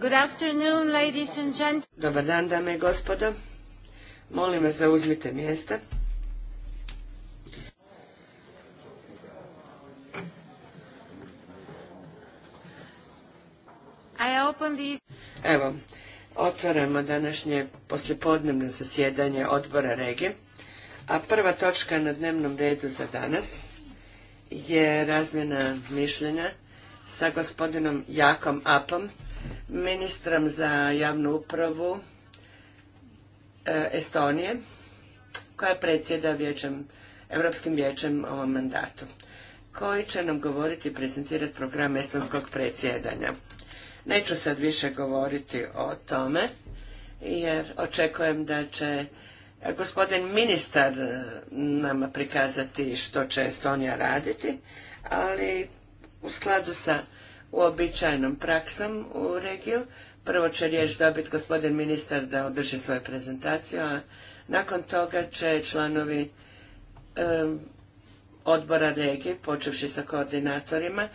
Good afternoon, Dobar dan, dame i gospodo. Molim vas, zauzmite mjesta. Evo, otvaramo današnje poslijepodnevno zasjedanje odbora regije, a prva točka na dnevnom redu za danas je razmjena mišljenja sa gospodinom Jakom Apom, ministrom za javnu upravu e, Estonije koja predsjeda vijećem, Europskim vijećem ovom mandatu koji će nam govoriti i prezentirati program estonskog predsjedanja. Neću sad više govoriti o tome jer očekujem da će e, gospodin ministar e, nama prikazati što će Estonija raditi, ali u skladu sa uobičajenom praksom u regiju. Prvo će riječ dobiti gospodin ministar da održi svoju prezentaciju, a nakon toga će članovi odbora regije, počevši sa koordinatorima,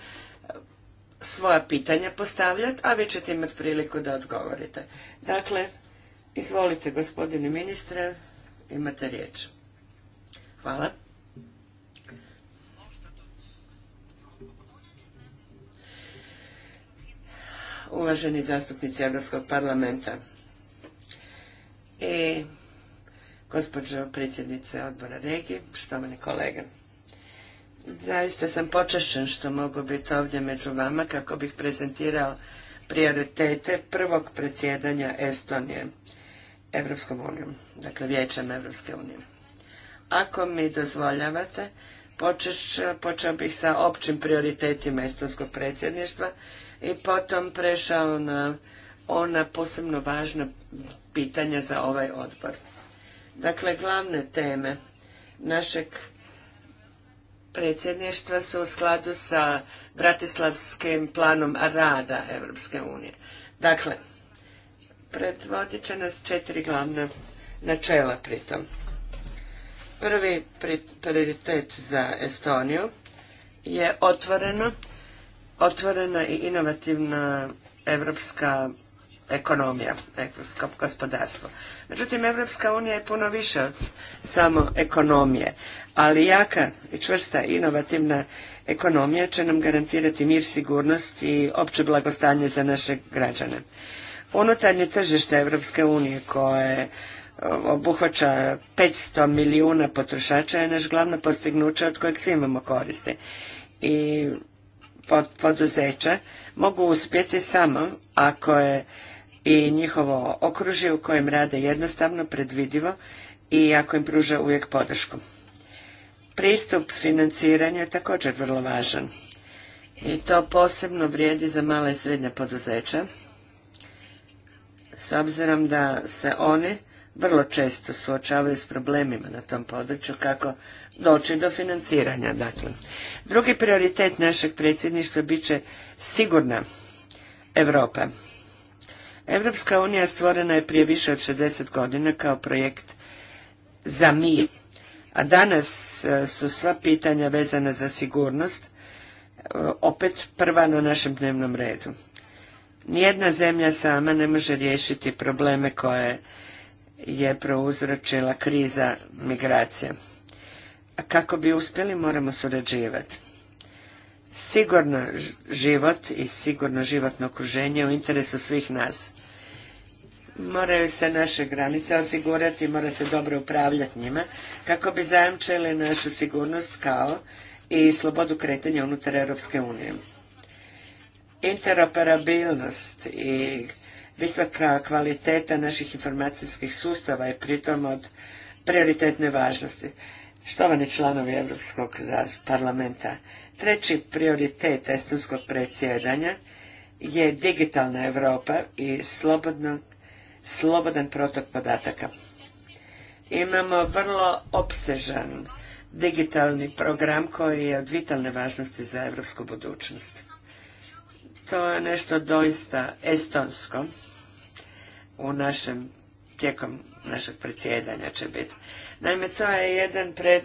svoja pitanja postavljati, a vi ćete imati priliku da odgovorite. Dakle, izvolite gospodine ministre, imate riječ. Hvala. uvaženi zastupnici Europskog parlamenta i gospođo predsjednice odbora regije, štovani kolege. Zaista sam počašćen što mogu biti ovdje među vama kako bih prezentirao prioritete prvog predsjedanja Estonije Evropskom unijom, dakle Vijećem Evropske unije. Ako mi dozvoljavate, počeo bih sa općim prioritetima estonskog predsjedništva i potom prešao na ona posebno važna pitanja za ovaj odbor. Dakle, glavne teme našeg predsjedništva su u skladu sa Bratislavskim planom rada Evropske unije. Dakle, predvodit će nas četiri glavna načela pritom. Prvi prioritet za Estoniju je otvoreno otvorena i inovativna evropska ekonomija, europsko gospodarstvo. Međutim, Evropska unija je puno više od samo ekonomije, ali jaka i čvrsta inovativna ekonomija će nam garantirati mir, sigurnost i opće blagostanje za naše građane. Unutarnje tržište Evropske unije koje e, obuhvaća 500 milijuna potrošača je naš glavno postignuće od kojeg svi imamo koristi. I poduzeća mogu uspjeti samo ako je i njihovo okružje u kojem rade jednostavno, predvidivo i ako im pruža uvijek podršku. Pristup financiranju je također vrlo važan i to posebno vrijedi za male i srednje poduzeća s obzirom da se oni vrlo često suočavaju s problemima na tom području kako doći do financiranja. Dakle, drugi prioritet našeg predsjedništva bit će sigurna Europa. Europska unija stvorena je prije više od 60 godina kao projekt za mir, a danas e, su sva pitanja vezana za sigurnost e, opet prva na našem dnevnom redu. Nijedna zemlja sama ne može riješiti probleme koje je prouzročila kriza migracija. A kako bi uspjeli moramo surađivati. Sigurno život i sigurno životno okruženje u interesu svih nas. Moraju se naše granice osigurati, mora se dobro upravljati njima kako bi zajamčili našu sigurnost kao i slobodu kretanja unutar Europske unije. Interoperabilnost i visoka kvaliteta naših informacijskih sustava je pritom od prioritetne važnosti. Štovani članovi Europskog parlamenta, treći prioritet estonskog predsjedanja je digitalna Europa i slobodan protok podataka. Imamo vrlo opsežan digitalni program koji je od vitalne važnosti za europsku budućnost. To je nešto doista estonsko u našem, tijekom našeg predsjedanja će biti. Naime, to je jedan pred,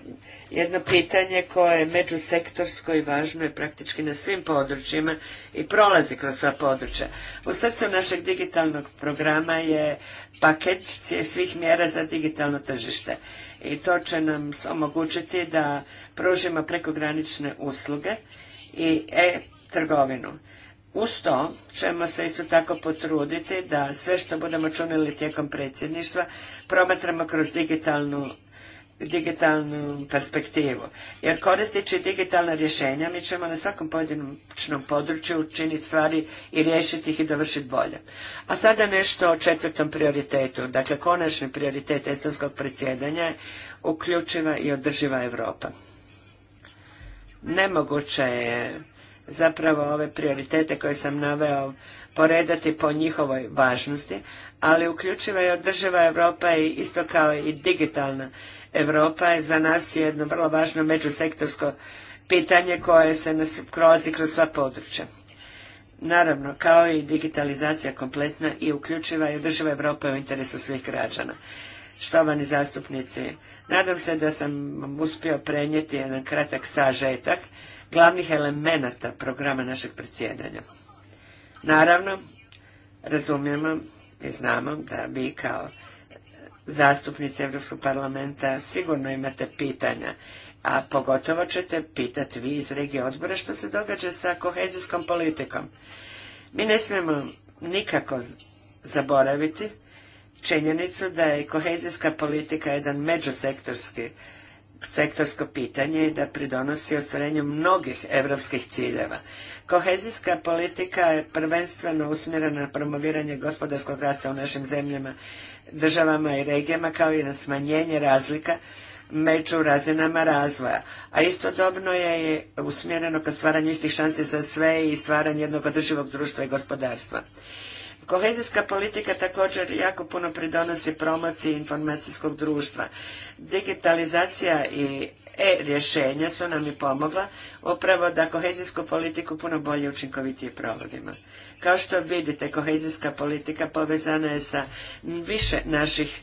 jedno pitanje koje je međusektorsko i važno je praktički na svim područjima i prolazi kroz sva područja. U srcu našeg digitalnog programa je paket svih mjera za digitalno tržište i to će nam omogućiti da pružimo prekogranične usluge i e-trgovinu. Uz to ćemo se isto tako potruditi da sve što budemo čunili tijekom predsjedništva promatramo kroz digitalnu digitalnu perspektivu. Jer koristeći digitalna rješenja mi ćemo na svakom pojedinačnom području učiniti stvari i riješiti ih i dovršiti bolje. A sada nešto o četvrtom prioritetu. Dakle, konačni prioritet estonskog predsjedanja je uključiva i održiva Europa. Nemoguće je zapravo ove prioritete koje sam naveo poredati po njihovoj važnosti, ali uključiva i održiva Europa i isto kao i digitalna Europa je za nas jedno vrlo važno međusektorsko pitanje koje se nas prolazi kroz sva područja. Naravno, kao i digitalizacija kompletna i uključiva i održiva Europa u interesu svih građana. Štovani zastupnici, nadam se da sam uspio prenijeti jedan kratak sažetak glavnih elemenata programa našeg predsjedanja. Naravno, razumijemo i znamo da vi kao zastupnici Europskog parlamenta sigurno imate pitanja, a pogotovo ćete pitati vi iz regije odbora što se događa sa kohezijskom politikom. Mi ne smijemo nikako zaboraviti činjenicu da je kohezijska politika jedan međusektorski sektorsko pitanje i da pridonosi ostvarenju mnogih europskih ciljeva. Kohezijska politika je prvenstveno usmjerena na promoviranje gospodarskog rasta u našim zemljama, državama i regijama kao i na smanjenje razlika među razinama razvoja, a istodobno je usmjereno ka stvaranju istih šansi za sve i stvaranje jednog održivog društva i gospodarstva. Kohezijska politika također jako puno pridonosi promociji informacijskog društva. Digitalizacija i e-rješenja su nam i pomogla upravo da kohezijsku politiku puno bolje učinkovitije provodimo. Kao što vidite, kohezijska politika povezana je sa više naših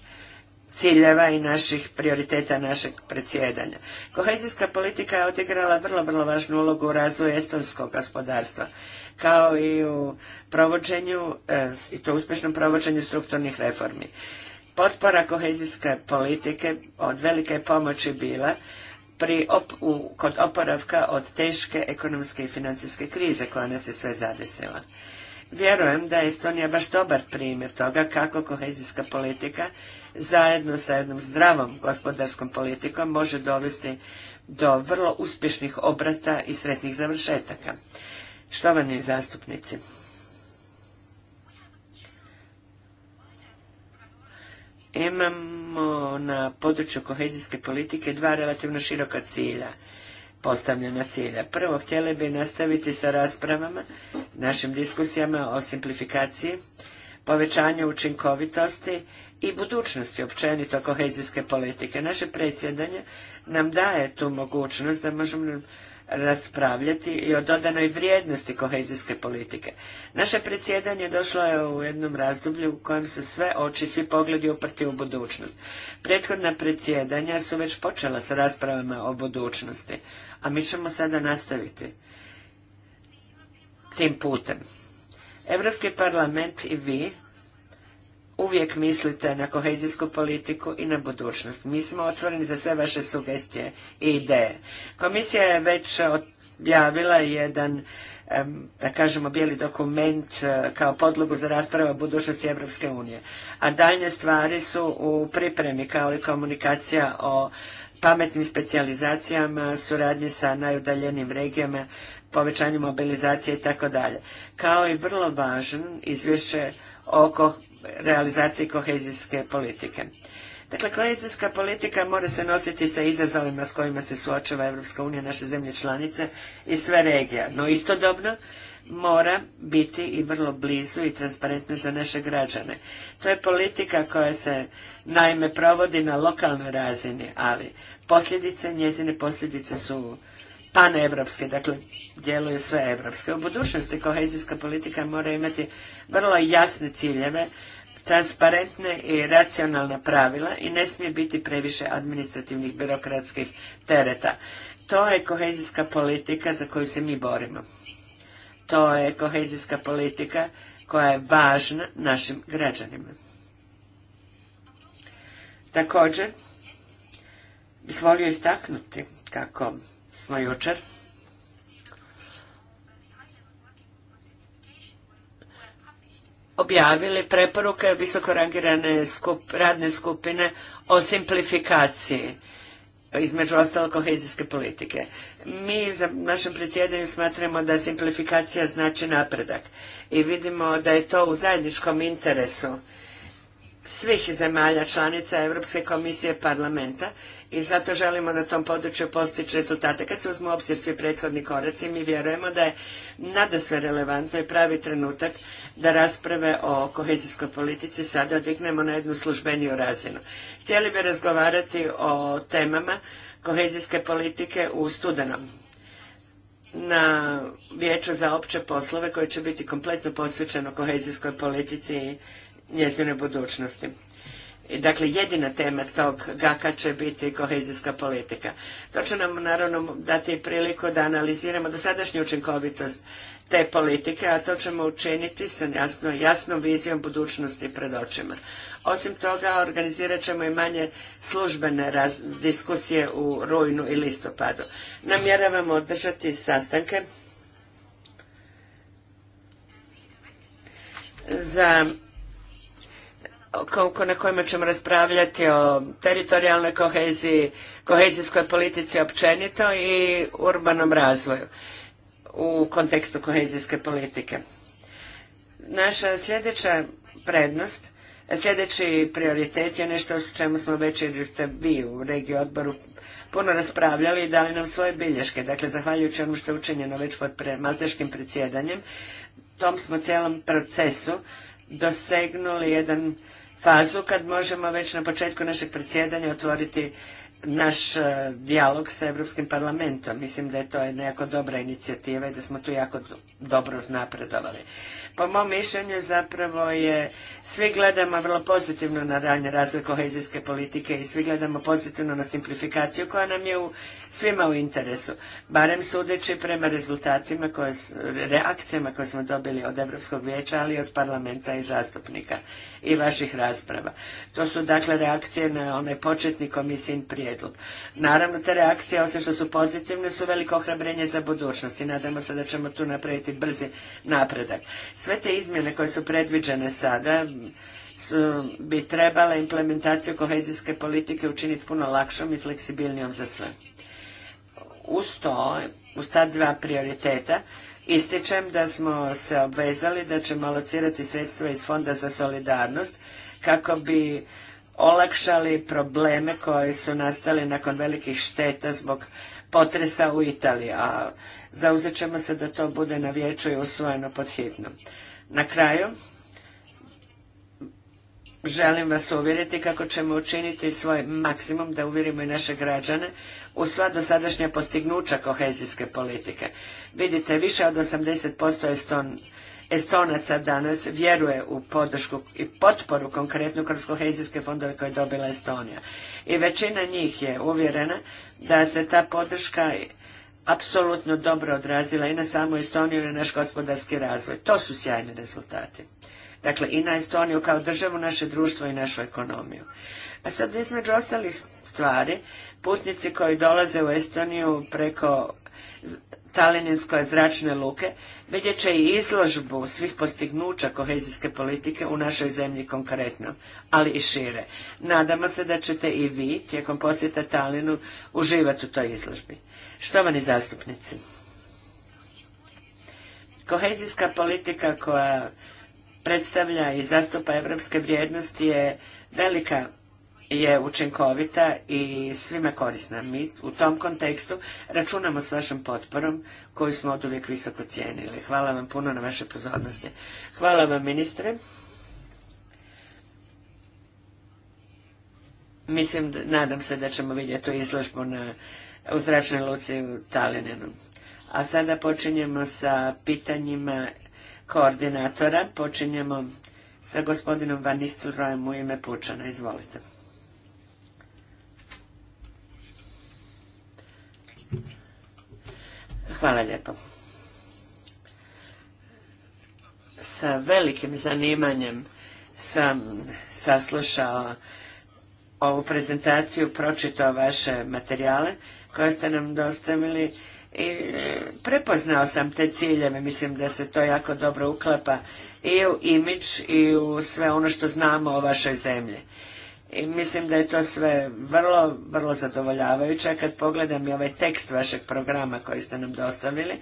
ciljeva i naših prioriteta našeg predsjedanja. Kohezijska politika je odigrala vrlo, vrlo važnu ulogu u razvoju estonskog gospodarstva kao i u provođenju e, i to uspješnom provođenju strukturnih reformi. Potpora kohezijske politike od velike pomoći bila pri kod oporavka od teške ekonomske i financijske krize koja nas je sve zadesila. Vjerujem da je Estonija baš dobar primjer toga kako kohezijska politika zajedno sa jednom zdravom gospodarskom politikom može dovesti do vrlo uspješnih obrata i sretnih završetaka. Štovani zastupnici, imamo na području kohezijske politike dva relativno široka cilja, postavljena cilja. Prvo, htjeli bi nastaviti sa raspravama, našim diskusijama o simplifikaciji, povećanju učinkovitosti i budućnosti općenito kohezijske politike. Naše predsjedanje nam daje tu mogućnost da možemo raspravljati i o dodanoj vrijednosti kohezijske politike. Naše predsjedanje došlo je u jednom razdoblju u kojem se sve oči, svi pogledi uprti u budućnost. Prethodna predsjedanja su već počela sa raspravama o budućnosti, a mi ćemo sada nastaviti tim putem. Europski parlament i vi uvijek mislite na kohezijsku politiku i na budućnost. Mi smo otvoreni za sve vaše sugestije i ideje. Komisija je već objavila jedan da kažemo bijeli dokument e, kao podlogu za raspravu o budućnosti Europske unije. A daljnje stvari su u pripremi kao i komunikacija o pametnim specijalizacijama, suradnji sa najudaljenim regijama, povećanju mobilizacije i tako dalje. Kao i vrlo važan izvješće oko realizaciji kohezijske politike. Dakle, kohezijska politika mora se nositi sa izazovima s kojima se suočava Europska unija, naše zemlje članice i sve regija. No istodobno mora biti i vrlo blizu i transparentna za naše građane. To je politika koja se naime provodi na lokalnoj razini, ali posljedice, njezine posljedice su paneuropske, dakle djeluju sve europske. U budućnosti kohezijska politika mora imati vrlo jasne ciljeve transparentne i racionalna pravila i ne smije biti previše administrativnih birokratskih tereta. To je kohezijska politika za koju se mi borimo. To je kohezijska politika koja je važna našim građanima. Također, bih volio istaknuti kako smo jučer objavili preporuke visoko rangirane radne skupine o simplifikaciji između ostalog kohezijske politike. Mi za našem predsjedanju smatramo da simplifikacija znači napredak i vidimo da je to u zajedničkom interesu svih zemalja članica Europske komisije parlamenta i zato želimo na tom području postići rezultate. Kad se uzmu obzir svi prethodni koraci, mi vjerujemo da je nada sve relevantno i pravi trenutak da rasprave o kohezijskoj politici sada dignemo na jednu službeniju razinu. Htjeli bi razgovarati o temama kohezijske politike u studenom na Vijeću za opće poslove koje će biti kompletno posvećeno kohezijskoj politici i njezinoj budućnosti. Dakle, jedina tema tog GAKA će biti kohezijska politika. To će nam naravno dati priliku da analiziramo dosadašnju učinkovitost te politike, a to ćemo učiniti sa jasno, jasnom vizijom budućnosti pred očima. Osim toga, organizirat ćemo i manje službene diskusije u rujnu i listopadu. Namjeravamo održati sastanke za na kojima ćemo raspravljati o teritorijalnoj koheziji, kohezijskoj politici općenito i urbanom razvoju u kontekstu kohezijske politike. Naša sljedeća prednost, sljedeći prioritet je nešto o čemu smo već ili ste vi u regiju odboru puno raspravljali i dali nam svoje bilješke. Dakle, zahvaljujući onom što je učinjeno već pod pre, malteškim predsjedanjem, tom smo cijelom procesu dosegnuli jedan fazu kad možemo već na početku našeg predsjedanja otvoriti naš e, dijalog sa Europskim parlamentom. Mislim da je to jedna jako dobra inicijativa i da smo tu jako dobro znapredovali. Po mom mišljenju zapravo je, svi gledamo vrlo pozitivno na ranje razvoj kohezijske politike i svi gledamo pozitivno na simplifikaciju koja nam je u, svima u interesu. Barem sudeći prema rezultatima, koje, reakcijama koje smo dobili od Europskog vijeća, ali i od parlamenta i zastupnika i vaših rasprava. To su dakle reakcije na onaj početni komisijin prije prijedlog. Naravno, te reakcije, osim što su pozitivne, su veliko ohrabrenje za budućnost i nadamo se da ćemo tu napraviti brzi napredak. Sve te izmjene koje su predviđene sada, bi trebala implementaciju kohezijske politike učiniti puno lakšom i fleksibilnijom za sve. Uz to, uz ta dva prioriteta, ističem da smo se obvezali da ćemo alocirati sredstva iz Fonda za solidarnost kako bi olakšali probleme koji su nastali nakon velikih šteta zbog potresa u Italiji, a zauzet ćemo se da to bude na vijeću i usvojeno pod hitno. Na kraju, želim vas uvjeriti kako ćemo učiniti svoj maksimum da uvjerimo i naše građane u sva dosadašnja postignuća kohezijske politike. Vidite, više od 80% to. Estonaca danas vjeruje u podršku i potporu konkretno kroz kohezijske fondove koje je dobila Estonija. I većina njih je uvjerena da se ta podrška apsolutno dobro odrazila i na samu Estoniju i na naš gospodarski razvoj. To su sjajni rezultati. Dakle, i na Estoniju kao državu, naše društvo i našu ekonomiju. A sad, između ostalih stvari, putnici koji dolaze u Estoniju preko talininskoj zračne luke, vidjet će i izložbu svih postignuća kohezijske politike u našoj zemlji konkretno, ali i šire. Nadamo se da ćete i vi tijekom posjeta Talinu uživati u toj izložbi. Štovani zastupnici, kohezijska politika koja predstavlja i zastupa evropske vrijednosti je velika je učinkovita i svima korisna. Mi u tom kontekstu računamo s vašom potporom koju smo od uvijek visoko cijenili. Hvala vam puno na vaše pozornosti. Hvala vam ministre. Mislim, nadam se da ćemo vidjeti tu izložbu na, u zračnoj luci u A sada počinjemo sa pitanjima koordinatora. Počinjemo sa gospodinom Van Nistelrojem u ime Pučana. Izvolite. Hvala lijepo. Sa velikim zanimanjem sam saslušao ovu prezentaciju, pročitao vaše materijale koje ste nam dostavili i prepoznao sam te ciljeve. Mislim da se to jako dobro uklapa i u imidž i u sve ono što znamo o vašoj zemlji i mislim da je to sve vrlo, vrlo zadovoljavajuće. Kad pogledam i ovaj tekst vašeg programa koji ste nam dostavili,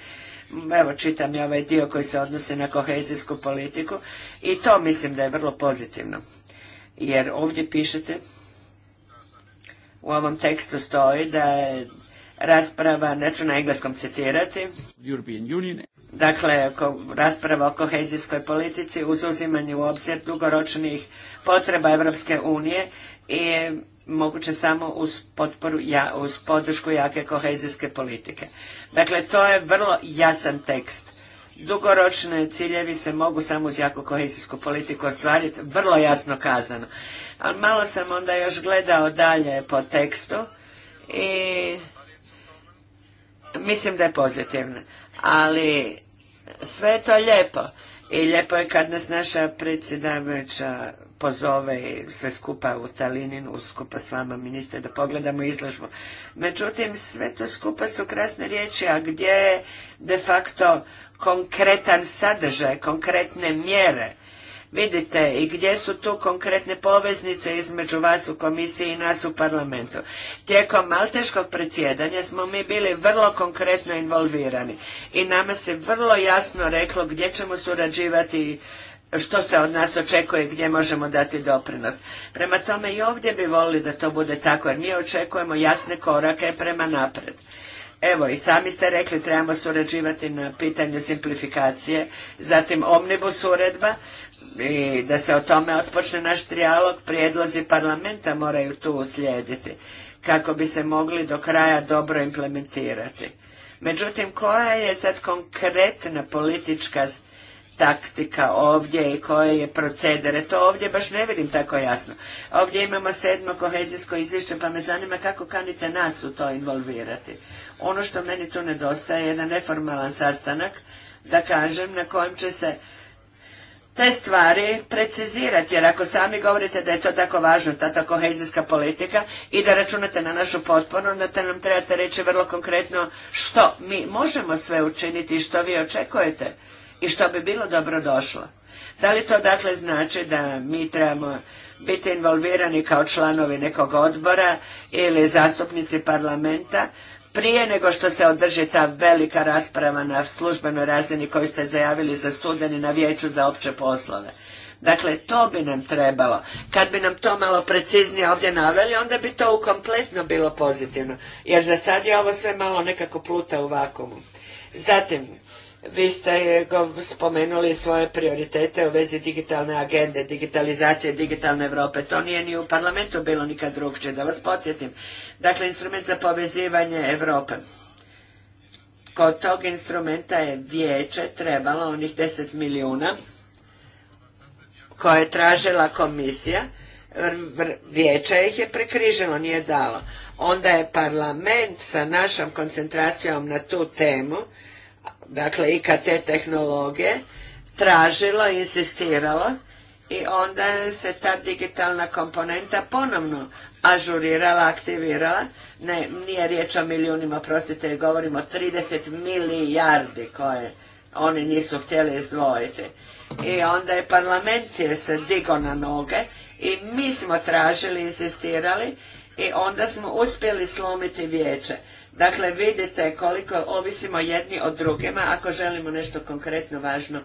evo čitam i ovaj dio koji se odnosi na kohezijsku politiku i to mislim da je vrlo pozitivno. Jer ovdje pišete, u ovom tekstu stoji da je rasprava, neću na engleskom citirati, dakle rasprava o kohezijskoj politici uz uzimanje u obzir dugoročnih potreba Europske unije i moguće samo uz potporu, uz podršku jake kohezijske politike. Dakle, to je vrlo jasan tekst. Dugoročne ciljevi se mogu samo uz jaku kohezijsku politiku ostvariti, vrlo jasno kazano. Ali malo sam onda još gledao dalje po tekstu i mislim da je pozitivno. Ali sve je to lijepo. I lijepo je kad nas naša predsjedavajuća pozove sve skupa u Talinin, skupa s vama ministre, da pogledamo izložbu. Međutim, sve to skupa su krasne riječi, a gdje je de facto konkretan sadržaj, konkretne mjere? vidite i gdje su tu konkretne poveznice između vas u komisiji i nas u parlamentu. Tijekom malteškog predsjedanja smo mi bili vrlo konkretno involvirani i nama se vrlo jasno reklo gdje ćemo surađivati što se od nas očekuje gdje možemo dati doprinos. Prema tome i ovdje bi volili da to bude tako jer mi očekujemo jasne korake prema napred. Evo i sami ste rekli trebamo surađivati na pitanju simplifikacije, zatim omnibus uredba i da se o tome otpočne naš trijalog, prijedlozi parlamenta moraju tu uslijediti kako bi se mogli do kraja dobro implementirati. Međutim, koja je sad konkretna politička taktika ovdje i koje je procedere. To ovdje baš ne vidim tako jasno. Ovdje imamo sedmo kohezijsko izvješće pa me zanima kako kanite nas u to involvirati. Ono što meni tu nedostaje je jedan neformalan sastanak da kažem na kojem će se te stvari precizirati, jer ako sami govorite da je to tako važno, ta ta kohezijska politika i da računate na našu potporu, onda te nam trebate reći vrlo konkretno što mi možemo sve učiniti i što vi očekujete i što bi bilo dobro došlo. Da li to dakle znači da mi trebamo biti involvirani kao članovi nekog odbora ili zastupnici parlamenta prije nego što se održi ta velika rasprava na službenoj razini koju ste zajavili za studeni na vijeću za opće poslove. Dakle, to bi nam trebalo. Kad bi nam to malo preciznije ovdje naveli, onda bi to kompletno bilo pozitivno. Jer za sad je ovo sve malo nekako pluta u vakumu. Zatim, vi ste eh, spomenuli svoje prioritete u vezi digitalne agende, digitalizacije, digitalne Europe. To nije ni u parlamentu bilo nikad drukčije, da vas podsjetim. Dakle, instrument za povezivanje Europe. Kod tog instrumenta je vijeće trebalo onih 10 milijuna koje je tražila komisija. Vijeće ih je prekrižilo, nije dalo. Onda je parlament sa našom koncentracijom na tu temu dakle IKT tehnologije, tražilo, insistiralo i onda se ta digitalna komponenta ponovno ažurirala, aktivirala. Ne, nije riječ o milijunima, prostite, govorimo 30 milijardi koje oni nisu htjeli izdvojiti. I onda je parlament je se digo na noge i mi smo tražili, insistirali i onda smo uspjeli slomiti vijeće. Dakle, vidite koliko ovisimo jedni od drugima ako želimo nešto konkretno važno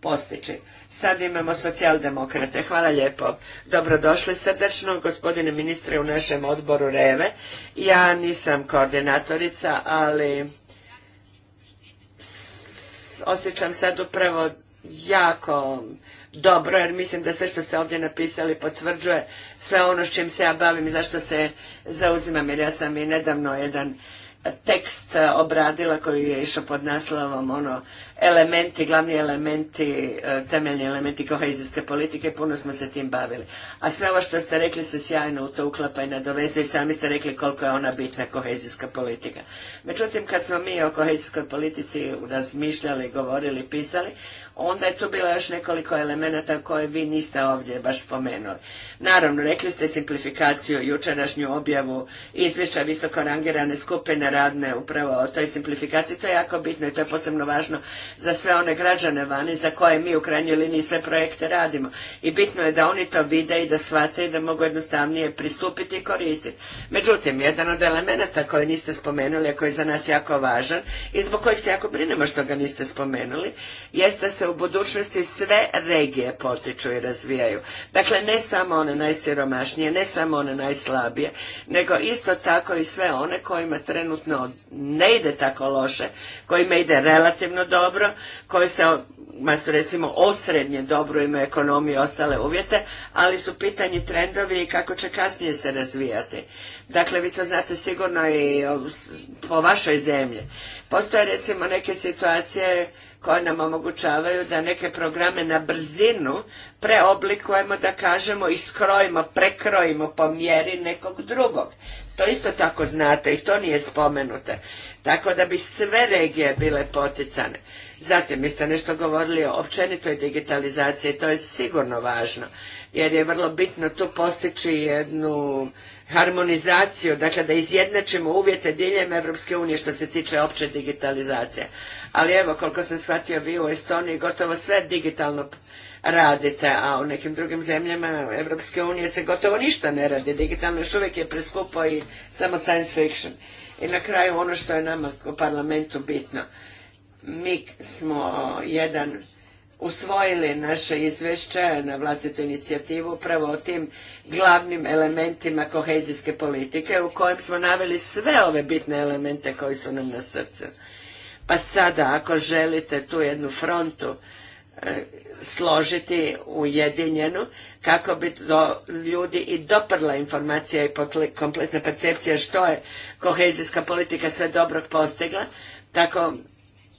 postići. Sad imamo socijaldemokrate. Hvala lijepo. Dobrodošli srdečno, gospodine ministre, u našem odboru REVE. Ja nisam koordinatorica, ali osjećam sad upravo jako dobro jer mislim da sve što ste ovdje napisali potvrđuje sve ono s čim se ja bavim i zašto se zauzimam jer ja sam i nedavno jedan tekst obradila koji je išao pod naslovom ono elementi, glavni elementi, e, temeljni elementi kohezijske politike, puno smo se tim bavili. A sve ovo što ste rekli se sjajno u to uklapa i nadovezuje i sami ste rekli koliko je ona bitna kohezijska politika. Međutim, kad smo mi o kohezijskoj politici razmišljali, govorili, pisali, onda je tu bilo još nekoliko elemenata koje vi niste ovdje baš spomenuli. Naravno, rekli ste simplifikaciju, jučerašnju objavu izvješća visoko rangirane skupine radne upravo o toj simplifikaciji, to je jako bitno i to je posebno važno za sve one građane vani za koje mi u krajnjoj liniji sve projekte radimo. I bitno je da oni to vide i da shvate i da mogu jednostavnije pristupiti i koristiti. Međutim, jedan od elemenata koji niste spomenuli, a koji je za nas jako važan i zbog kojeg se jako brinemo što ga niste spomenuli, jeste da se u budućnosti sve regije potiču i razvijaju. Dakle, ne samo one najsiromašnije, ne samo one najslabije, nego isto tako i sve one kojima trenutno ne ide tako loše, kojima ide relativno dobro, dobro, koje se, ma su recimo osrednje dobro, imaju ekonomiju i ostale uvjete, ali su pitanje trendovi i kako će kasnije se razvijati. Dakle, vi to znate sigurno i po vašoj zemlji. Postoje recimo neke situacije koje nam omogućavaju da neke programe na brzinu preoblikujemo, da kažemo, iskrojimo, prekrojimo po mjeri nekog drugog. To isto tako znate i to nije spomenuto. Tako da bi sve regije bile poticane. Zatim, vi ste nešto govorili o općenitoj digitalizaciji, to je sigurno važno, jer je vrlo bitno tu postići jednu harmonizaciju, dakle da izjednačimo uvjete diljem Europske unije što se tiče opće digitalizacije. Ali evo, koliko sam shvatio, vi u Estoniji gotovo sve digitalno radite, a u nekim drugim zemljama Europske unije se gotovo ništa ne radi. Digitalno još uvijek je preskupo i samo science fiction. I na kraju ono što je nama u parlamentu bitno. Mi smo jedan usvojili naše izvješće na vlastitu inicijativu upravo o tim glavnim elementima kohezijske politike u kojem smo naveli sve ove bitne elemente koji su nam na srcu. Pa sada ako želite tu jednu frontu e, složiti ujedinjenu kako bi do ljudi i doprla informacija i kompletna percepcija što je kohezijska politika sve dobrog postigla, tako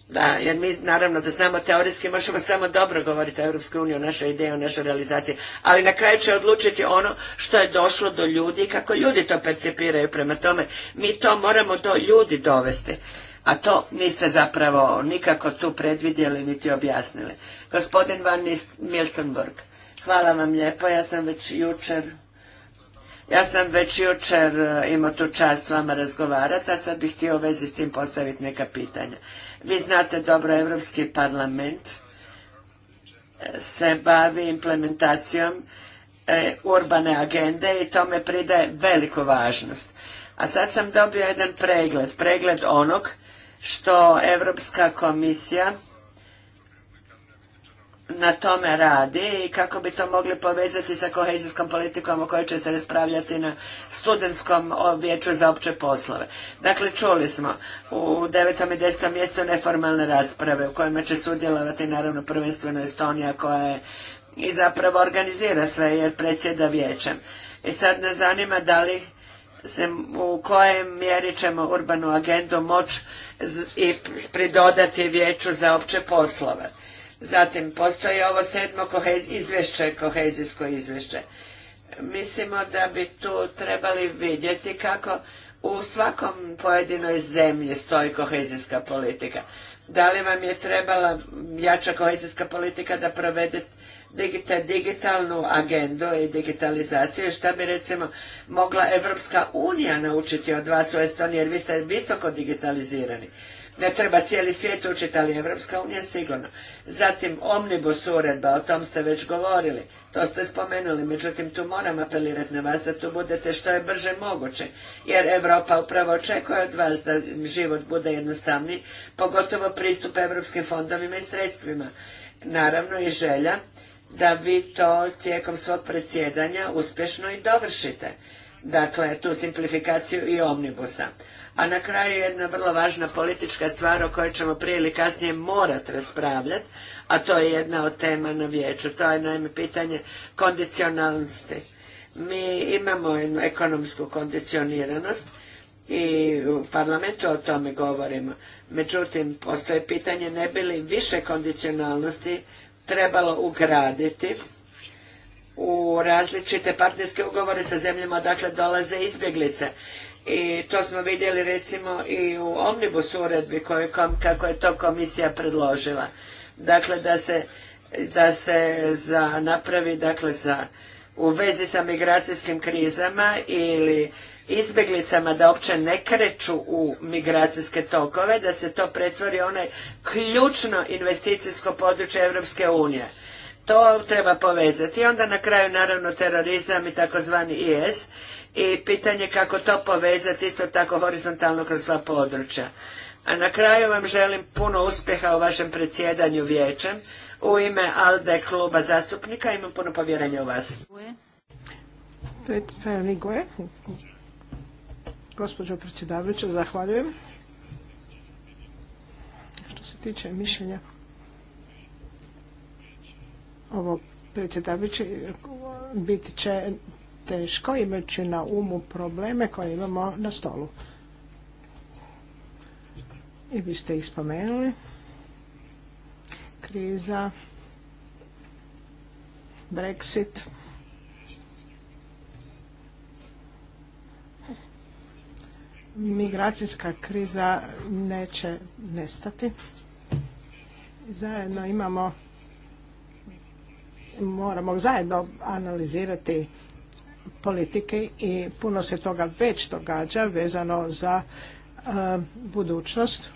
da, jer mi naravno da znamo teorijski možemo samo dobro govoriti o Europskoj uniji, o našoj ideji, o našoj realizaciji, ali na kraju će odlučiti ono što je došlo do ljudi i kako ljudi to percipiraju. Prema tome, mi to moramo do ljudi dovesti. A to niste zapravo nikako tu predvidjeli niti objasnili. Gospodin Van Miltenburg, hvala vam lijepo. Ja sam već jučer ja sam već jučer e, imao tu čast s vama razgovarati, a sad bih htio u vezi s tim postaviti neka pitanja. Vi znate dobro, Europski parlament eh, se bavi implementacijom eh, urbane agende i tome pridaje veliku važnost. A sad sam dobio jedan pregled, pregled onog što Europska komisija na tome radi i kako bi to mogli povezati sa kohezijskom politikom o kojoj će se raspravljati na studentskom vijeću za opće poslove. Dakle, čuli smo u devetom i desetom mjestu neformalne rasprave u kojima će sudjelovati naravno prvenstveno Estonija koja je i zapravo organizira sve jer predsjeda vijećem. I e sad nas zanima da li se u kojem mjeri ćemo urbanu agendu moći i pridodati vijeću za opće poslove. Zatim, postoji ovo sedmo izvješće, kohezijsko izvješće. Mislimo da bi tu trebali vidjeti kako u svakom pojedinoj zemlji stoji kohezijska politika. Da li vam je trebala jača kohezijska politika da provede digitalnu agendu i digitalizaciju i šta bi recimo mogla Evropska unija naučiti od vas u Estoniji jer vi ste visoko digitalizirani ne treba cijeli svijet učiti, ali Evropska unija sigurno. Zatim omnibus uredba, o tom ste već govorili, to ste spomenuli, međutim tu moram apelirati na vas da tu budete što je brže moguće, jer Europa upravo očekuje od vas da život bude jednostavniji, pogotovo pristup europskim fondovima i sredstvima. Naravno i želja da vi to tijekom svog predsjedanja uspješno i dovršite. Dakle, tu simplifikaciju i omnibusa. A na kraju jedna vrlo važna politička stvar o kojoj ćemo prije ili kasnije morati raspravljati, a to je jedna od tema na vijeću. To je naime pitanje kondicionalnosti. Mi imamo jednu ekonomsku kondicioniranost i u parlamentu o tome govorimo. Međutim, postoje pitanje ne bi li više kondicionalnosti trebalo ugraditi u različite partnerske ugovore sa zemljama odakle dolaze izbjeglice i to smo vidjeli recimo i u omnibus uredbi kako je to komisija predložila. Dakle, da se, za napravi, dakle, za, u vezi sa migracijskim krizama ili izbjeglicama da uopće ne kreću u migracijske tokove, da se to pretvori onaj ključno investicijsko područje Europske unije to treba povezati. I onda na kraju naravno terorizam i takozvani IS i pitanje kako to povezati isto tako horizontalno kroz sva područja. A na kraju vam želim puno uspjeha u vašem predsjedanju vijećem. U ime ALDE kluba zastupnika imam puno povjerenja u vas. Gospođo predsjedavajuća, zahvaljujem. Što se tiče mišljenja ovo predsjedavajući biti će teško imajući na umu probleme koje imamo na stolu. I vi ste ih spomenuli. Kriza, Brexit, migracijska kriza neće nestati. Zajedno imamo moramo zajedno analizirati politike i puno se toga već događa vezano za e, budućnost.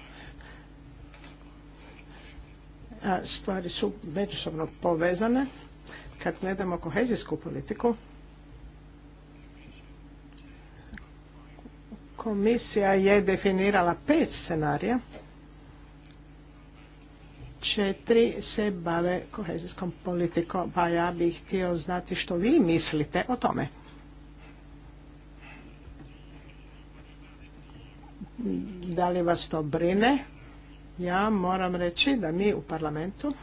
stvari su međusobno povezane. Kad gledamo kohezijsku politiku, komisija je definirala pet scenarija četiri se bave kohezijskom politikom, pa ja bih htio znati što vi mislite o tome. Da li vas to brine? Ja moram reći da mi u parlamentu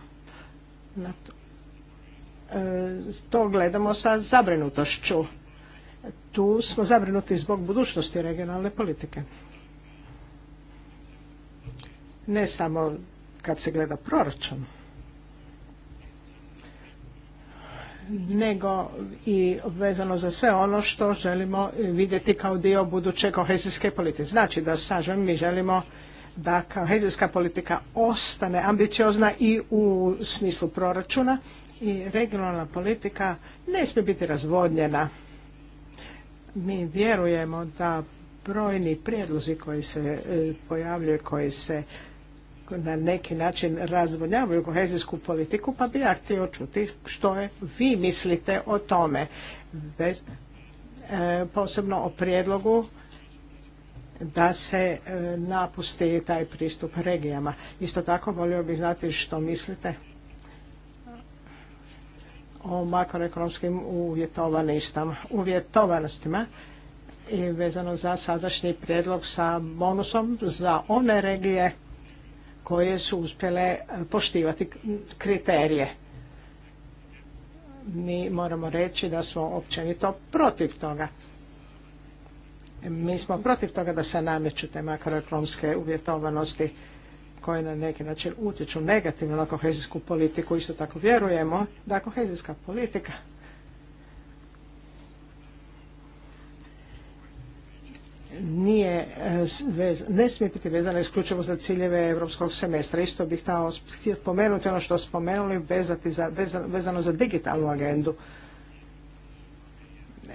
e, to gledamo sa zabrinutošću. Tu smo zabrinuti zbog budućnosti regionalne politike. Ne samo kad se gleda proračun, nego i vezano za sve ono što želimo vidjeti kao dio buduće kohezijske politike. Znači da sažem mi želimo da kohezijska politika ostane ambiciozna i u smislu proračuna i regionalna politika ne smije biti razvodnjena. Mi vjerujemo da brojni prijedlozi koji se e, pojavljuju, koji se na neki način razvoljavaju kohezijsku politiku, pa bi ja htio čuti što je, vi mislite o tome, Bez, e, posebno o prijedlogu da se e, napusti taj pristup regijama. Isto tako volio bih znati što mislite o makroekonomskim uvjetovanostima i vezano za sadašnji prijedlog sa bonusom za one regije koje su uspjele e, poštivati kriterije. Mi moramo reći da smo općenito protiv toga. Mi smo protiv toga da se nameću te makroekonomske uvjetovanosti koje na neki način utječu negativno na kohezijsku politiku. Isto tako vjerujemo da kohezijska politika nije, e, ne smije biti vezana isključivo za ciljeve europskog semestra. Isto bih htio spomenuti ono što spomenuli vezati vezano za digitalnu agendu.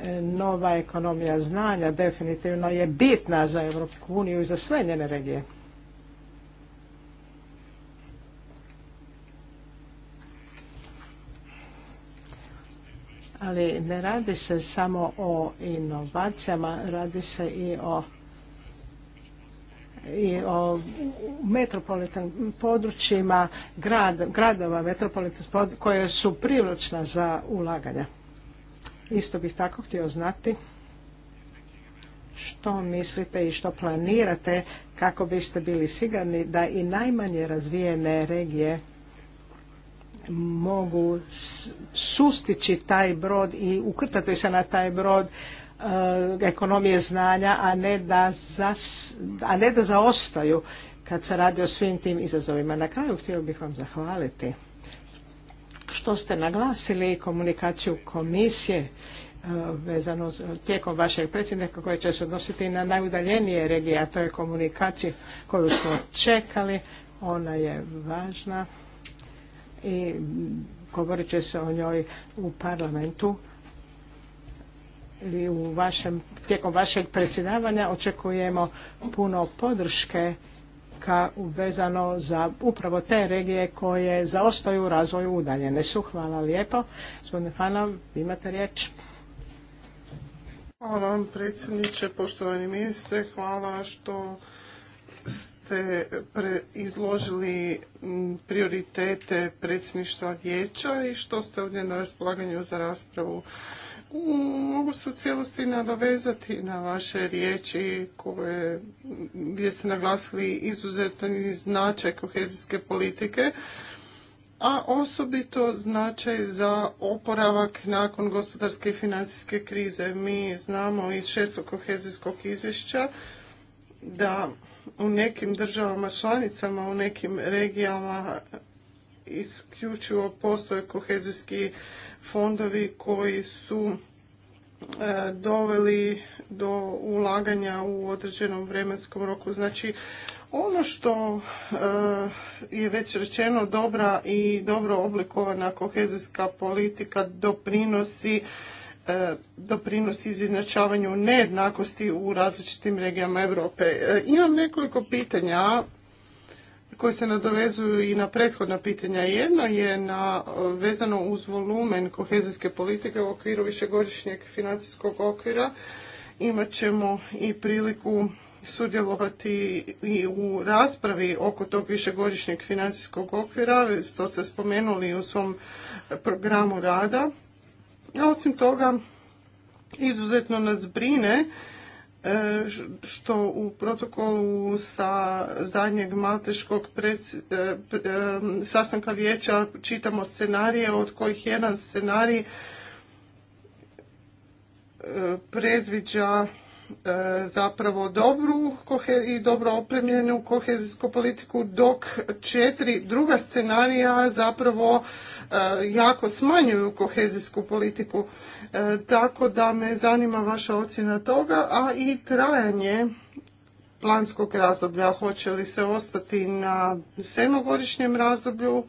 E, nova ekonomija znanja definitivno je bitna za EU uniju i za sve njene regije. ali ne radi se samo o inovacijama, radi se i o i o metropolitan područjima grad, gradova metropolitan koje su privlačna za ulaganja. Isto bih tako htio znati što mislite i što planirate kako biste bili sigurni da i najmanje razvijene regije mogu sustići taj brod i ukrtati se na taj brod e, ekonomije znanja, a ne, da a ne da zaostaju kad se radi o svim tim izazovima. Na kraju htio bih vam zahvaliti što ste naglasili komunikaciju komisije e, vezano tijekom vašeg predsjednika koje će se odnositi na najudaljenije regije, a to je komunikacija koju smo čekali. Ona je važna i govorit će se o njoj u parlamentu ili u vašem, tijekom vašeg predsjedavanja očekujemo puno podrške ka vezano za upravo te regije koje zaostaju u razvoju udaljene su. Hvala lijepo. Gospodine Fanov, imate riječ. Hvala vam predsjedniče, poštovani ministre, hvala što ste izložili prioritete predsjedništva vijeća i što ste ovdje na raspolaganju za raspravu. Mogu se u cijelosti nadovezati na vaše riječi koje, gdje ste naglasili izuzetan značaj kohezijske politike a osobito značaj za oporavak nakon gospodarske i financijske krize. Mi znamo iz šestog kohezijskog izvješća da u nekim državama članicama, u nekim regijama isključivo postoje kohezijski fondovi koji su e, doveli do ulaganja u određenom vremenskom roku. Znači, ono što e, je već rečeno, dobra i dobro oblikovana kohezijska politika doprinosi E, doprinosi izjednačavanju nejednakosti u različitim regijama Europe. E, imam nekoliko pitanja koje se nadovezuju i na prethodna pitanja. Jedno je na, vezano uz volumen kohezijske politike u okviru višegodišnjeg financijskog okvira. Imat ćemo i priliku sudjelovati i u raspravi oko tog višegodišnjeg financijskog okvira. To ste spomenuli u svom programu rada osim toga, izuzetno nas brine e, što u protokolu sa zadnjeg malteškog e, e, sastanka vijeća čitamo scenarije od kojih jedan scenarij predviđa E, zapravo dobru i dobro opremljenu kohezijsku politiku, dok četiri druga scenarija zapravo e, jako smanjuju kohezijsku politiku. E, tako da me zanima vaša ocjena toga, a i trajanje planskog razdoblja. Hoće li se ostati na sedmogodišnjem razdoblju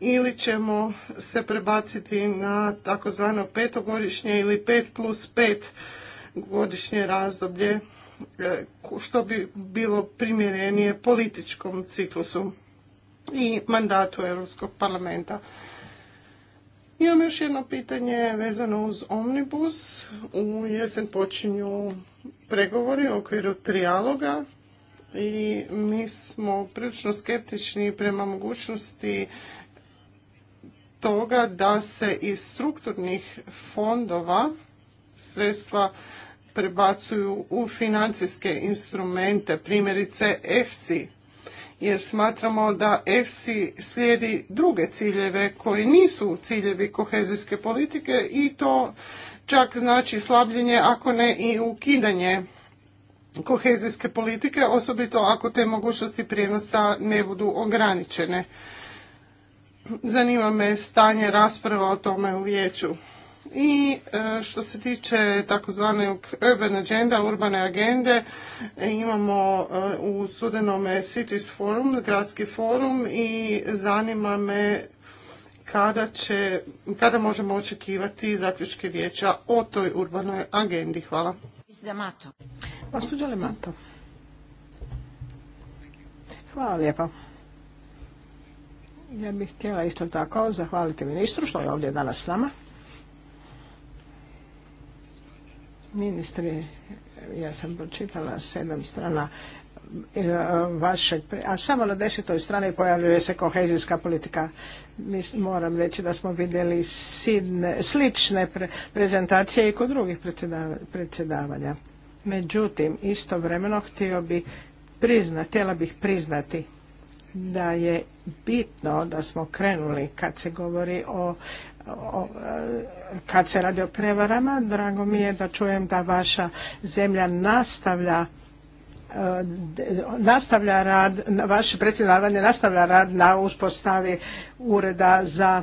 ili ćemo se prebaciti na takozvano petogodišnje ili pet plus godišnje razdoblje e, što bi bilo primjerenije političkom ciklusu i mandatu Europskog parlamenta. Imam još jedno pitanje vezano uz Omnibus. U jesen počinju pregovori u okviru trijaloga i mi smo prilično skeptični prema mogućnosti toga da se iz strukturnih fondova sredstva prebacuju u financijske instrumente, primjerice EFSI, jer smatramo da EFSI slijedi druge ciljeve koji nisu ciljevi kohezijske politike i to čak znači slabljenje, ako ne i ukidanje kohezijske politike, osobito ako te mogućnosti prijenosa ne budu ograničene. Zanima me stanje rasprava o tome u vijeću. I e, što se tiče takozvane urban agenda, urbane agende, e, imamo e, u studenome Cities Forum, gradski forum i zanima me kada, će, kada možemo očekivati zaključke vijeća o toj urbanoj agendi. Hvala. Hvala lijepa. Ja bih htjela isto tako zahvaliti ministru što je ovdje danas s nama. Ministri, ja sam pročitala sedam strana e, vašeg, a samo na desetoj strani pojavljuje se kohezijska politika. moram reći da smo vidjeli slične prezentacije i kod drugih predsjedavanja. Međutim, istovremeno htio bih priznati, htjela bih priznati da je bitno da smo krenuli kad se govori o kad se radi o prevarama. Drago mi je da čujem da vaša zemlja nastavlja e, nastavlja rad, vaše predsjedavanje nastavlja rad na uspostavi ureda za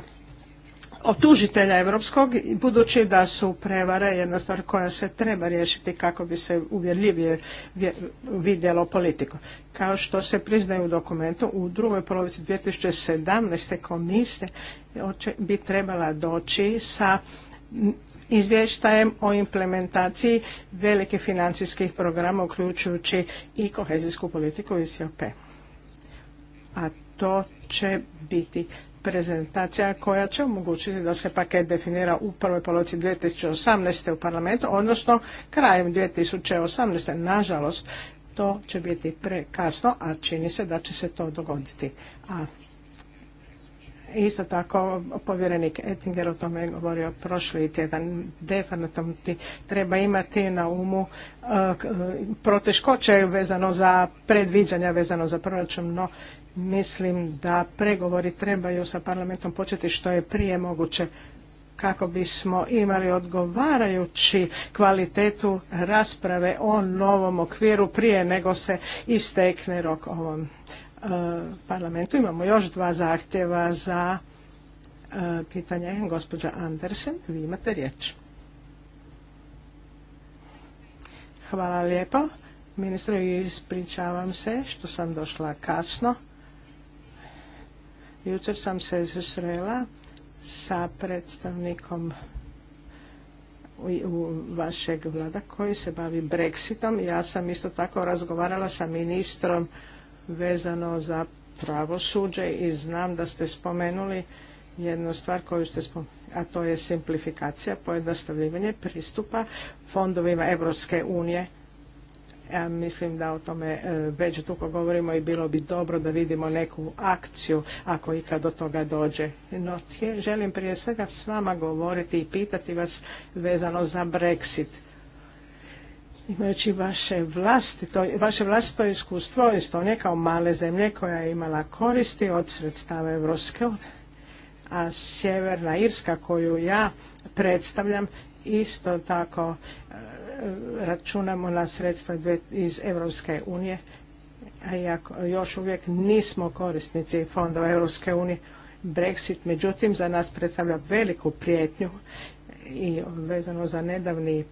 tužitelja europskog, budući da su prevare jedna stvar koja se treba riješiti kako bi se uvjerljivije vidjelo politiku. Kao što se priznaju u dokumentu, u drugoj polovici 2017. komisije bi trebala doći sa izvještajem o implementaciji velikih financijskih programa, uključujući i kohezijsku politiku i A to će biti prezentacija koja će omogućiti da se paket definira u prvoj polovici 2018. u parlamentu, odnosno krajem 2018. Nažalost, to će biti prekasno, a čini se da će se to dogoditi. A Isto tako, povjerenik Ettinger o tome je govorio prošli tjedan. Definitivno treba imati na umu e, e, proteškoće vezano za predviđanja, vezano za proračun, no Mislim da pregovori trebaju sa parlamentom početi što je prije moguće kako bismo imali odgovarajući kvalitetu rasprave o novom okviru prije nego se istekne rok ovom e, parlamentu. Imamo još dva zahtjeva za e, pitanje. Gospođa Andersen, vi imate riječ. Hvala lijepo. ministro, ispričavam se što sam došla kasno. Jučer sam se susrela sa predstavnikom vašeg vlada koji se bavi Brexitom. Ja sam isto tako razgovarala sa ministrom vezano za pravosuđe i znam da ste spomenuli jednu stvar koju ste spomenuli a to je simplifikacija, pojednostavljivanje pristupa fondovima Evropske unije ja mislim da o tome e, već dugo govorimo i bilo bi dobro da vidimo neku akciju ako ikad do toga dođe. No, tje, želim prije svega s vama govoriti i pitati vas vezano za Brexit. Imajući vaše vlastito, vaše vlastito iskustvo Estonije kao male zemlje koja je imala koristi od sredstava Evropske a Sjeverna Irska koju ja predstavljam isto tako računamo na sredstva iz Europske unije, a iako još uvijek nismo korisnici fondova Europske unije. Brexit, međutim, za nas predstavlja veliku prijetnju i vezano za nedavni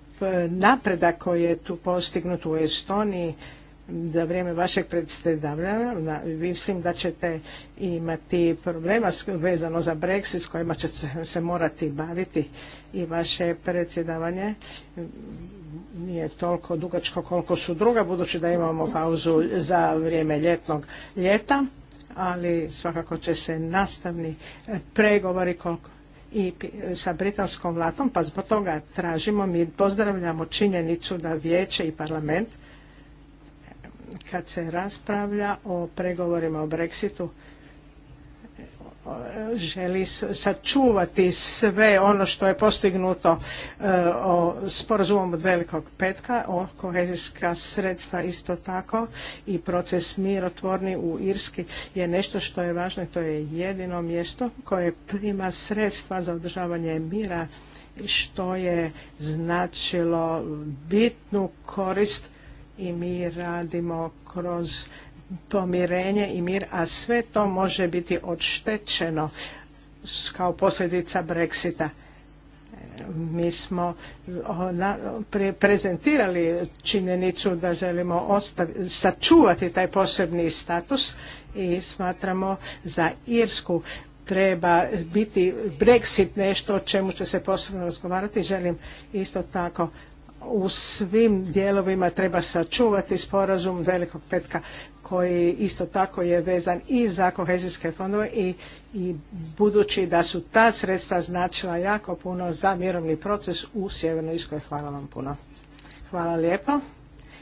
napredak koji je tu postignut u Estoniji za vrijeme vašeg vi mislim da ćete imati problema vezano za Brexit s kojima će se morati baviti i vaše predsjedavanje nije toliko dugačko koliko su druga budući da imamo pauzu za vrijeme ljetnog ljeta ali svakako će se nastavni pregovori koliko i sa britanskom vladom, pa zbog toga tražimo, mi pozdravljamo činjenicu da vijeće i parlament kad se raspravlja o pregovorima o Brexitu želi sačuvati sve ono što je postignuto e, o sporazumom od velikog petka, o kohezijska sredstva isto tako i proces mirotvorni u Irski je nešto što je važno i to je jedino mjesto koje prima sredstva za održavanje mira što je značilo bitnu korist i mi radimo kroz pomirenje i mir, a sve to može biti odštećeno kao posljedica Brexita. Mi smo prezentirali činjenicu da želimo sačuvati taj posebni status i smatramo za Irsku treba biti Brexit nešto o čemu će se posebno razgovarati. Želim isto tako u svim dijelovima treba sačuvati sporazum velikog petka koji isto tako je vezan i za kohezijske fondove i, i budući da su ta sredstva značila jako puno za mirovni proces u Sjevernoj Iskoj. Hvala vam puno. Hvala lijepo.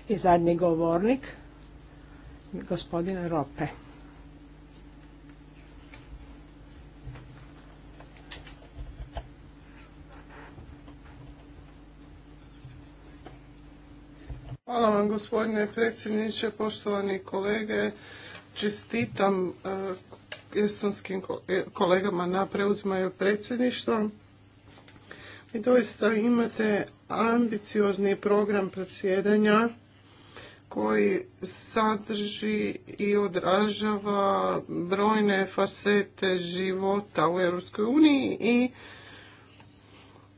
I zadnji govornik, gospodin Rope. Hvala vam gospodine predsjedniče, poštovani kolege. Čestitam eh, estonskim eh, kolegama na preuzimaju predsjedništva. I doista imate ambiciozni program predsjedanja koji sadrži i odražava brojne fasete života u EU i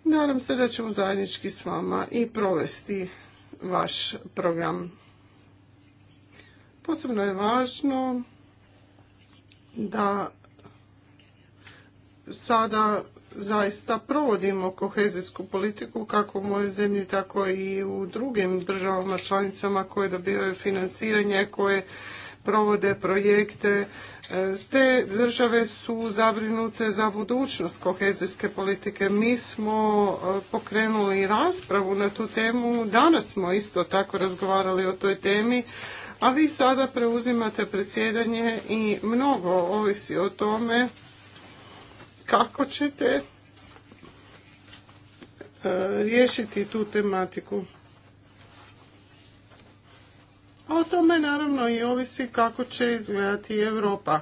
nadam se da ćemo zajednički s vama i provesti vaš program. Posebno je važno da sada zaista provodimo kohezijsku politiku kako u mojoj zemlji, tako i u drugim državama članicama koje dobivaju financiranje, koje provode projekte te države su zabrinute za budućnost kohezijske politike. Mi smo e, pokrenuli raspravu na tu temu. Danas smo isto tako razgovarali o toj temi. A vi sada preuzimate predsjedanje i mnogo ovisi o tome kako ćete e, riješiti tu tematiku o tome naravno i ovisi kako će izgledati Europa.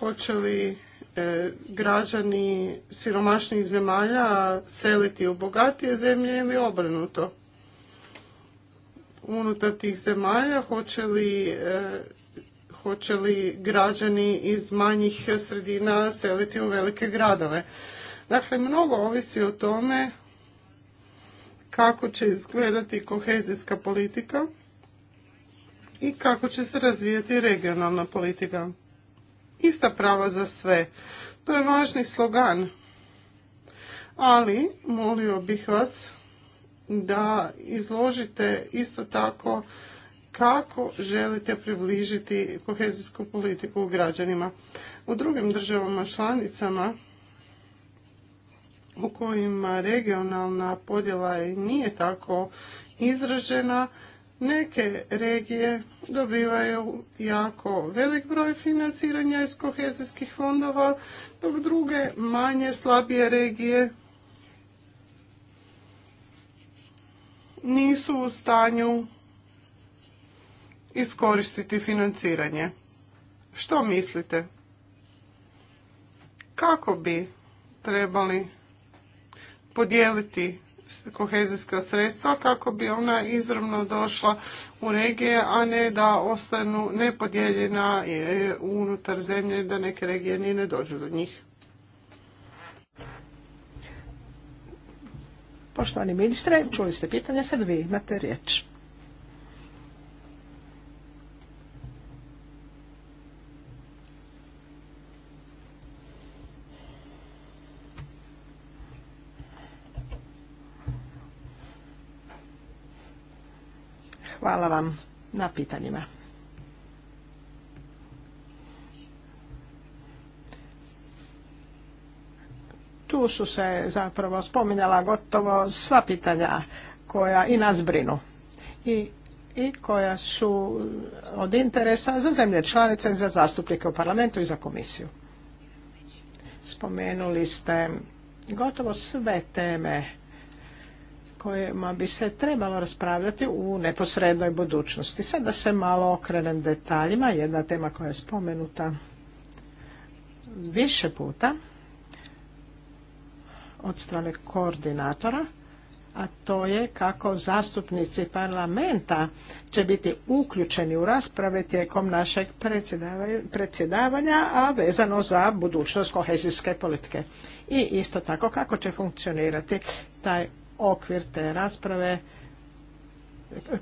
Hoće li e, građani siromašnih zemalja seliti u bogatije zemlje ili obrnuto? Unutar tih zemalja hoće e, hoće li građani iz manjih sredina seliti u velike gradove. Dakle, mnogo ovisi o tome kako će izgledati kohezijska politika i kako će se razvijati regionalna politika. Ista prava za sve. To je važni slogan. Ali, molio bih vas da izložite isto tako kako želite približiti kohezijsku politiku građanima. U drugim državama članicama u kojima regionalna podjela nije tako izražena, neke regije dobivaju jako velik broj financiranja iz kohezijskih fondova, dok druge manje, slabije regije nisu u stanju iskoristiti financiranje. Što mislite? Kako bi trebali podijeliti kohezijska sredstva kako bi ona izravno došla u regije, a ne da ostanu nepodijeljena e, unutar zemlje, da neke regije ni ne dođu do njih. Poštovani ministre, čuli ste pitanje, sad vi imate riječ. Hvala vam na pitanjima. Tu su se zapravo spominjala gotovo sva pitanja koja i nas brinu i, i koja su od interesa za zemlje članice, za zastupnike u parlamentu i za komisiju. Spomenuli ste gotovo sve teme kojima bi se trebalo raspravljati u neposrednoj budućnosti. Sada se malo okrenem detaljima, jedna tema koja je spomenuta više puta od strane koordinatora, a to je kako zastupnici parlamenta će biti uključeni u rasprave tijekom našeg predsjedavanja, a vezano za budućnost kohezijske politike. I isto tako kako će funkcionirati taj okvir te rasprave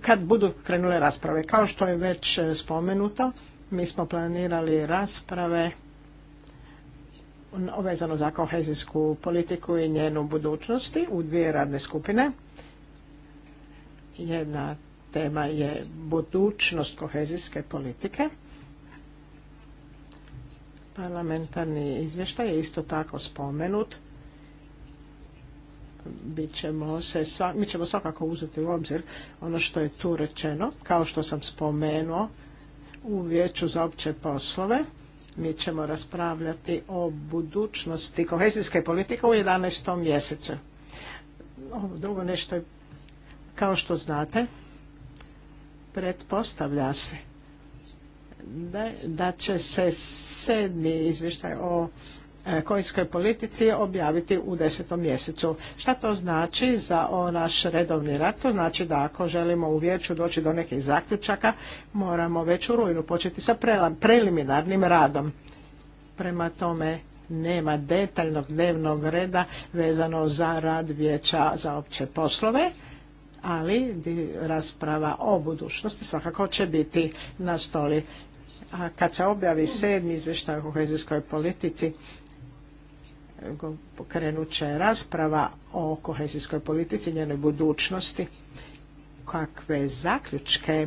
kad budu krenule rasprave. Kao što je već e, spomenuto, mi smo planirali rasprave vezano za kohezijsku politiku i njenu budućnosti u dvije radne skupine. Jedna tema je budućnost kohezijske politike. Parlamentarni izvještaj je isto tako spomenut ćemo se mi ćemo svakako uzeti u obzir ono što je tu rečeno, kao što sam spomenuo u vijeću za opće poslove. Mi ćemo raspravljati o budućnosti kohezijske politike u 11. mjesecu. Ovo drugo nešto je, kao što znate, pretpostavlja se da, će se sedmi izvještaj o E, kojskoj politici objaviti u desetom mjesecu. Šta to znači za o naš redovni rad? To znači da ako želimo u vijeću doći do nekih zaključaka, moramo već u rujnu početi sa preliminarnim radom. Prema tome nema detaljnog dnevnog reda vezano za rad vijeća za opće poslove ali rasprava o budućnosti svakako će biti na stoli. A kad se objavi sedmi izvještaj o kohezijskoj politici, pokrenut će rasprava o kohezijskoj politici, njenoj budućnosti, kakve zaključke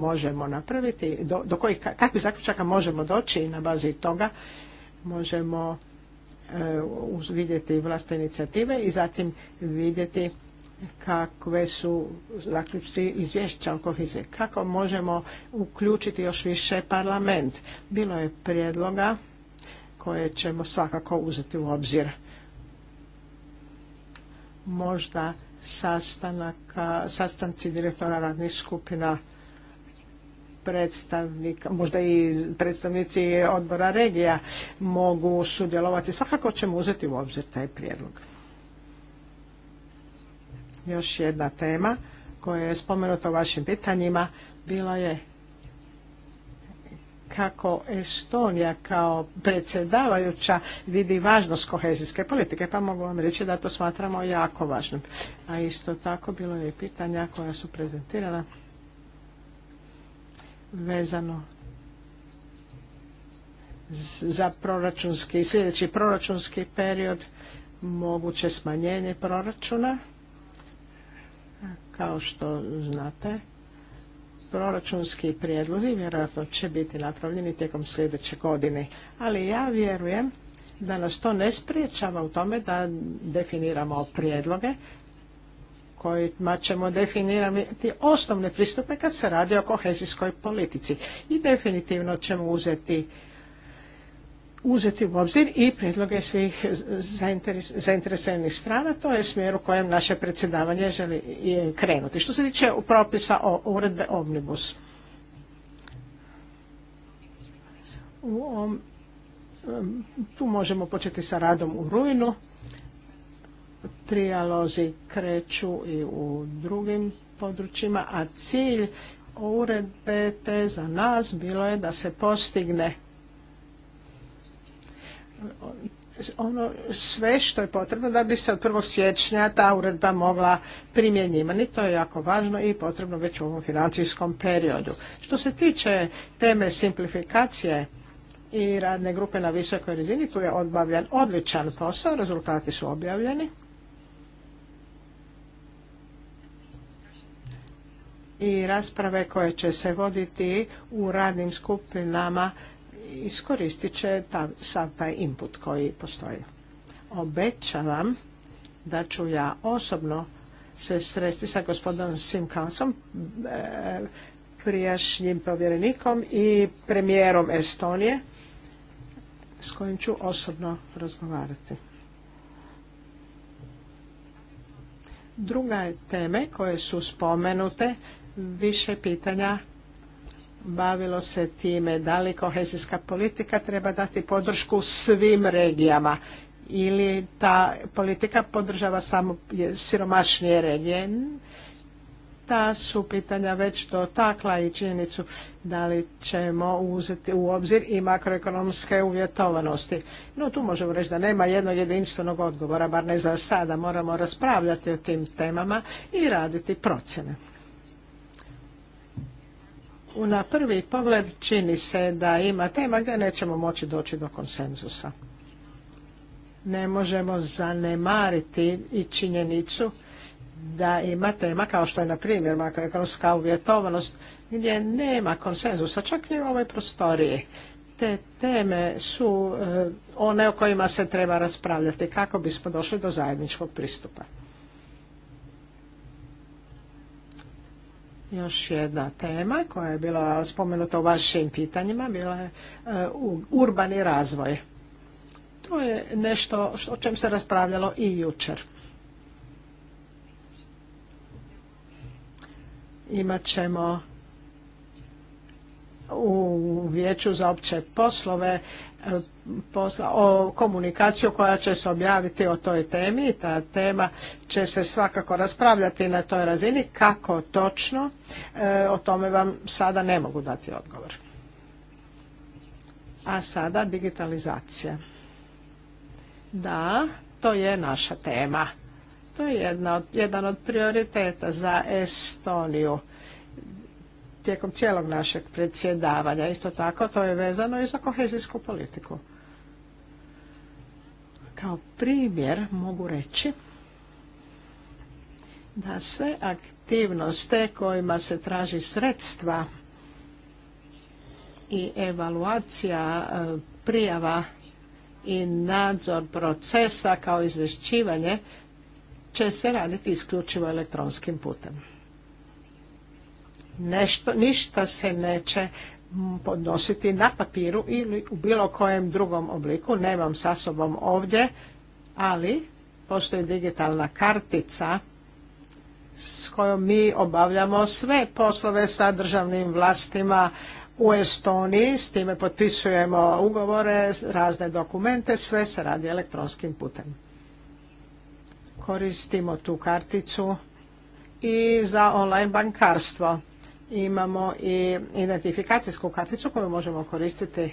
možemo napraviti, do, kojih, kakvih zaključaka možemo doći i na bazi toga možemo e, vidjeti vlastne inicijative i zatim vidjeti kakve su zaključci izvješća o koheziji. Kako možemo uključiti još više parlament? Bilo je prijedloga koje ćemo svakako uzeti u obzir. Možda sastanci direktora radnih skupina predstavnika, možda i predstavnici odbora regija mogu sudjelovati. Svakako ćemo uzeti u obzir taj prijedlog. Još jedna tema koja je spomenuta u vašim pitanjima bila je kako Estonija kao predsjedavajuća vidi važnost kohezijske politike, pa mogu vam reći da to smatramo jako važnim. A isto tako bilo je i pitanja koja su prezentirana vezano za proračunski, sljedeći proračunski period, moguće smanjenje proračuna, kao što znate proračunski prijedlozi vjerojatno će biti napravljeni tijekom sljedeće godine. Ali ja vjerujem da nas to ne spriječava u tome da definiramo prijedloge kojima ćemo definirati osnovne pristupe kad se radi o kohezijskoj politici. I definitivno ćemo uzeti uzeti u obzir i predloge svih zainteres, zainteresiranih strana. To je smjer u kojem naše predsjedavanje želi krenuti. Što se tiče propisa o uredbe Omnibus. tu možemo početi sa radom u rujnu. Trijalozi kreću i u drugim područjima, a cilj uredbe te za nas bilo je da se postigne ono sve što je potrebno da bi se od 1. siječnja ta uredba mogla primjenjivati. To je jako važno i potrebno već u ovom financijskom periodu. Što se tiče teme simplifikacije i radne grupe na visokoj razini, tu je odbavljan odličan posao, rezultati su objavljeni. I rasprave koje će se voditi u radnim skupinama iskoristit će ta, taj input koji postoji. Obećavam da ću ja osobno se sresti sa gospodinom Simkansom, e, prijašnjim povjerenikom i premijerom Estonije, s kojim ću osobno razgovarati. Druga je teme koje su spomenute, više pitanja bavilo se time da li kohezijska politika treba dati podršku svim regijama ili ta politika podržava samo siromašnije regije. Ta su pitanja već dotakla i činjenicu da li ćemo uzeti u obzir i makroekonomske uvjetovanosti. No tu možemo reći da nema jednog jedinstvenog odgovora, bar ne za sada. Moramo raspravljati o tim temama i raditi procjene na prvi pogled čini se da ima tema gdje nećemo moći doći do konsenzusa. Ne možemo zanemariti i činjenicu da ima tema kao što je na primjer makroekonomska uvjetovanost gdje nema konsenzusa čak i u ovoj prostoriji. Te teme su e, one o kojima se treba raspravljati kako bismo došli do zajedničkog pristupa. Još jedna tema koja je bila spomenuta u vašim pitanjima bila je e, urbani razvoj. To je nešto o čem se raspravljalo i jučer. Imat ćemo u vijeću za opće poslove o komunikaciju koja će se objaviti o toj temi. Ta tema će se svakako raspravljati na toj razini. Kako točno, e, o tome vam sada ne mogu dati odgovor. A sada digitalizacija. Da, to je naša tema. To je jedna od, jedan od prioriteta za Estoniju tijekom cijelog našeg predsjedavanja. Isto tako to je vezano i za kohezijsku politiku. Kao primjer mogu reći da sve aktivnosti kojima se traži sredstva i evaluacija e, prijava i nadzor procesa kao izvješćivanje će se raditi isključivo elektronskim putem ništa se neće podnositi na papiru ili u bilo kojem drugom obliku. Nemam sa sobom ovdje, ali postoji digitalna kartica s kojom mi obavljamo sve poslove sa državnim vlastima u Estoniji. S time potpisujemo ugovore, razne dokumente, sve se radi elektronskim putem. Koristimo tu karticu i za online bankarstvo imamo i identifikacijsku karticu koju možemo koristiti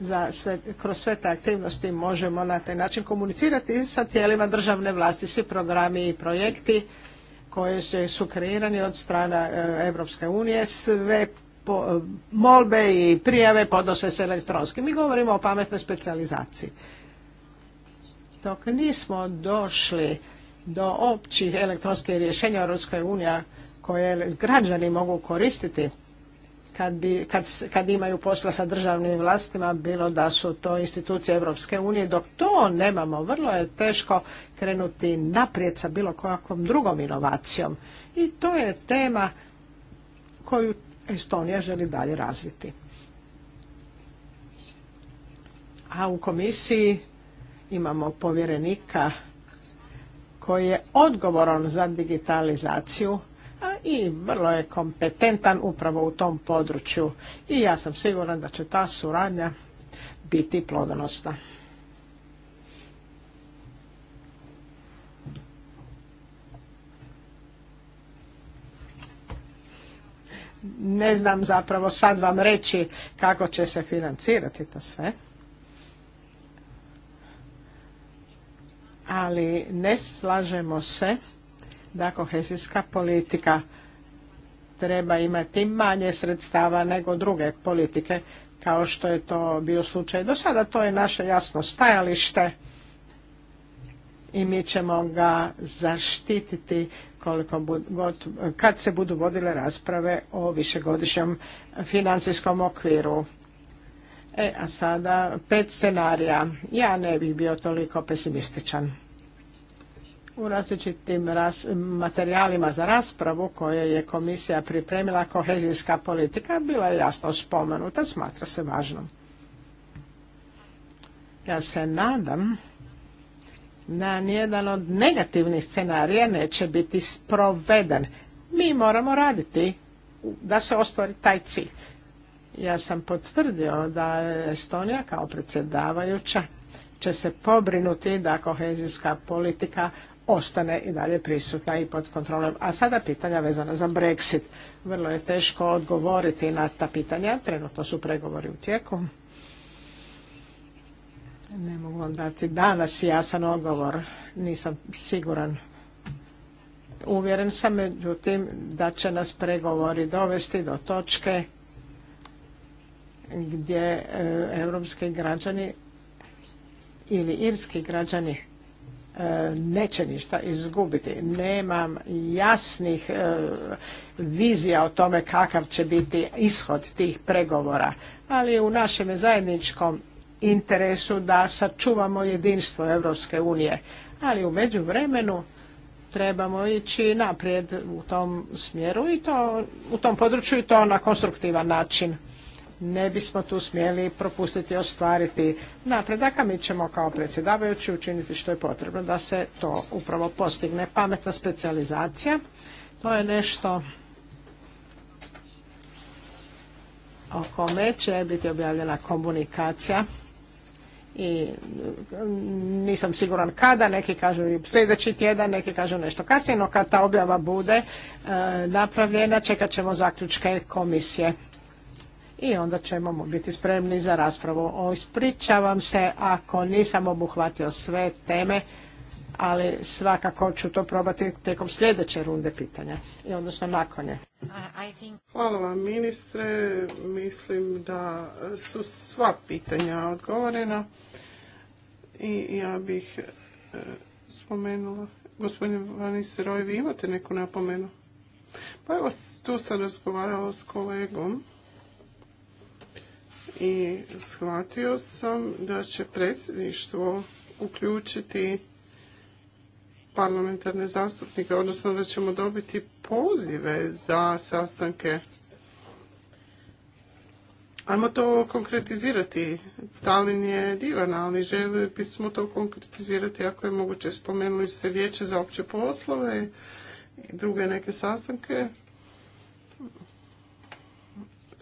za sve, kroz sve te aktivnosti možemo na taj način komunicirati sa tijelima državne vlasti. Svi programi i projekti koji se su kreirani od strana Europske unije, sve e, molbe i prijave podnose se elektronski. Mi govorimo o pametnoj specijalizaciji. Dok nismo došli do općih elektronskih rješenja Europske unija koje građani mogu koristiti kad, bi, kad, kad imaju posla sa državnim vlastima, bilo da su to institucije Europske unije. Dok to nemamo, vrlo je teško krenuti naprijed sa bilo kakvom drugom inovacijom. I to je tema koju Estonija želi dalje razviti. A u komisiji imamo povjerenika koji je odgovoran za digitalizaciju i vrlo je kompetentan upravo u tom području i ja sam siguran da će ta suradnja biti plodonosna. Ne znam zapravo sad vam reći kako će se financirati to sve. Ali ne slažemo se da kohezijska politika treba imati manje sredstava nego druge politike kao što je to bio slučaj do sada. To je naše jasno stajalište i mi ćemo ga zaštititi koliko kad se budu vodile rasprave o višegodišnjem financijskom okviru. E, a sada pet scenarija. Ja ne bih bio toliko pesimističan u različitim ras, materijalima za raspravu koje je komisija pripremila kohezijska politika bila je jasno spomenuta, smatra se važnom. Ja se nadam da nijedan od negativnih scenarija neće biti sproveden. Mi moramo raditi da se ostvari taj cilj. Ja sam potvrdio da je Estonija kao predsjedavajuća će se pobrinuti da kohezijska politika ostane i dalje prisutna i pod kontrolom. A sada pitanja vezana za Brexit. Vrlo je teško odgovoriti na ta pitanja. Trenutno su pregovori u tijeku. Ne mogu vam dati danas jasan odgovor. Nisam siguran. Uvjeren sam međutim da će nas pregovori dovesti do točke gdje e, europski građani ili irski građani E, neće ništa izgubiti. Nemam jasnih e, vizija o tome kakav će biti ishod tih pregovora, ali u našem zajedničkom interesu da sačuvamo jedinstvo Europske unije. Ali u međuvremenu trebamo ići naprijed u tom smjeru i to u tom području i to na konstruktivan način ne bismo tu smjeli propustiti ostvariti napredak, a mi ćemo kao predsjedavajući učiniti što je potrebno da se to upravo postigne. Pametna specijalizacija, to je nešto o kome će biti objavljena komunikacija i nisam siguran kada, neki kažu sljedeći tjedan, neki kažu nešto kasnije, no kad ta objava bude e, napravljena čekat ćemo zaključke komisije i onda ćemo biti spremni za raspravu. ispričavam se ako nisam obuhvatio sve teme, ali svakako ću to probati tijekom sljedeće runde pitanja odnosno nakon je. Hvala vam ministre, mislim da su sva pitanja odgovorena i ja bih e, spomenula. Gospodine Vanisteroj, vi imate neku napomenu? Pa evo, tu sam razgovarala s kolegom i shvatio sam da će predsjedništvo uključiti parlamentarne zastupnike, odnosno da ćemo dobiti pozive za sastanke. Ajmo to konkretizirati. Talin je divan, ali želi to konkretizirati ako je moguće. Spomenuli ste vijeće za opće poslove i druge neke sastanke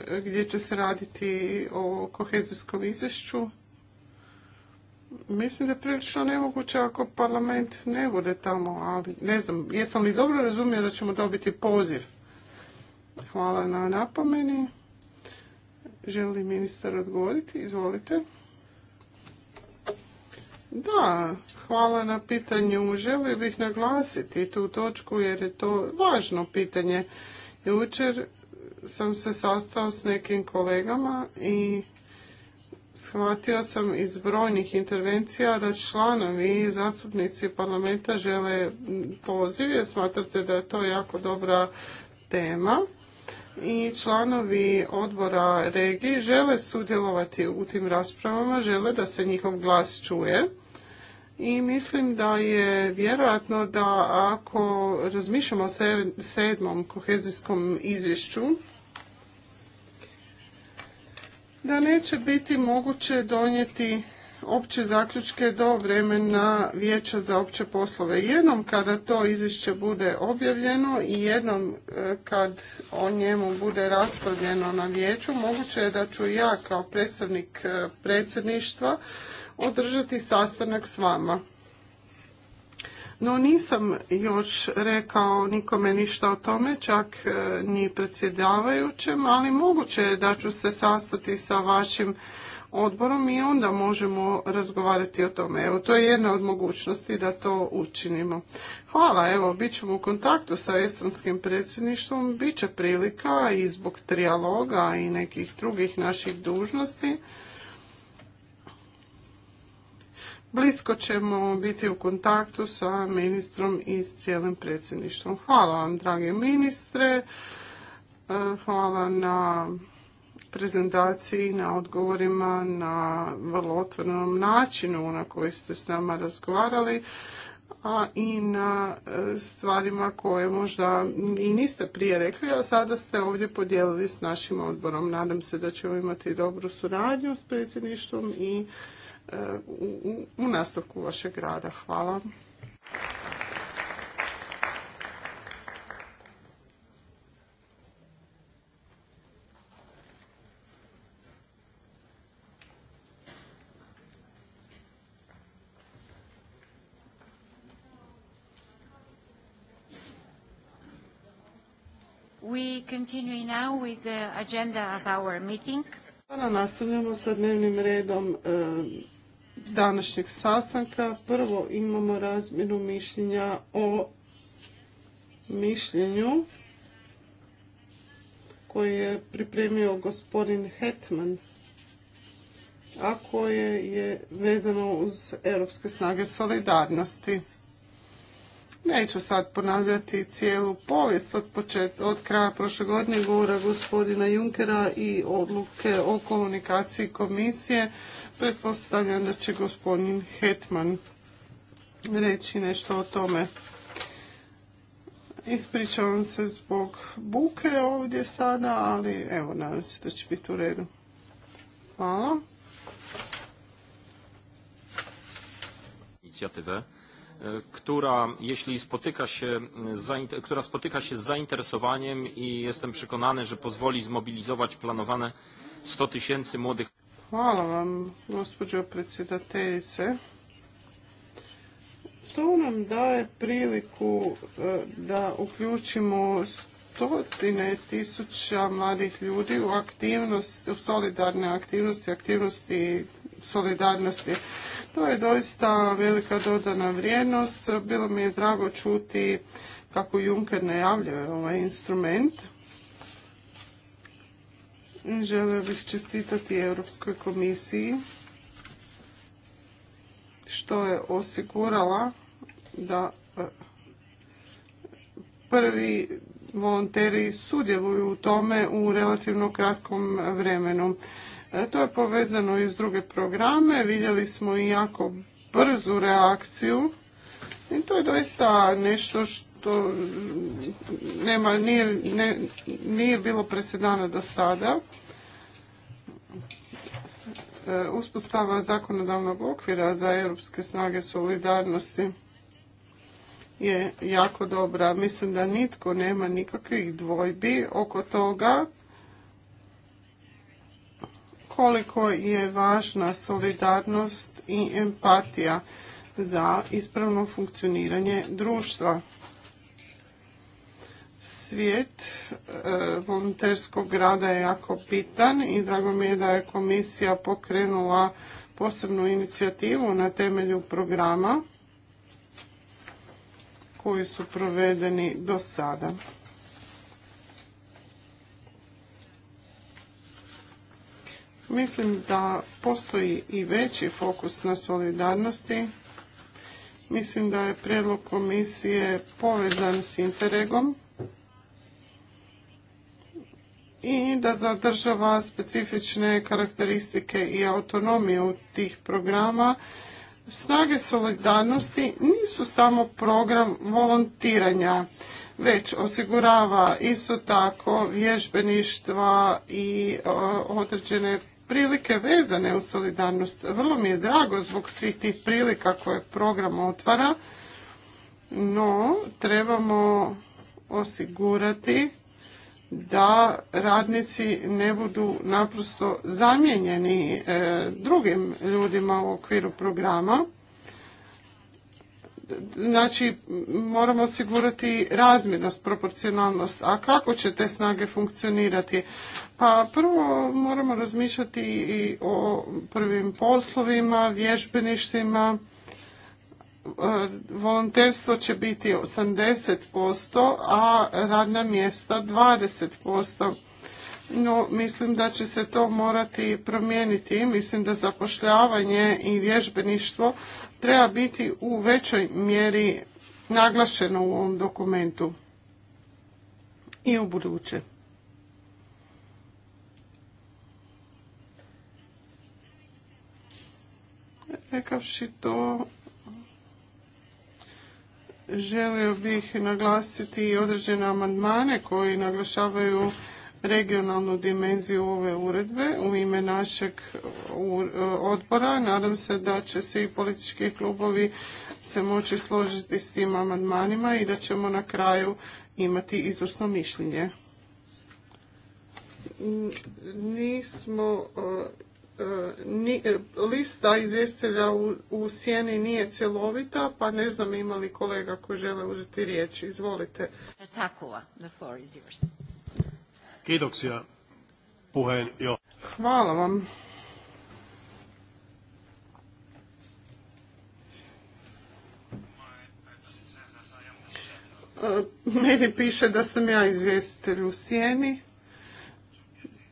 gdje će se raditi o kohezijskom izvješću. Mislim da je prilično nemoguće ako parlament ne bude tamo, ali ne znam, jesam li dobro razumio da ćemo dobiti poziv? Hvala na napomeni. Želi li ministar odgovoriti? Izvolite. Da, hvala na pitanju. Želio bih naglasiti tu točku jer je to važno pitanje. Jučer sam se sastao s nekim kolegama i shvatio sam iz brojnih intervencija da članovi i zastupnici parlamenta žele poziv jer smatrate da je to jako dobra tema i članovi odbora regiji žele sudjelovati u tim raspravama, žele da se njihov glas čuje i mislim da je vjerojatno da ako razmišljamo o sedmom kohezijskom izvješću, da neće biti moguće donijeti opće zaključke do vremena vijeća za opće poslove. Jednom kada to izvješće bude objavljeno i jednom e, kad o njemu bude raspravljeno na vijeću, moguće je da ću ja kao predstavnik e, predsjedništva održati sastanak s vama. No nisam još rekao nikome ništa o tome, čak e, ni predsjedavajućem, ali moguće je da ću se sastati sa vašim odborom i onda možemo razgovarati o tome. Evo, to je jedna od mogućnosti da to učinimo. Hvala, evo, bit ćemo u kontaktu sa estonskim predsjedništvom, bit će prilika i zbog trijaloga i nekih drugih naših dužnosti Blisko ćemo biti u kontaktu sa ministrom i s cijelim predsjedništvom. Hvala vam, drage ministre. E, hvala na prezentaciji, na odgovorima, na vrlo otvorenom načinu na koji ste s nama razgovarali, a i na e, stvarima koje možda i niste prije rekli, a sada ste ovdje podijelili s našim odborom. Nadam se da ćemo imati dobru suradnju s predsjedništvom i u, u nastavku vašeg rada. Hvala. We continue now with the agenda of our meeting. Nastavljamo sa dnevnim redom e, današnjeg sastanka. Prvo imamo razmjenu mišljenja o mišljenju koje je pripremio gospodin Hetman, a koje je vezano uz Europske snage solidarnosti. Neću sad ponavljati cijelu povijest od, od kraja prošle godine govora gospodina Junkera i odluke o komunikaciji komisije Pretpostavljam da će gospodin Hetman reći nešto o tome. Ispričavam se zbog buke ovdje sada, ali evo, nadam se da će biti u redu. Hvala. Inicijativa e, która jeśli spotyka się, która spotyka się z zainteresowaniem i jestem przekonany, że pozwoli zmobilizować planowane 100 tysięcy młodych Hvala vam, gospođo predsjedateljice. To nam daje priliku e, da uključimo stotine tisuća mladih ljudi u aktivnost, u solidarne aktivnosti, aktivnosti solidarnosti. To je doista velika dodana vrijednost. Bilo mi je drago čuti kako Juncker najavljuje ovaj instrument Želio bih čestitati Europskoj komisiji što je osigurala da e, prvi volonteri sudjeluju u tome u relativno kratkom vremenu. E, to je povezano i s druge programe. Vidjeli smo i jako brzu reakciju i to je doista nešto što to nema, nije, ne, nije bilo presedana do sada. E, uspostava zakonodavnog okvira za europske snage solidarnosti je jako dobra. Mislim da nitko nema nikakvih dvojbi oko toga koliko je važna solidarnost i empatija za ispravno funkcioniranje društva svijet e, volonterskog rada je jako pitan i drago mi je da je komisija pokrenula posebnu inicijativu na temelju programa koji su provedeni do sada. Mislim da postoji i veći fokus na solidarnosti. Mislim da je predlog komisije povezan s Interregom i da zadržava specifične karakteristike i autonomiju tih programa. Snage solidarnosti nisu samo program volontiranja, već osigurava isto tako vježbeništva i određene prilike vezane u solidarnost. Vrlo mi je drago zbog svih tih prilika koje program otvara, no trebamo osigurati da radnici ne budu naprosto zamijenjeni e, drugim ljudima u okviru programa. Znači, moramo osigurati razmjernost, proporcionalnost. A kako će te snage funkcionirati? Pa prvo moramo razmišljati i o prvim poslovima, vježbeništima, E, volonterstvo će biti 80%, a radna mjesta 20%. No, mislim da će se to morati promijeniti. Mislim da zapošljavanje i vježbeništvo treba biti u većoj mjeri naglašeno u ovom dokumentu i u buduće. Rekavši to, Želio bih naglasiti i određene amandmane koji naglašavaju regionalnu dimenziju ove uredbe u ime našeg e, odbora. Nadam se da će svi politički klubovi se moći složiti s tim amandmanima i da ćemo na kraju imati izvrsno mišljenje. Nismo e, E, lista izvjestitelja u sjeni nije cjelovita, pa ne znam ima li kolega koji žele uzeti riječ. Izvolite. Hvala vam. E, meni piše da sam ja izvjestitelj u sjeni,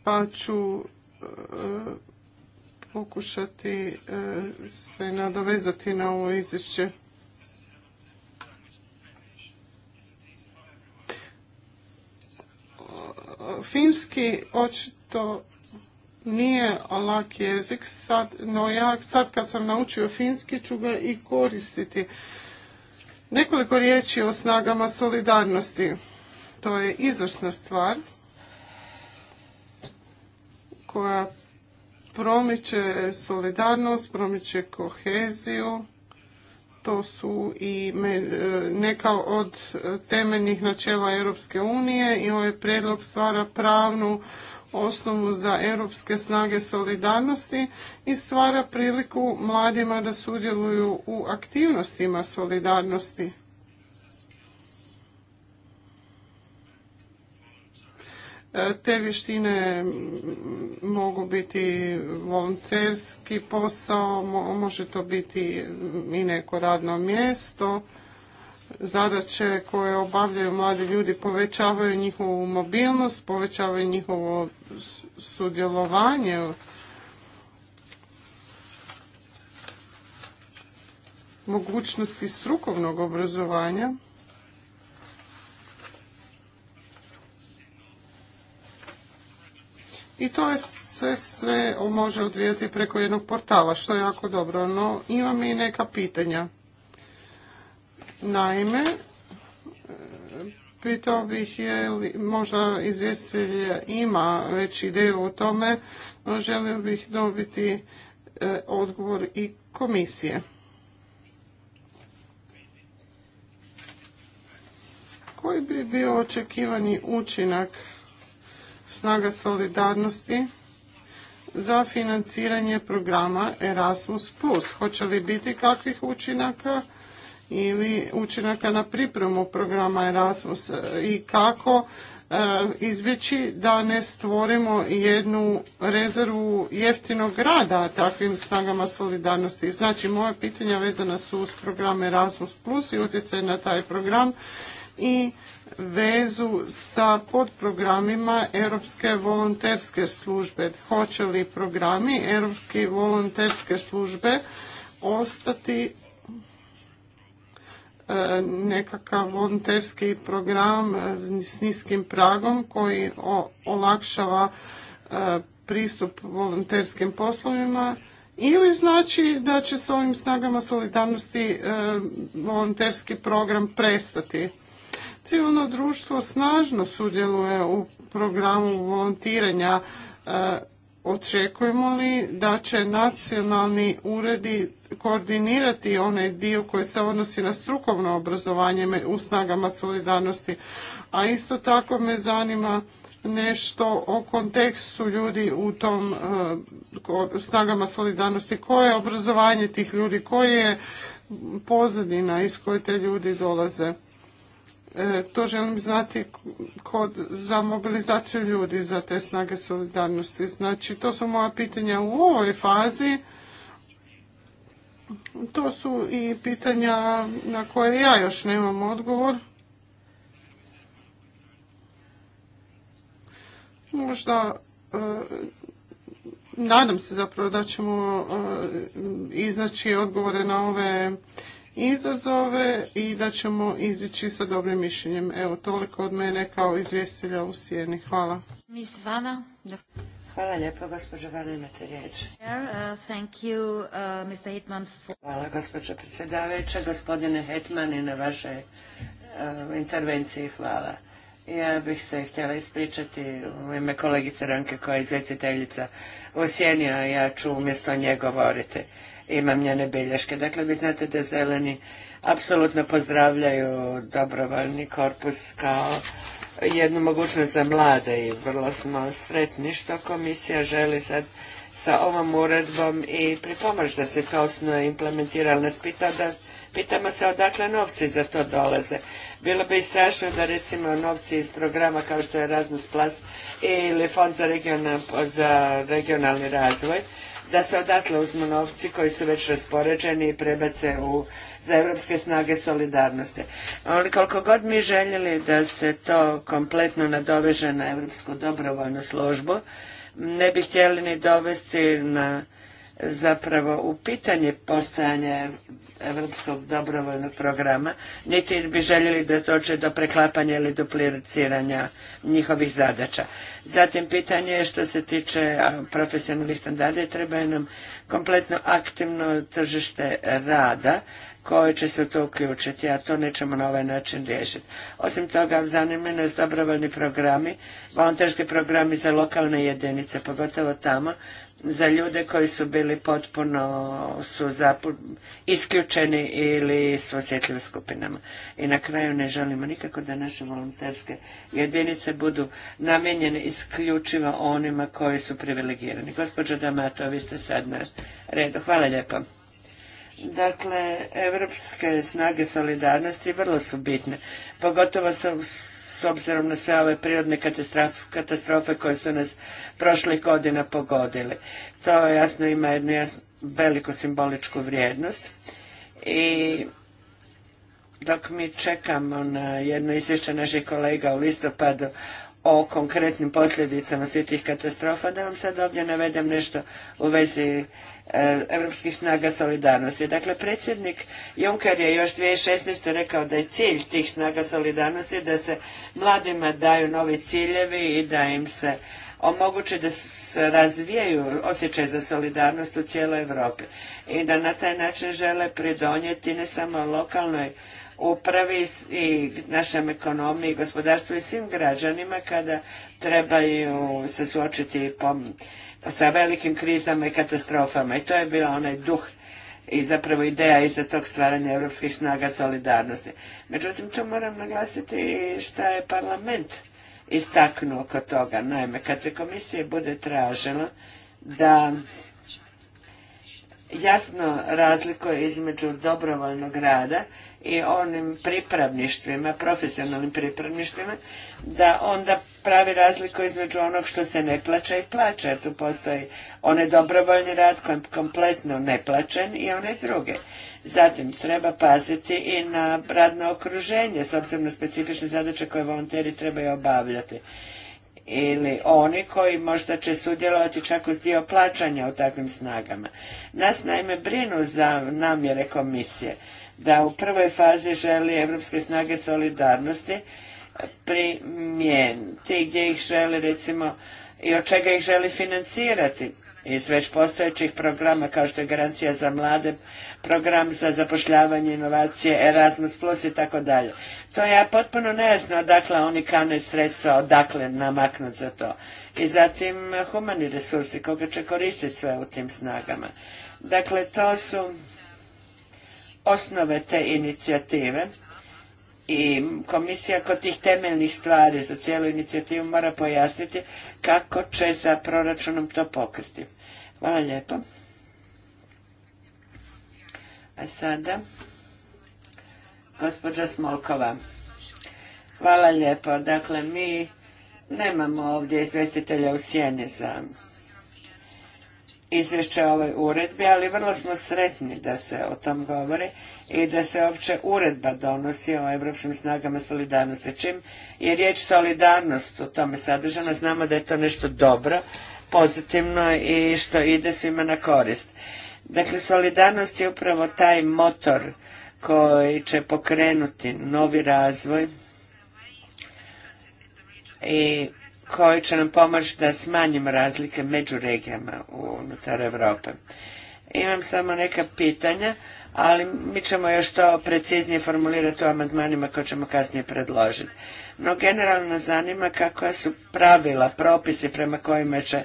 pa ću e, pokušati e, se nadovezati na ovo izvješće. Finski očito nije lak jezik, no ja sad kad sam naučio finski ću ga i koristiti. Nekoliko riječi o snagama solidarnosti. To je izvrsna stvar koja promiče solidarnost, promiče koheziju. To su i e, neka od temeljnih načela Europske unije i ovaj prijedlog stvara pravnu osnovu za europske snage solidarnosti i stvara priliku mladima da sudjeluju u aktivnostima solidarnosti. E, te vještine mogu biti volonterski posao, može to biti i neko radno mjesto. Zadaće koje obavljaju mladi ljudi povećavaju njihovu mobilnost, povećavaju njihovo sudjelovanje. Mogućnosti strukovnog obrazovanja. I to je se sve može odvijati preko jednog portala, što je jako dobro. No, imam i neka pitanja. Naime, e, pitao bih je li možda izvjestitelj ima već ideju o tome, no želio bih dobiti e, odgovor i komisije. Koji bi bio očekivani učinak snaga solidarnosti za financiranje programa Erasmus+. Hoće li biti kakvih učinaka ili učinaka na pripremu programa Erasmus e, i kako e, izbjeći da ne stvorimo jednu rezervu jeftinog rada takvim snagama solidarnosti. Znači, moje pitanja vezana su uz program Erasmus Plus i utjecaj na taj program i vezu sa podprogramima Europske volonterske službe. Hoće li programi Europske volonterske službe ostati e, nekakav volonterski program e, s niskim pragom koji olakšava e, pristup volonterskim poslovima ili znači da će s ovim snagama solidarnosti volonterski program prestati. Civilno društvo snažno sudjeluje u programu volontiranja. E, očekujemo li da će nacionalni uredi koordinirati onaj dio koji se odnosi na strukovno obrazovanje u snagama solidarnosti? A isto tako me zanima nešto o kontekstu ljudi u tom e, snagama solidarnosti. Koje je obrazovanje tih ljudi? Koje je pozadina iz koje te ljudi dolaze? E, to želim znati kod, za mobilizaciju ljudi za te snage solidarnosti. Znači, to su moja pitanja u ovoj fazi. To su i pitanja na koje ja još nemam odgovor. Možda e, nadam se zapravo da ćemo e, iznaći odgovore na ove izazove i da ćemo izići sa dobrim mišljenjem. Evo, toliko od mene kao izvjestilja u Sijeni. Hvala. Miss Vana. Hvala lijepo, gospođo Vana, imate riječ. Uh, uh, hvala, gospođo predsjedaveća, gospodine Hetman i na vašoj uh, intervenciji. Hvala. Ja bih se htjela ispričati u ime kolegice Ranke koja je izvjestiteljica u Sijeni, a ja ću umjesto nje govoriti imam njene bilješke. Dakle, vi znate da zeleni apsolutno pozdravljaju dobrovoljni korpus kao jednu mogućnost za mlade i vrlo smo sretni što komisija želi sad sa ovom uredbom i pripomoć da se to osnuje implementira, ali nas pita da, pitamo se odakle novci za to dolaze. Bilo bi strašno da recimo novci iz programa kao što je Erasmus Plus ili Fond za, za regionalni razvoj da se odatle uzmu novci koji su već raspoređeni i prebace u, za europske snage solidarnosti. Ali koliko god mi željeli da se to kompletno nadoveže na europsku dobrovoljnu službu, ne bi htjeli ni dovesti na zapravo u pitanje postojanja Europskog dobrovoljnog programa, niti bi željeli da dođe do preklapanja ili dupliciranja njihovih zadaća. Zatim pitanje je što se tiče profesionalnih standarda, treba nam kompletno aktivno tržište rada koje će se to uključiti, a to nećemo na ovaj način riješiti. Osim toga, zanima nas dobrovoljni programi, volonterski programi za lokalne jedinice, pogotovo tamo, za ljude koji su bili potpuno su zapu, isključeni ili su osjetljivim skupinama. I na kraju ne želimo nikako da naše volonterske jedinice budu namijenjene isključivo onima koji su privilegirani. Gospođo Damato, vi ste sad na redu. Hvala lijepo. Dakle, evropske snage solidarnosti vrlo su bitne, pogotovo s obzirom na sve ove prirodne katastrofe koje su nas prošlih godina pogodile. To jasno ima jednu jasnu, veliku simboličku vrijednost i dok mi čekamo na jedno izvješće naših kolega u listopadu o konkretnim posljedicama svih tih katastrofa, da vam sad ovdje navedem nešto u vezi europskih snaga solidarnosti. Dakle, predsjednik Juncker je još 2016. rekao da je cilj tih snaga solidarnosti da se mladima daju novi ciljevi i da im se omogući da se razvijaju osjećaj za solidarnost u cijeloj Europi i da na taj način žele pridonijeti ne samo lokalnoj upravi i našem ekonomiji i gospodarstvu i svim građanima kada trebaju se suočiti i sa velikim krizama i katastrofama i to je bila onaj duh i zapravo ideja iza tog stvaranja europskih snaga solidarnosti. Međutim, tu moram naglasiti šta je parlament istaknuo oko toga. Naime, kad se komisije bude tražilo da jasno razlikuje između dobrovoljnog rada i onim pripravništvima, profesionalnim pripravništvima, da onda pravi razliku između onog što se ne plaća i plaća, jer tu postoji onaj dobrovoljni rad koji kompletno neplaćen i one druge. Zatim treba paziti i na radno okruženje s obzirom na specifične zadaće koje volonteri trebaju obavljati ili oni koji možda će sudjelovati čak uz dio plaćanja u takvim snagama. Nas naime brinu za namjere komisije da u prvoj fazi želi Europske snage solidarnosti primijeniti, gdje ih želi recimo i od čega ih želi financirati iz već postojećih programa kao što je Garancija za mlade, program za zapošljavanje, inovacije, Erasmus Plus i tako dalje. To je potpuno nejasno odakle oni kane sredstva, odakle namaknuti za to. I zatim humani resursi, koga će koristiti sve u tim snagama. Dakle, to su osnove te inicijative i komisija kod tih temeljnih stvari za cijelu inicijativu mora pojasniti kako će sa proračunom to pokriti. Hvala lijepo. A sada, gospođa Smolkova. Hvala lijepo. Dakle, mi nemamo ovdje izvestitelja u sjeni za izvješće o ovoj uredbi, ali vrlo smo sretni da se o tom govori i da se uopće uredba donosi o Europskim snagama solidarnosti. Čim je riječ solidarnost u tome sadržana, znamo da je to nešto dobro, pozitivno i što ide svima na korist. Dakle, solidarnost je upravo taj motor koji će pokrenuti novi razvoj i koji će nam pomoći da smanjimo razlike među regijama unutar Europe. Imam samo neka pitanja, ali mi ćemo još to preciznije formulirati u amandmanima koje ćemo kasnije predložiti. No generalno nas zanima kakva su pravila, propisi prema kojima će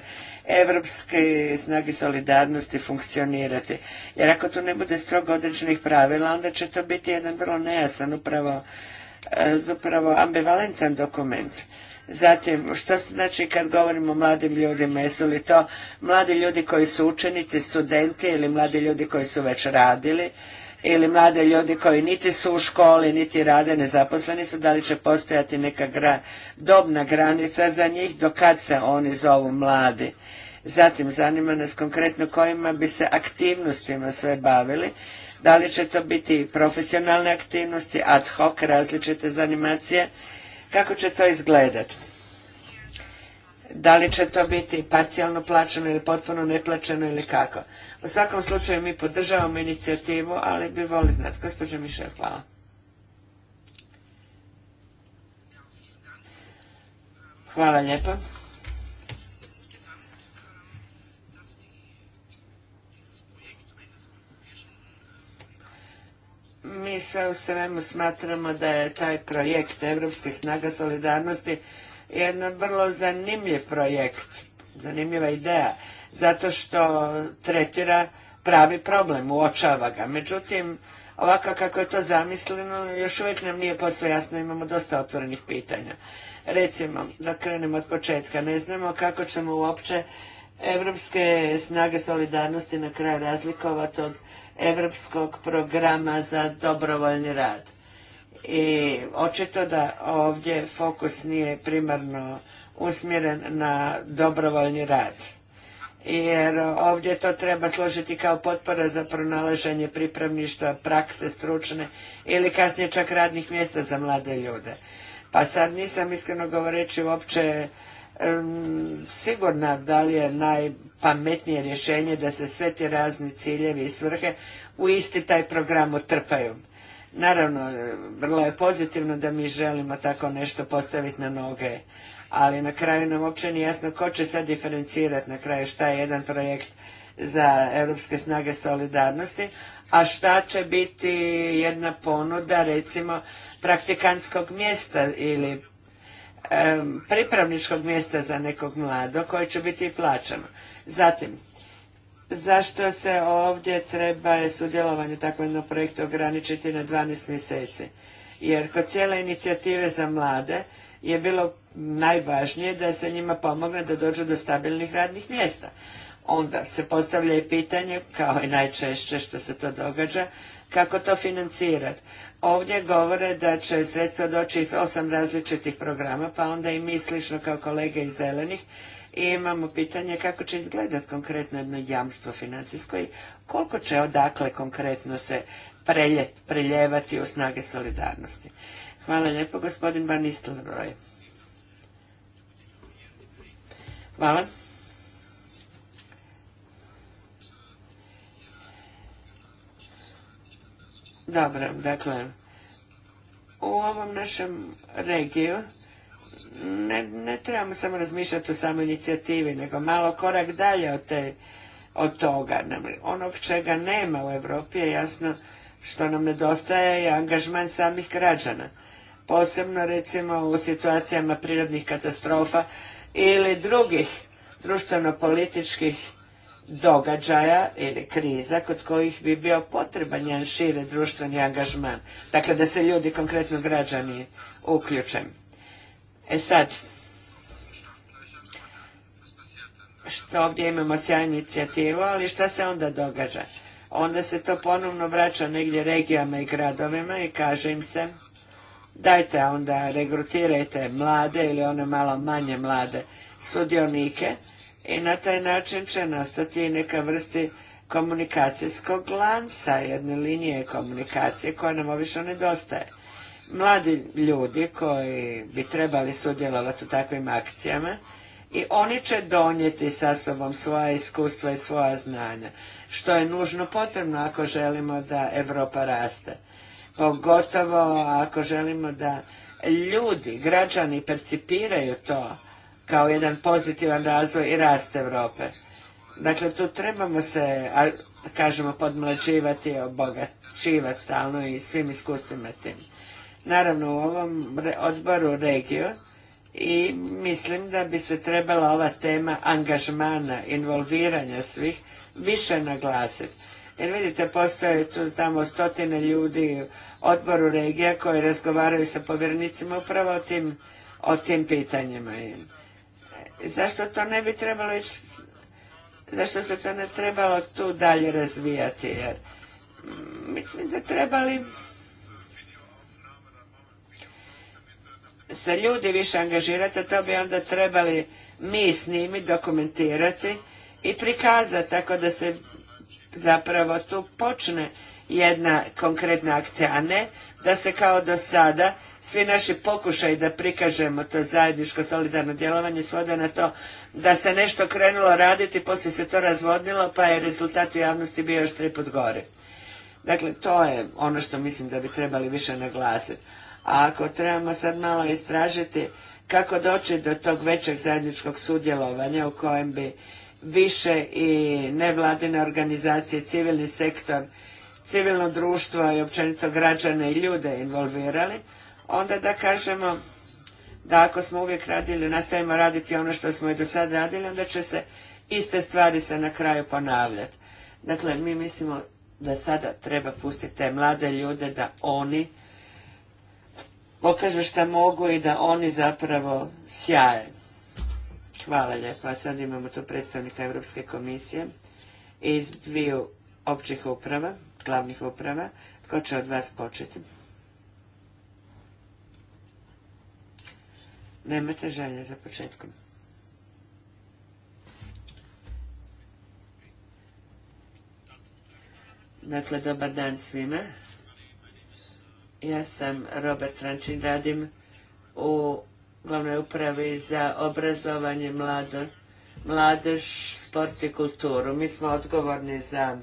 evropske snage solidarnosti funkcionirati. Jer ako tu ne bude strogo određenih pravila, onda će to biti jedan vrlo nejasan, upravo, e, zapravo ambivalentan dokument Zatim, što znači kad govorimo o mladim ljudima, jesu li to mladi ljudi koji su učenici, studenti ili mladi ljudi koji su već radili ili mlade ljudi koji niti su u školi, niti rade, nezaposleni su, da li će postojati neka dobna granica za njih, do kad se oni zovu mladi. Zatim, zanima nas konkretno kojima bi se aktivnostima sve bavili, da li će to biti profesionalne aktivnosti, ad hoc, različite zanimacije, kako će to izgledati. Da li će to biti parcijalno plaćeno ili potpuno neplaćeno ili kako. U svakom slučaju mi podržavamo inicijativu, ali bi voli znati. Gospođo Mišel, hvala. Hvala lijepa. mi sve u svemu smatramo da je taj projekt Evropskih snaga solidarnosti jedan vrlo zanimljiv projekt, zanimljiva ideja, zato što tretira pravi problem, uočava ga. Međutim, ovako kako je to zamisleno, još uvijek nam nije posve jasno, imamo dosta otvorenih pitanja. Recimo, da krenemo od početka, ne znamo kako ćemo uopće evropske snage solidarnosti na kraju razlikovati od Europskog programa za dobrovoljni rad. I očito da ovdje fokus nije primarno usmjeren na dobrovoljni rad. Jer ovdje to treba složiti kao potpora za pronalaženje pripravništva, prakse stručne ili kasnije čak radnih mjesta za mlade ljude. Pa sad nisam iskreno govoreći uopće sigurna da li je najpametnije rješenje da se sve ti razni ciljevi i svrhe u isti taj program utrpaju. Naravno, e, vrlo je pozitivno da mi želimo tako nešto postaviti na noge, ali na kraju nam uopće nije jasno ko će sad diferencirati na kraju šta je jedan projekt za Europske snage solidarnosti, a šta će biti jedna ponuda recimo praktikantskog mjesta ili pripravničkog mjesta za nekog mlado koje će biti i Zatim, zašto se ovdje treba sudjelovanje takvog jednog projekta ograničiti na 12 mjeseci? Jer kod cijele inicijative za mlade je bilo najvažnije da se njima pomogne da dođu do stabilnih radnih mjesta. Onda se postavlja i pitanje, kao i najčešće što se to događa, kako to financirati ovdje govore da će sredstva doći iz osam različitih programa, pa onda i mi slično kao kolege iz zelenih i imamo pitanje kako će izgledati konkretno jedno jamstvo financijsko i koliko će odakle konkretno se prelje preljevati u snage solidarnosti. Hvala lijepo, gospodin Van Hvala. Dobro, dakle, u ovom našem regiju ne, trebamo samo razmišljati o samo inicijativi, nego malo korak dalje od, te, od toga. Ono čega nema u Europi je jasno što nam nedostaje je angažman samih građana. Posebno recimo u situacijama prirodnih katastrofa ili drugih društveno-političkih događaja ili kriza kod kojih bi bio potreban jedan šire društveni angažman. Dakle, da se ljudi, konkretno građani, uključe. E sad, što ovdje imamo sjajnu inicijativu, ali šta se onda događa? Onda se to ponovno vraća negdje regijama i gradovima i kaže im se dajte onda regrutirajte mlade ili one malo manje mlade sudionike i na taj način će nastati i neka vrsti komunikacijskog lanca, jedne linije komunikacije koja nam obično nedostaje. Mladi ljudi koji bi trebali sudjelovati u takvim akcijama i oni će donijeti sa sobom svoja iskustva i svoja znanja, što je nužno potrebno ako želimo da Europa raste. Pogotovo ako želimo da ljudi, građani percipiraju to, kao jedan pozitivan razvoj i rast Europe. Dakle, tu trebamo se, kažemo, podmlađivati i obogaćivati stalno i svim iskustvima tim. Naravno, u ovom odboru regiju i mislim da bi se trebala ova tema angažmana, involviranja svih više naglasiti. Jer vidite, postoje tu tamo stotine ljudi u odboru regija koji razgovaraju sa povjernicima upravo o tim, o tim pitanjima. Zašto to ne bi trebalo ići, zašto se to ne trebalo tu dalje razvijati? Jer mm, mislim da trebali se ljudi više angažirati, a to bi onda trebali mi s njimi dokumentirati i prikazati tako da se zapravo tu počne jedna konkretna akcija, a ne da se kao do sada svi naši pokušaj da prikažemo to zajedničko solidarno djelovanje svode na to da se nešto krenulo raditi, poslije se to razvodnilo pa je rezultat u javnosti bio još put gore. Dakle, to je ono što mislim da bi trebali više naglasiti. A ako trebamo sad malo istražiti kako doći do tog većeg zajedničkog sudjelovanja u kojem bi više i nevladine organizacije, civilni sektor civilno društvo i općenito građane i ljude involvirali, onda da kažemo da ako smo uvijek radili, nastavimo raditi ono što smo i do sada radili, onda će se iste stvari se na kraju ponavljati. Dakle, mi mislimo da sada treba pustiti te mlade ljude da oni pokažu šta mogu i da oni zapravo sjaje. Hvala lijepo. A sad imamo tu predstavnika Europske komisije iz dviju općih uprava glavnih uprava. Tko će od vas početi? Nemate želje za početkom. Dakle, dobar dan svima. Ja sam Robert Rančin, radim u glavnoj upravi za obrazovanje mlado, mladež, sport i kulturu. Mi smo odgovorni za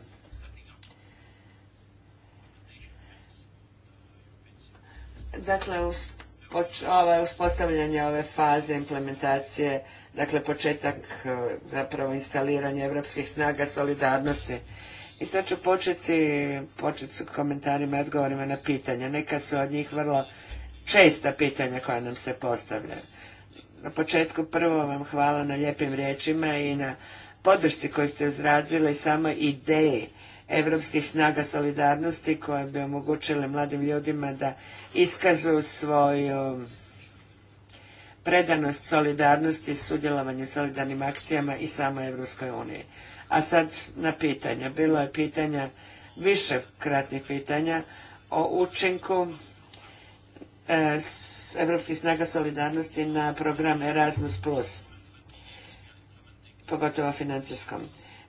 Dakle, uspostavljanje ove faze implementacije, dakle početak e, zapravo instaliranja evropskih snaga solidarnosti. I sad ću početi, početi su komentarima i odgovorima na pitanja. Neka su od njih vrlo česta pitanja koja nam se postavljaju. Na početku prvo vam hvala na lijepim riječima i na podršci koju ste izrazili samo ideji europskih snaga solidarnosti koje bi omogućile mladim ljudima da iskazuju svoju predanost solidarnosti, u solidarnim akcijama i samoj Europskoj uniji. A sad na pitanja. Bilo je pitanja, više kratnih pitanja o učinku Europskih snaga solidarnosti na program Erasmus+, pogotovo financijskom.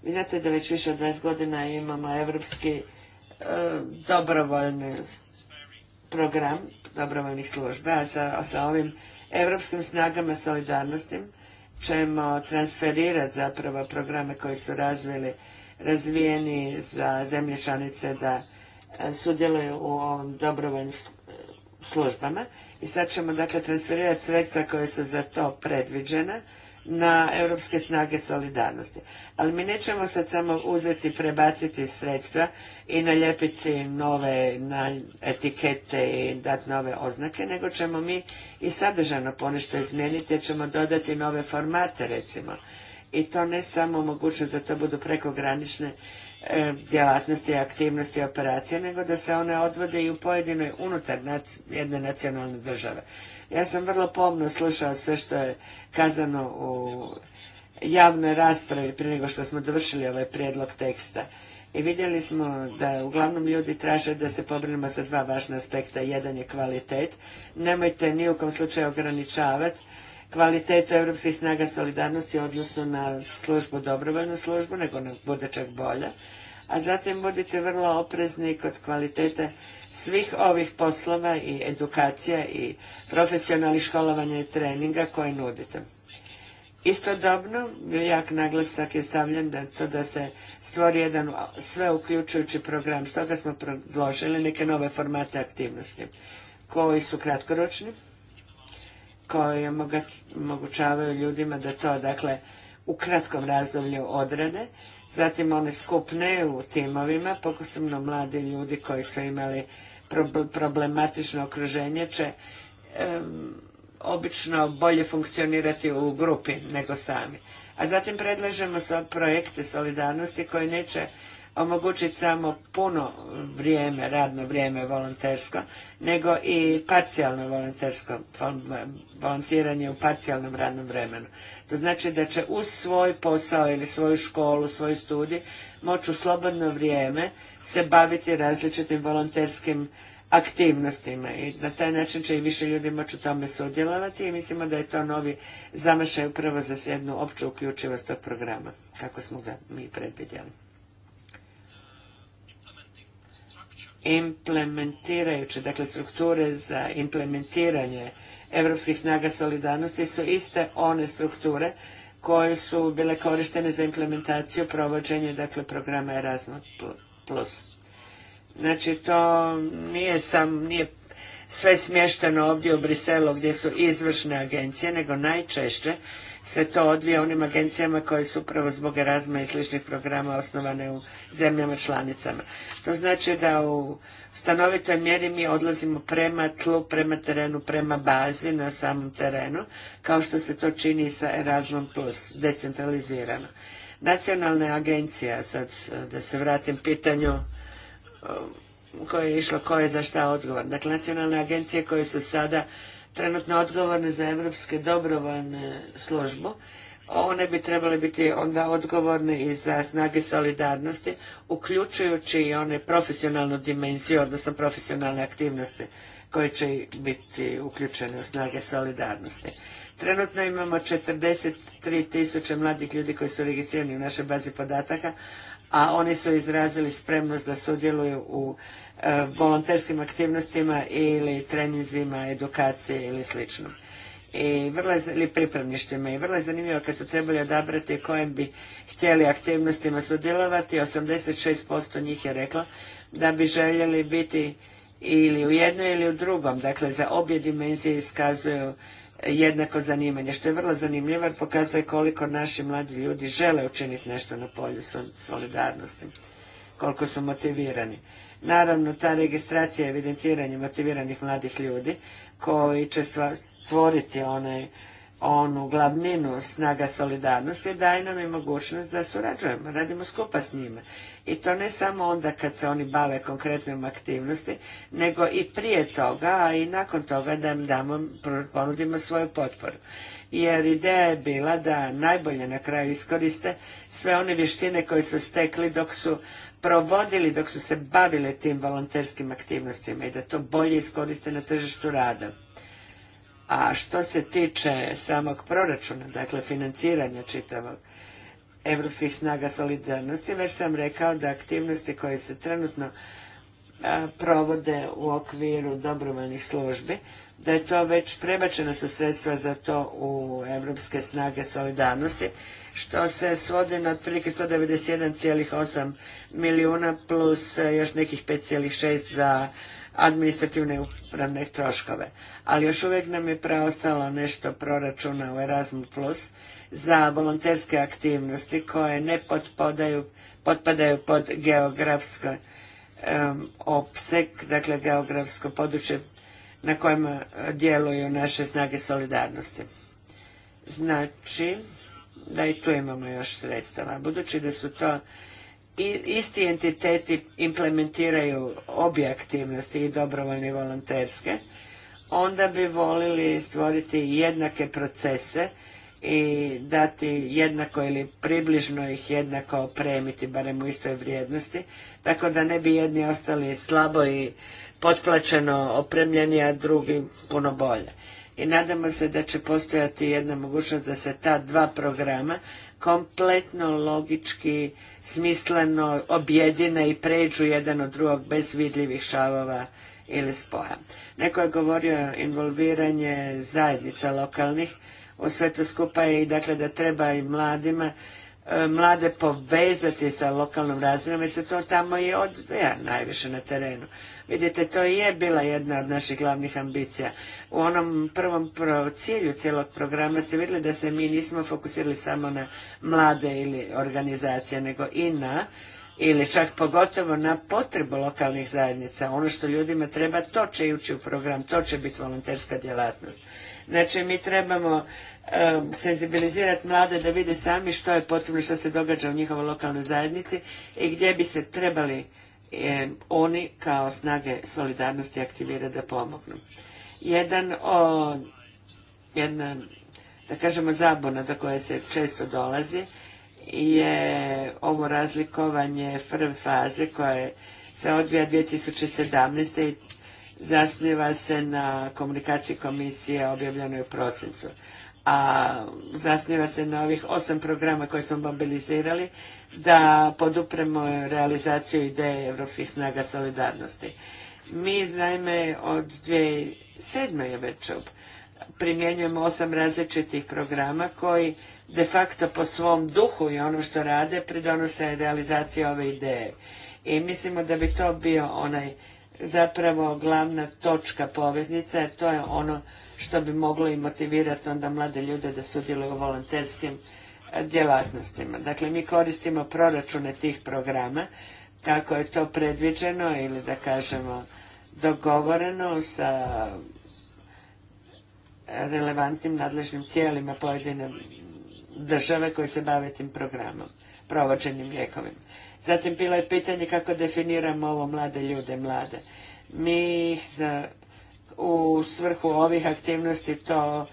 Vi znate da već više od 20 godina imamo evropski e, dobrovoljni program dobrovoljnih služba, a sa, ovim evropskim snagama solidarnosti ćemo transferirati zapravo programe koji su razvili, razvijeni za zemlje članice da e, sudjeluju u ovim dobrovoljnim e, službama. I sad ćemo dakle transferirati sredstva koje su za to predviđena na europske snage solidarnosti. Ali mi nećemo sad samo uzeti, prebaciti sredstva i naljepiti nove etikete i dati nove oznake, nego ćemo mi i sadržano ponešto izmijeniti jer ćemo dodati nove formate recimo. I to ne samo mogućnost da to budu prekogranične E, djelatnosti, aktivnosti, operacije, nego da se one odvode i u pojedinoj unutar jedne nacionalne države. Ja sam vrlo pomno slušao sve što je kazano u javnoj raspravi prije nego što smo dovršili ovaj prijedlog teksta. I vidjeli smo da uglavnom ljudi traže da se pobrinemo za dva važna aspekta. Jedan je kvalitet. Nemojte ni u kom slučaju ograničavati kvalitetu europskih snaga solidarnosti u odnosu na službu, dobrovoljnu službu, nego na bude čak bolja. A zatim budite vrlo oprezni kod kvalitete svih ovih poslova i edukacija i profesionalnih školovanja i treninga koje nudite. Istodobno, jak naglasak je stavljen da to da se stvori jedan sve uključujući program. Stoga smo predložili neke nove formate aktivnosti koji su kratkoročni, koje omogućavaju ljudima da to, dakle, u kratkom razdoblju odrade. Zatim one skupne u timovima, posebno mladi ljudi koji su imali problematično okruženje će obično bolje funkcionirati u grupi nego sami. A zatim predlažemo projekte solidarnosti koji neće omogućiti samo puno vrijeme, radno vrijeme volontersko, nego i parcijalno volontersko, volontiranje u parcijalnom radnom vremenu. To znači da će uz svoj posao ili svoju školu, svoj studij, moći u slobodno vrijeme se baviti različitim volonterskim aktivnostima i na taj način će i više ljudi moći u tome sudjelovati i mislimo da je to novi zamašaj upravo za jednu opću uključivost tog programa, kako smo ga mi predvidjeli. implementirajuće, dakle strukture za implementiranje europskih snaga solidarnosti su iste one strukture koje su bile korištene za implementaciju provođenja dakle programa Erasmus plus. Znači to nije sam nije sve smješteno ovdje u Briselu gdje su izvršne agencije, nego najčešće se to odvija onim agencijama koje su upravo zbog Erasma i sličnih programa osnovane u zemljama članicama. To znači da u stanovitoj mjeri mi odlazimo prema tlu, prema terenu, prema bazi na samom terenu, kao što se to čini sa Erasmom Plus, decentralizirano. Nacionalna agencija, sad da se vratim pitanju um, koje je išlo, koje je za šta odgovor. Dakle, nacionalne agencije koje su sada trenutno odgovorne za europske dobrovoljne službu, one bi trebale biti onda odgovorne i za snage solidarnosti, uključujući i one profesionalnu dimenziju, odnosno profesionalne aktivnosti koje će biti uključene u snage solidarnosti. Trenutno imamo 43 tisuće mladih ljudi koji su registrirani u našoj bazi podataka, a oni su izrazili spremnost da sudjeluju u E, volonterskim aktivnostima ili treninzima, edukacije ili slično. I vrlo je, ili pripremništima I vrlo je zanimljivo kad su trebali odabrati kojem bi htjeli aktivnostima sudjelovati, 86% njih je rekla da bi željeli biti ili u jednoj ili u drugom. Dakle, za obje dimenzije iskazuju jednako zanimanje, što je vrlo zanimljivo jer pokazuje koliko naši mladi ljudi žele učiniti nešto na polju solidarnosti, koliko su motivirani. Naravno, ta registracija i evidentiranje motiviranih mladih ljudi koji će stvoriti onu glavninu snaga solidarnosti daje nam i mogućnost da surađujemo, radimo skupa s njima. I to ne samo onda kad se oni bave konkretnim aktivnosti, nego i prije toga, a i nakon toga da im damo, ponudimo svoju potporu jer ideja je bila da najbolje na kraju iskoriste sve one vještine koje su stekli dok su provodili, dok su se bavili tim volonterskim aktivnostima i da to bolje iskoriste na tržištu rada. A što se tiče samog proračuna, dakle financiranja čitavog Europskih snaga solidarnosti, već sam rekao da aktivnosti koje se trenutno provode u okviru dobrovoljnih službi da je to već prebačeno su sredstva za to u Europske snage solidarnosti, što se svodi na otprilike 191,8 milijuna plus e, još nekih 5,6 za administrativne upravne troškove. Ali još uvijek nam je preostalo nešto proračuna u Erasmus Plus za volonterske aktivnosti koje ne potpadaju, pod geografsko opseg, dakle geografsko područje na kojima e, djeluju naše snage solidarnosti. Znači, da i tu imamo još sredstava. Budući da su to isti entiteti implementiraju obje aktivnosti i dobrovoljne i volonterske, onda bi volili stvoriti jednake procese i dati jednako ili približno ih jednako opremiti, barem u istoj vrijednosti, tako da ne bi jedni ostali slabo i potplaćeno opremljeni, a drugi puno bolje. I nadamo se da će postojati jedna mogućnost da se ta dva programa kompletno logički, smisleno objedine i pređu jedan od drugog bez vidljivih šavova ili spoja. Neko je govorio involviranje zajednica lokalnih u sve to skupa i dakle da treba i mladima E, mlade povezati sa lokalnom razinom jer se to tamo i odvija najviše na terenu. Vidite, to je bila jedna od naših glavnih ambicija. U onom prvom cilju cijelog programa ste vidjeli da se mi nismo fokusirali samo na mlade ili organizacije, nego i na ili čak pogotovo na potrebu lokalnih zajednica. Ono što ljudima treba, to će ići u program, to će biti volonterska djelatnost. Znači, mi trebamo senzibilizirati mlade da vide sami što je potrebno, što se događa u njihovoj lokalnoj zajednici i gdje bi se trebali oni kao snage solidarnosti aktivirati da pomognu. Jedan o, jedna, da kažemo, zabuna do koje se često dolazi je ovo razlikovanje prve faze koje se odvija 2017. i zasniva se na komunikaciji komisije objavljenoj u prosincu a zasniva se na ovih osam programa koje smo mobilizirali da podupremo realizaciju ideje Europskih snaga solidarnosti. Mi, naime, od 2007. je već primjenjujemo osam različitih programa koji de facto po svom duhu i ono što rade pridonose realizaciji ove ideje. I mislimo da bi to bio onaj zapravo glavna točka poveznica jer to je ono što bi moglo i motivirati onda mlade ljude da sudjeluju u volonterskim e, djelatnostima. Dakle, mi koristimo proračune tih programa, kako je to predviđeno ili da kažemo dogovoreno sa relevantnim nadležnim tijelima pojedine države koje se bave tim programom, provođenim lijekovima. Zatim bilo je pitanje kako definiramo ovo mlade ljude, mlade. Mi ih za, u svrhu ovih aktivnosti to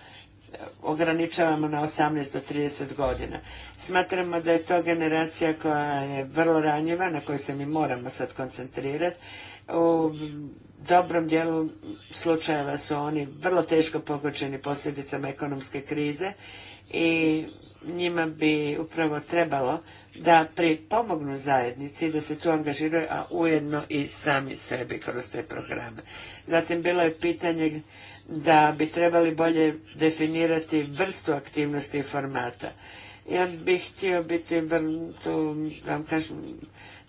ograničavamo na 18 do 30 godina. Smatramo da je to generacija koja je vrlo ranjiva, na koju se mi moramo sad koncentrirati. U dobrom dijelu slučajeva su oni vrlo teško pogođeni posljedicama ekonomske krize i njima bi upravo trebalo da pripomognu zajednici, da se tu angažiraju, a ujedno i sami sebi kroz te programe. Zatim bilo je pitanje da bi trebali bolje definirati vrstu aktivnosti i formata. Ja bih htio biti, tu vam kažem,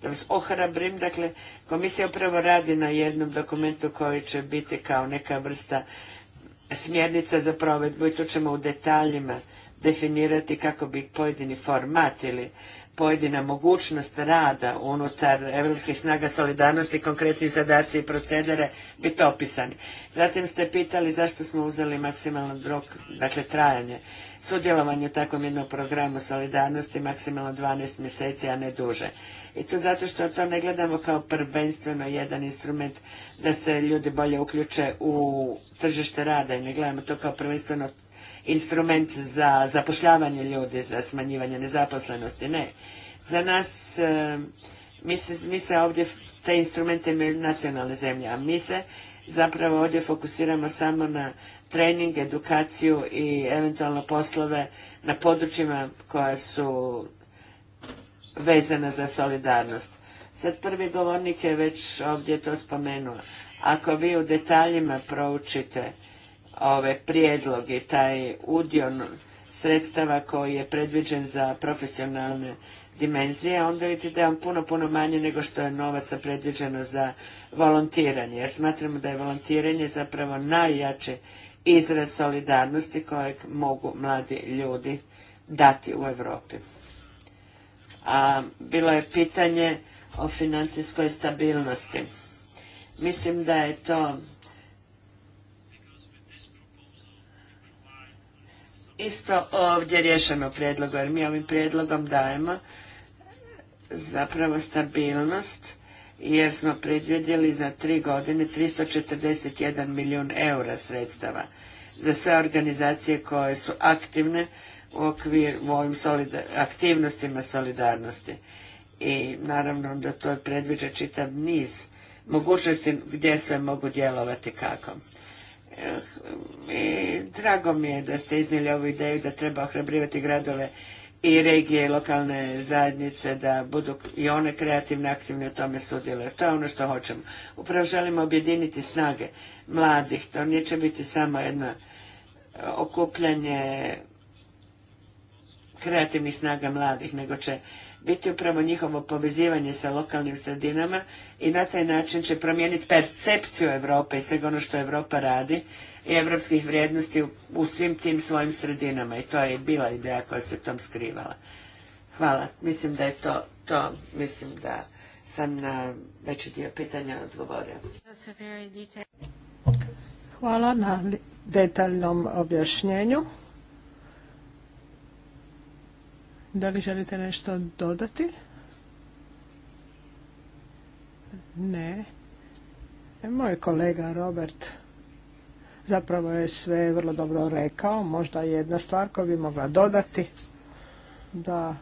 da vas ohrabrim, dakle, komisija upravo radi na jednom dokumentu koji će biti kao neka vrsta smjernica za provedbu i tu ćemo u detaljima definirati kako bi pojedini format ili pojedina mogućnost rada unutar Europskih snaga solidarnosti, konkretni zadaci i procedere biti opisani. Zatim ste pitali zašto smo uzeli maksimalno rok, dakle trajanje. Sudjelovanje u takvom jednom programu solidarnosti maksimalno 12 mjeseci, a ne duže. I to zato što to ne gledamo kao prvenstveno jedan instrument da se ljudi bolje uključe u tržište rada i ne gledamo to kao prvenstveno instrument za zapošljavanje ljudi, za smanjivanje nezaposlenosti. Ne. Za nas, e, mi se, mi se ovdje, te instrumente imaju nacionalne zemlje, a mi se zapravo ovdje fokusiramo samo na trening, edukaciju i eventualno poslove na područjima koja su vezana za solidarnost. Sad prvi govornik je već ovdje to spomenuo. Ako vi u detaljima proučite ove prijedloge, taj udio sredstava koji je predviđen za profesionalne dimenzije, onda vidite da je on puno, puno manje nego što je novaca predviđeno za volontiranje. Jer smatramo da je volontiranje zapravo najjači izraz solidarnosti kojeg mogu mladi ljudi dati u Europi. A bilo je pitanje o financijskoj stabilnosti. Mislim da je to isto ovdje rješeno prijedlogom, jer mi ovim prijedlogom dajemo zapravo stabilnost, jer smo predvidjeli za tri godine 341 milijun eura sredstava za sve organizacije koje su aktivne u okviru ovim aktivnostima solidarnosti. I naravno da to predviđa čitav niz mogućnosti gdje se mogu djelovati kako. I drago mi je da ste iznijeli ovu ideju da treba ohrabrivati gradove i regije i lokalne zajednice da budu i one kreativne, aktivne u tome sudjeluju. To je ono što hoćemo. Upravo želimo objediniti snage mladih. To neće biti samo jedno e, okupljanje kreativnih snaga mladih, nego će biti upravo njihovo povezivanje sa lokalnim sredinama i na taj način će promijeniti percepciju Europe i svega ono što Europa radi i europskih vrijednosti u, svim tim svojim sredinama i to je bila ideja koja se tom skrivala. Hvala. Mislim da je to, to mislim da sam na veći dio pitanja odgovorio. Hvala na detaljnom objašnjenju. Da li želite nešto dodati? Ne. E, moj kolega Robert zapravo je sve vrlo dobro rekao. Možda jedna stvar koju bi mogla dodati da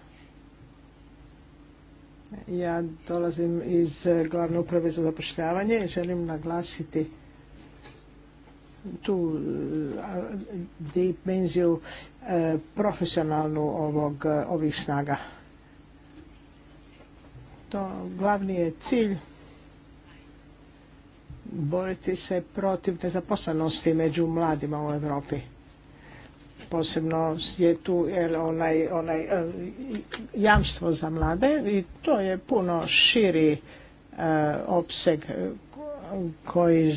ja dolazim iz glavne uprave za zapošljavanje i želim naglasiti tu uh, dimenziju uh, profesionalnu ovog, uh, ovih snaga. To glavni je cilj boriti se protiv nezaposlenosti među mladima u Europi. Posebno je tu jel, onaj, onaj jamstvo za mlade i to je puno širi opseg koji,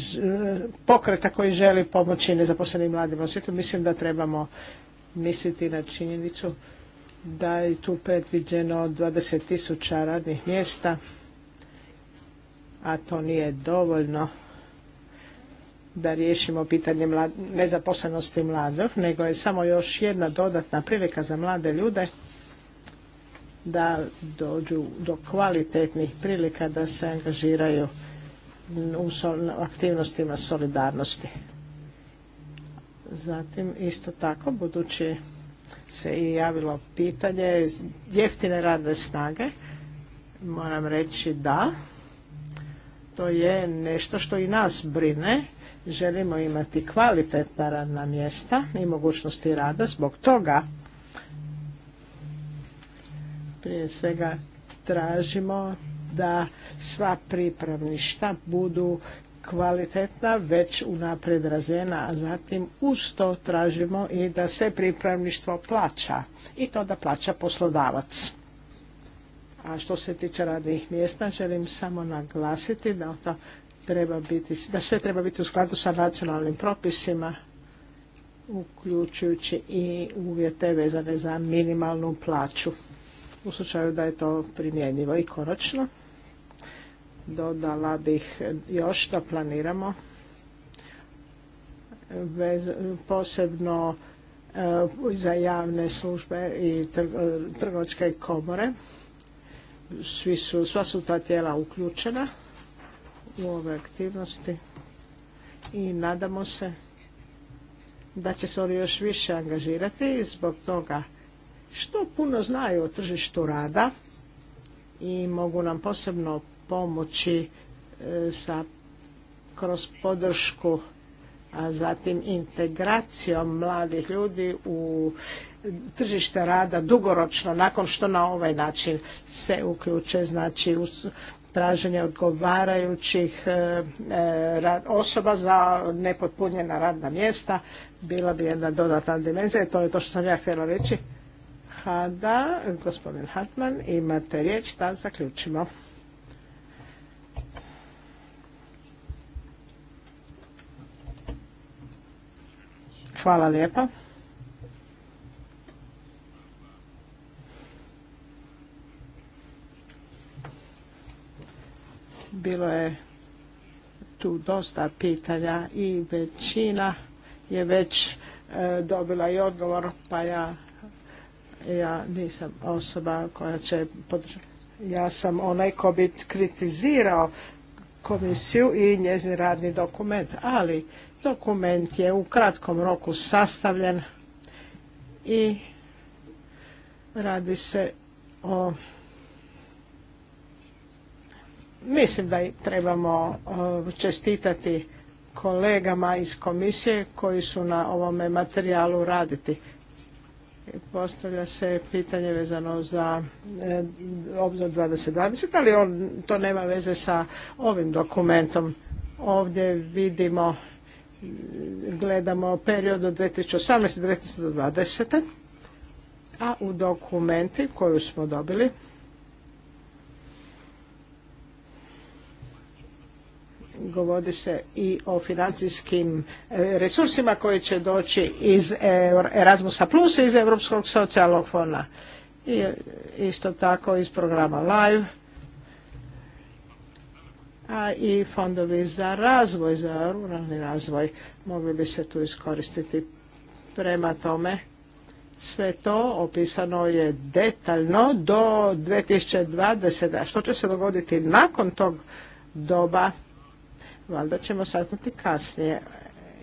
pokreta koji želi pomoći nezaposlenim mladima u svijetu. Mislim da trebamo misliti na činjenicu da je tu predviđeno 20 tisuća radnih mjesta, a to nije dovoljno da riješimo pitanje nezaposlenosti mladih, nego je samo još jedna dodatna prilika za mlade ljude da dođu do kvalitetnih prilika da se angažiraju u aktivnostima solidarnosti. Zatim isto tako, budući se i javilo pitanje jeftine radne snage, moram reći da, to je nešto što i nas brine. Želimo imati kvalitetna radna mjesta i mogućnosti rada. Zbog toga prije svega tražimo da sva pripravništa budu kvalitetna, već unaprijed razvijena, a zatim uz to tražimo i da se pripravništvo plaća i to da plaća poslodavac. A što se tiče radnih mjesta, želim samo naglasiti da to treba biti, da sve treba biti u skladu sa nacionalnim propisima, uključujući i uvjete vezane za minimalnu plaću u slučaju da je to primjenjivo. I konačno, dodala bih još da planiramo posebno e, za javne službe i trgovačke komore. Svi su, sva su ta tijela uključena u ove aktivnosti i nadamo se da će se oni još više angažirati zbog toga što puno znaju o tržištu rada i mogu nam posebno pomoći e, sa kroz podršku a zatim integracijom mladih ljudi u tržište rada dugoročno nakon što na ovaj način se uključe znači u traženje odgovarajućih e, e, osoba za nepotpunjena radna mjesta bila bi jedna dodatna dimenzija i to je to što sam ja htjela reći Hada, gospodin Hartman, imate riječ da zaključimo. Hvala lijepa. Bilo je tu dosta pitanja i većina je već e, dobila i odgovor, pa ja ja nisam osoba koja će podržati. Ja sam onaj ko bi kritizirao komisiju i njezin radni dokument, ali dokument je u kratkom roku sastavljen i radi se o mislim da trebamo čestitati kolegama iz komisije koji su na ovome materijalu raditi Postavlja se pitanje vezano za e, obzor 2020, ali on, to nema veze sa ovim dokumentom. Ovdje vidimo, gledamo period od 2018. do 2020. A u dokumenti koju smo dobili, govori se i o financijskim e, resursima koji će doći iz Erasmusa Plus iz Europskog socijalnog fonda. I isto tako iz programa Live a i fondovi za razvoj, za ruralni razvoj mogli bi se tu iskoristiti. Prema tome, sve to opisano je detaljno do 2020. A što će se dogoditi nakon tog doba Valjda ćemo saznati kasnije,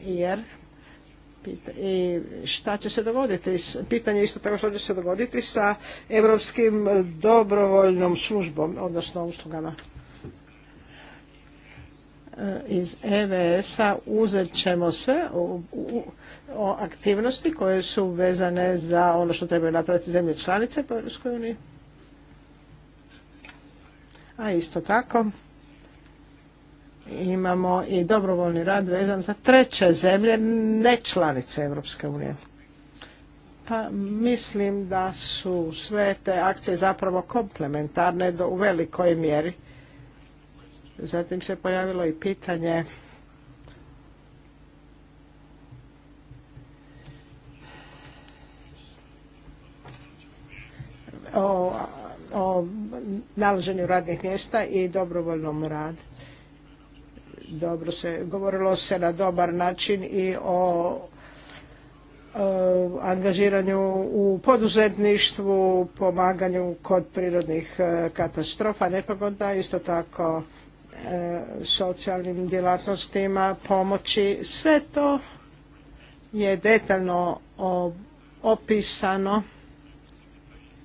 jer i šta će se dogoditi, pitanje isto tako što će se dogoditi sa europskim dobrovoljnom službom, odnosno uslugama e, iz EVS-a uzet ćemo sve o aktivnosti koje su vezane za ono što trebaju napraviti zemlje članice po Europskoj uniji. A isto tako imamo i dobrovoljni rad vezan za treće zemlje, ne članice Europske unije. Pa mislim da su sve te akcije zapravo komplementarne do, u velikoj mjeri. Zatim se pojavilo i pitanje o, o nalaženju radnih mjesta i dobrovoljnom radu dobro se, govorilo se na dobar način i o angažiranju u poduzetništvu, pomaganju kod prirodnih e, katastrofa, nepogoda, isto tako e, socijalnim djelatnostima, pomoći. Sve to je detaljno opisano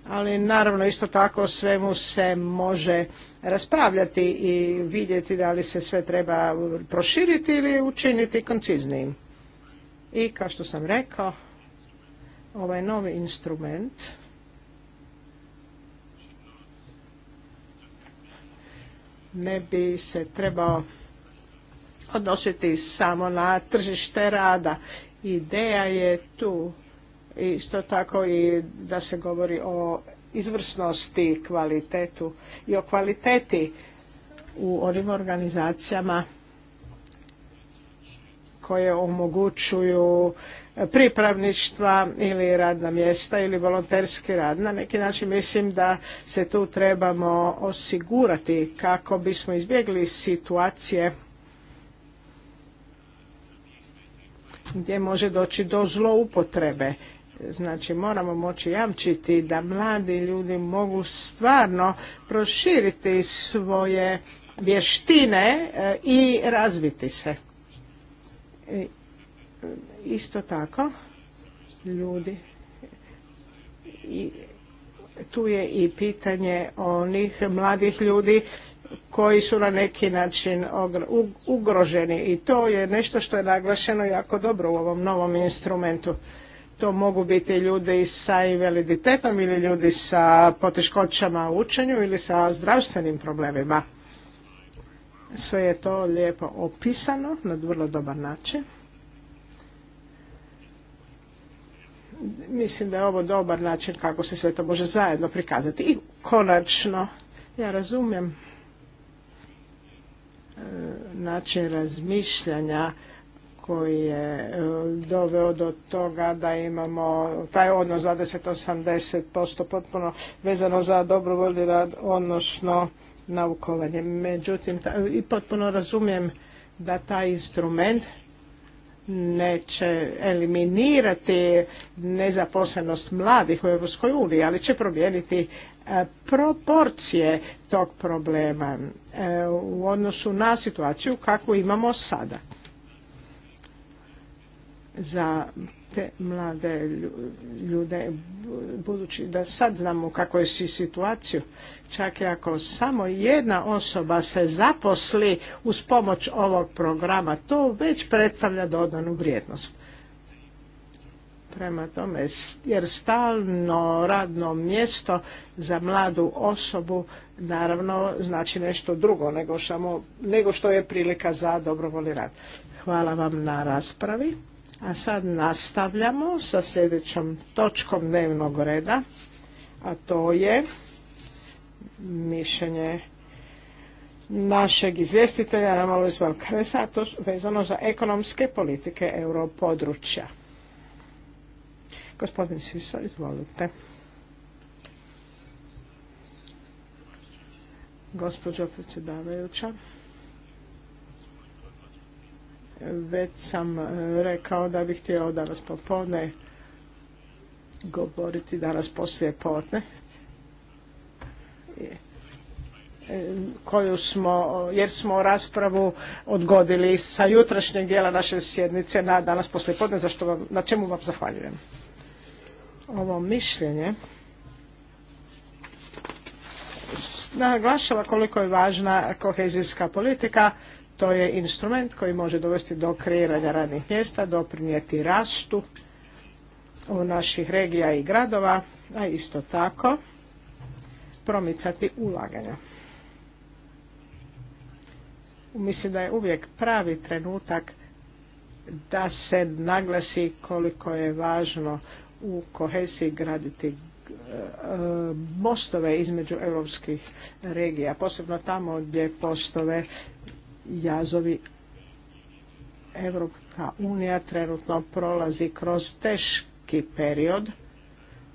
ali naravno isto tako svemu se može raspravljati i vidjeti da li se sve treba proširiti ili učiniti konciznijim. I kao što sam rekao, ovaj novi instrument ne bi se trebao odnositi samo na tržište rada. Ideja je tu Isto tako i da se govori o izvrsnosti kvalitetu i o kvaliteti u onim organizacijama koje omogućuju pripravništva ili radna mjesta ili volonterski rad. Na neki način mislim da se tu trebamo osigurati kako bismo izbjegli situacije gdje može doći do zloupotrebe Znači moramo moći jamčiti da mladi ljudi mogu stvarno proširiti svoje vještine e, i razviti se. E, isto tako, ljudi, i tu je i pitanje onih mladih ljudi koji su na neki način ugroženi i to je nešto što je naglašeno jako dobro u ovom novom instrumentu. To mogu biti ljudi sa invaliditetom ili ljudi sa poteškoćama u učenju ili sa zdravstvenim problemima. Sve je to lijepo opisano na vrlo dobar način. Mislim da je ovo dobar način kako se sve to može zajedno prikazati. I konačno, ja razumijem e, način razmišljanja koji je e, doveo do toga da imamo taj odnos 20-80% potpuno vezano za dobrovoljni rad, odnosno naukovanje. Međutim, i potpuno razumijem da taj instrument neće eliminirati nezaposlenost mladih u Europskoj ali će promijeniti e, proporcije tog problema e, u odnosu na situaciju kakvu imamo sada za te mlade ljude, budući da sad znamo kako je si situaciju, čak i ako samo jedna osoba se zaposli uz pomoć ovog programa, to već predstavlja dodanu vrijednost. Prema tome, jer stalno radno mjesto za mladu osobu naravno znači nešto drugo nego, nego što je prilika za dobrovoljni rad. Hvala vam na raspravi. A sad nastavljamo sa sljedećom točkom dnevnog reda, a to je mišljenje našeg izvjestitelja na Valkresa, to vezano za ekonomske politike europodručja. Gospodin Siso, izvolite. Gospođo predsjedavajuća. Već sam e, rekao da bih htio danas popodne govoriti danas poslije podne e, koju smo, jer smo raspravu odgodili sa jutrašnjeg dijela naše sjednice na danas poslije podne, za što vam, na čemu vam zahvaljujem. Ovo mišljenje naglašava koliko je važna kohezijska politika to je instrument koji može dovesti do kreiranja radnih mjesta, doprinijeti rastu u naših regija i gradova, a isto tako promicati ulaganja. Mislim da je uvijek pravi trenutak da se naglasi koliko je važno u kohesiji graditi e, mostove između europskih regija, posebno tamo gdje postove jazovi. Evropska unija trenutno prolazi kroz teški period,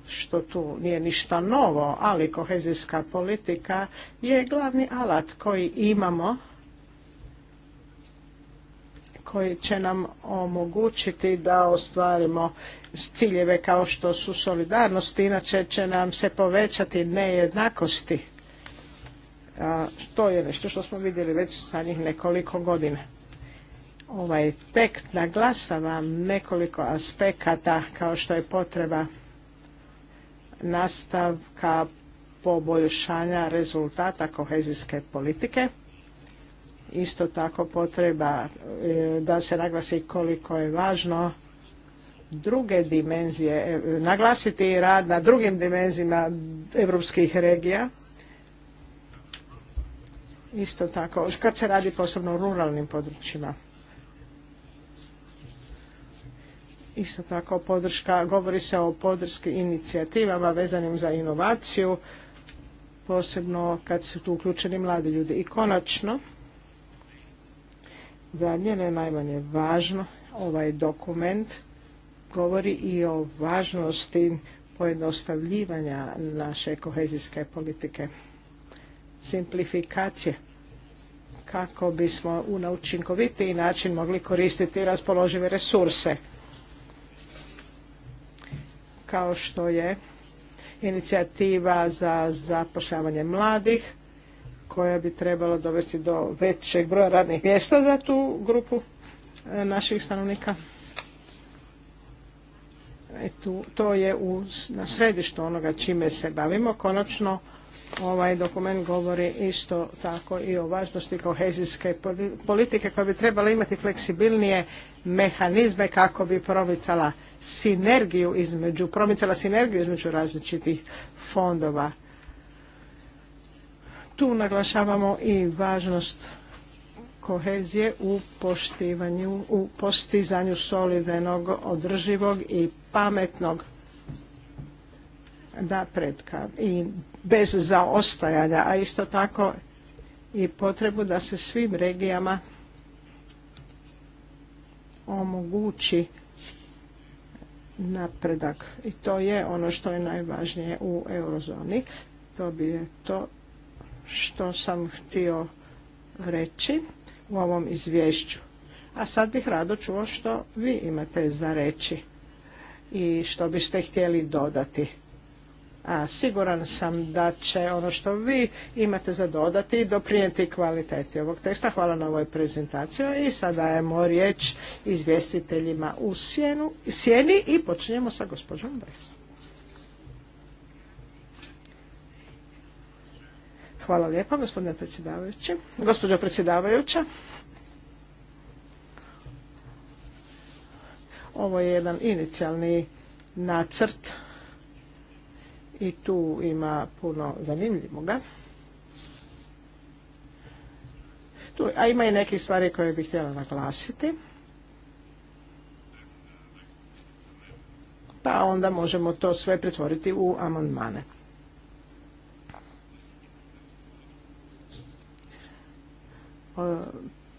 što tu nije ništa novo, ali kohezijska politika je glavni alat koji imamo koji će nam omogućiti da ostvarimo ciljeve kao što su solidarnost, inače će nam se povećati nejednakosti to je nešto što smo vidjeli već zadnjih nekoliko godina. Ovaj tekst naglasava nekoliko aspekata kao što je potreba nastavka poboljšanja rezultata kohezijske politike. Isto tako potreba e, da se naglasi koliko je važno druge dimenzije, e, naglasiti rad na drugim dimenzijama europskih regija isto tako, kad se radi posebno o ruralnim područjima. Isto tako podrška, govori se o podrški inicijativama vezanim za inovaciju, posebno kad su tu uključeni mladi ljudi. I konačno, zadnje, ne najmanje važno, ovaj dokument govori i o važnosti pojednostavljivanja naše kohezijske politike simplifikacije kako bismo u naučinkovitiji način mogli koristiti raspoložive resurse kao što je inicijativa za zapošljavanje mladih koja bi trebala dovesti do većeg broja radnih mjesta za tu grupu e, naših stanovnika. E to je na središtu onoga čime se bavimo. Konačno ovaj dokument govori isto tako i o važnosti kohezijske politike koja bi trebala imati fleksibilnije mehanizme kako bi promicala sinergiju između, promicala sinergiju između različitih fondova. Tu naglašavamo i važnost kohezije u poštivanju, u postizanju solidenog, održivog i pametnog napretka i bez zaostajanja, a isto tako i potrebu da se svim regijama omogući napredak. I to je ono što je najvažnije u eurozoni. To bi je to što sam htio reći u ovom izvješću. A sad bih rado čuo što vi imate za reći i što biste htjeli dodati. A siguran sam da će ono što vi imate za dodati i doprinijeti kvaliteti ovog teksta. Hvala na ovoj prezentaciji i sada dajemo riječ izvjestiteljima u sjenu, sjeni i počinjemo sa gospođom Bresom. Hvala lijepa, gospodine predsjedavajući. Gospođo predsjedavajuća, ovo je jedan inicijalni nacrt i tu ima puno zanimljivoga. a ima i neke stvari koje bih htjela naglasiti. Pa onda možemo to sve pretvoriti u amandmane.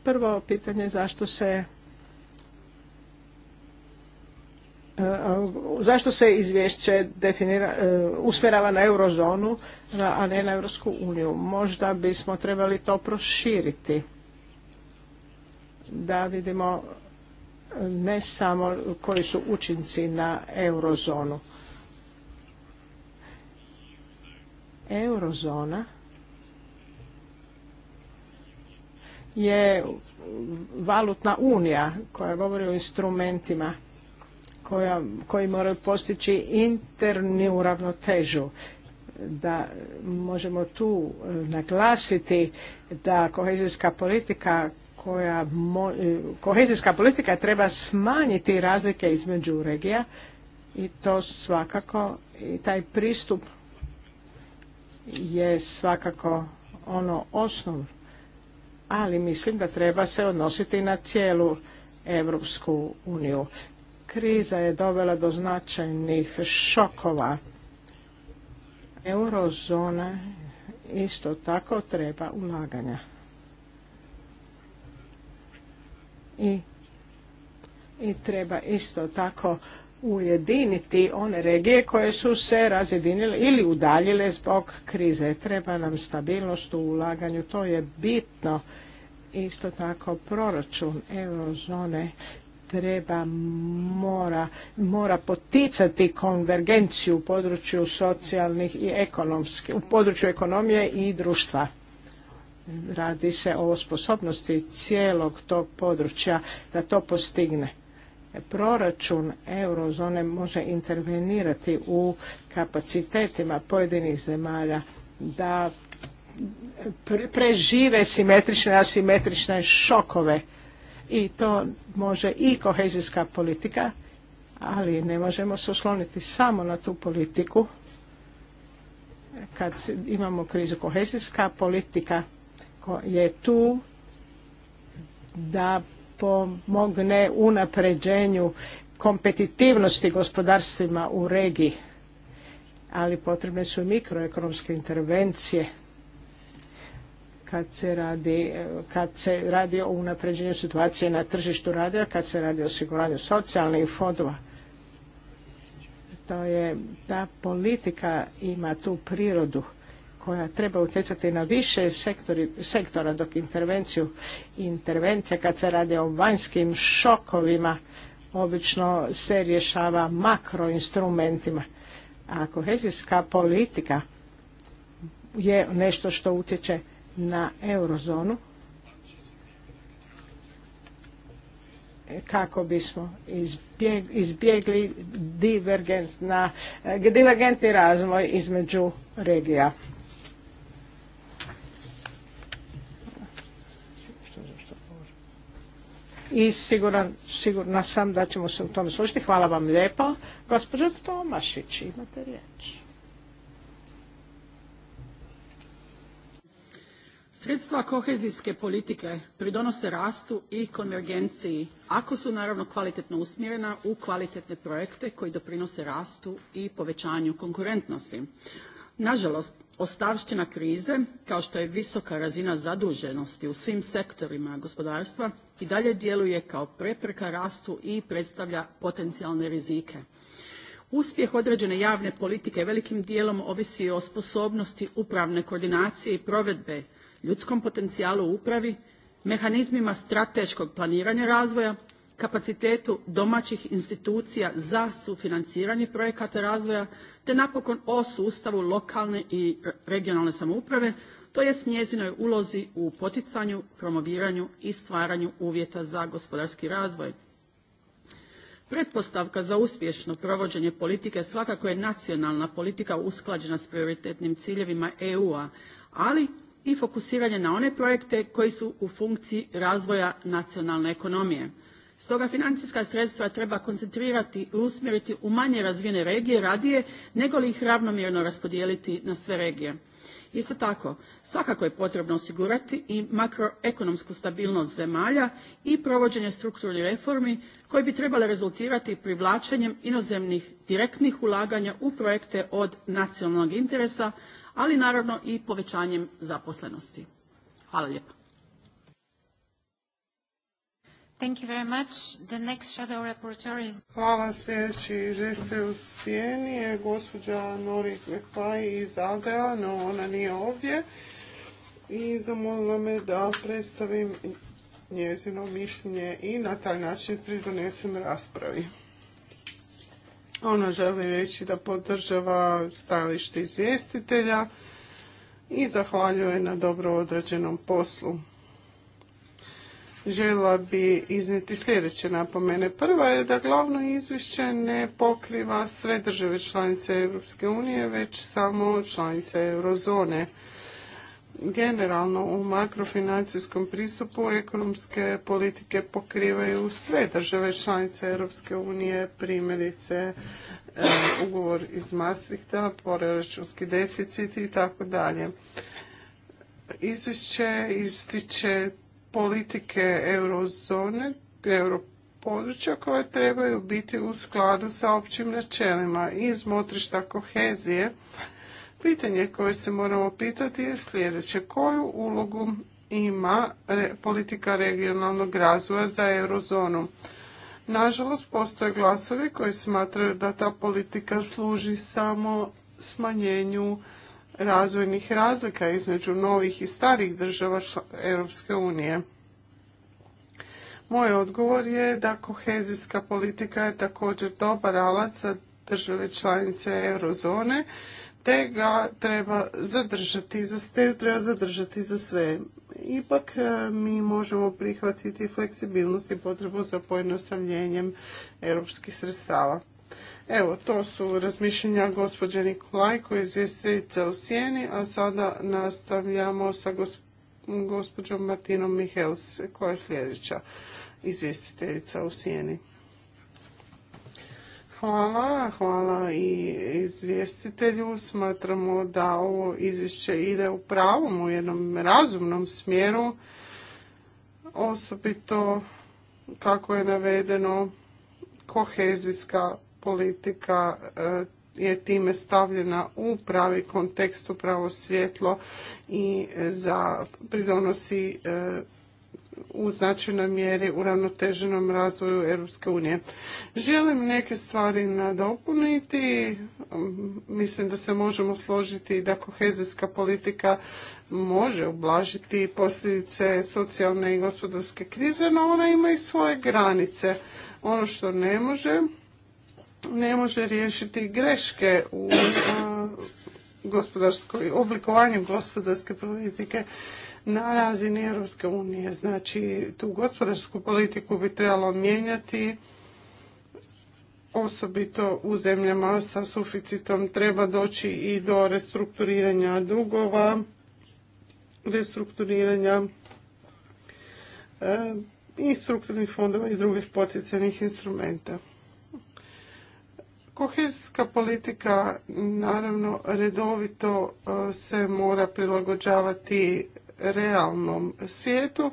Prvo pitanje zašto se zašto se izvješće definira, e, usmjerava na eurozonu, a ne na Europsku uniju. Možda bismo trebali to proširiti da vidimo e, ne samo koji su učinci na eurozonu. Eurozona je valutna unija koja govori o instrumentima koja, koji moraju postići internu uravnotežu. da možemo tu e, naglasiti da kohezijska politika koja e, kohezijska politika treba smanjiti razlike između regija i to svakako i taj pristup je svakako ono osnov ali mislim da treba se odnositi na cijelu Europsku uniju kriza je dovela do značajnih šokova. Eurozona isto tako treba ulaganja. I, i treba isto tako ujediniti one regije koje su se razjedinile ili udaljile zbog krize. Treba nam stabilnost u ulaganju, to je bitno. Isto tako proračun eurozone treba mora, mora poticati konvergenciju u području socijalnih i ekonomskih, u području ekonomije i društva. Radi se o sposobnosti cijelog tog područja da to postigne. Proračun eurozone može intervenirati u kapacitetima pojedinih zemalja da prežive simetrične, asimetrične šokove i to može i kohezijska politika, ali ne možemo se osloniti samo na tu politiku. Kad imamo krizu kohezijska politika je tu da pomogne unapređenju kompetitivnosti gospodarstvima u regiji, ali potrebne su i mikroekonomske intervencije kad se radi, kad se radi o unapređenju situacije na tržištu rada, kad se radi o osiguranju socijalnih fondova. To je da politika ima tu prirodu koja treba utjecati na više sektora dok intervenciju intervencija kad se radi o vanjskim šokovima obično se rješava makroinstrumentima. A kohezijska politika je nešto što utječe na eurozonu kako bismo izbjegli divergentni razvoj između regija. I siguran, sigurna sam da ćemo se u tome slušati. Hvala vam lijepo. Gospođo Tomašić, imate riječ. Sredstva kohezijske politike pridonose rastu i konvergenciji ako su naravno kvalitetno usmjerena u kvalitetne projekte koji doprinose rastu i povećanju konkurentnosti. Nažalost, ostavština krize, kao što je visoka razina zaduženosti u svim sektorima gospodarstva, i dalje djeluje kao prepreka rastu i predstavlja potencijalne rizike. Uspjeh određene javne politike velikim dijelom ovisi o sposobnosti upravne koordinacije i provedbe, ljudskom potencijalu u upravi, mehanizmima strateškog planiranja razvoja, kapacitetu domaćih institucija za sufinanciranje projekata razvoja te napokon o sustavu lokalne i regionalne samouprave, s njezinoj ulozi u poticanju, promoviranju i stvaranju uvjeta za gospodarski razvoj. Pretpostavka za uspješno provođenje politike svakako je nacionalna politika usklađena s prioritetnim ciljevima EU-a, ali i fokusiranje na one projekte koji su u funkciji razvoja nacionalne ekonomije. Stoga financijska sredstva treba koncentrirati i usmjeriti u manje razvijene regije radije nego li ih ravnomjerno raspodijeliti na sve regije. Isto tako, svakako je potrebno osigurati i makroekonomsku stabilnost zemalja i provođenje strukturnih reformi koje bi trebale rezultirati privlačenjem inozemnih direktnih ulaganja u projekte od nacionalnog interesa, ali naravno i povećanjem zaposlenosti. Hvala lijepo. Thank you Hvala. Sljedeći izvjestitelj u sjeni je gospođa Nori Kvekvaj iz AGA, no ona nije ovdje. I zamolila me da predstavim njezino mišljenje i na taj način pridonesem raspravi. Ona želi reći da podržava stajalište izvjestitelja i zahvaljuje na dobro odrađenom poslu željela bi izniti sljedeće napomene. Prva je da glavno izvješće ne pokriva sve države članice Europske unije, već samo članice eurozone. Generalno u makrofinancijskom pristupu ekonomske politike pokrivaju sve države članice Europske unije, primjerice e, ugovor iz Maastrichta, proračunski deficit i tako dalje. Izvješće ističe politike eurozone, europodručja koje trebaju biti u skladu sa općim načelima i motrišta kohezije. Pitanje koje se moramo pitati je sljedeće. Koju ulogu ima politika regionalnog razvoja za eurozonu? Nažalost, postoje glasovi koji smatraju da ta politika služi samo smanjenju razvojnih razlika između novih i starih država Europske unije. Moj odgovor je da kohezijska politika je također dobar alat za države članice eurozone, te ga treba zadržati za ste treba zadržati za sve. Ipak e, mi možemo prihvatiti fleksibilnost i potrebu za pojednostavljenjem europskih sredstava. Evo, to su razmišljenja gospođe Nikolaj koja izvjestiteljica u Sijeni, a sada nastavljamo sa gospođom Martinom Mihels koja je sljedeća izvjestiteljica u Sijeni. Hvala, hvala i izvjestitelju. Smatramo da ovo izvješće ide u pravom, u jednom razumnom smjeru, osobito kako je navedeno kohezijska politika e, je time stavljena u pravi kontekst, u pravo svjetlo i za pridonosi e, u značajnoj mjeri uravnoteženom razvoju Europske unije. Želim neke stvari nadopuniti. Mislim da se možemo složiti da kohezijska politika može ublažiti posljedice socijalne i gospodarske krize, no ona ima i svoje granice. Ono što ne može ne može riješiti greške u gospodarskoj, oblikovanju gospodarske politike na razini Europske unije. Znači, tu gospodarsku politiku bi trebalo mijenjati osobito u zemljama sa suficitom treba doći i do restrukturiranja dugova, restrukturiranja e, i strukturnih fondova i drugih poticajnih instrumenta. Kohezijska politika naravno redovito e, se mora prilagođavati realnom svijetu,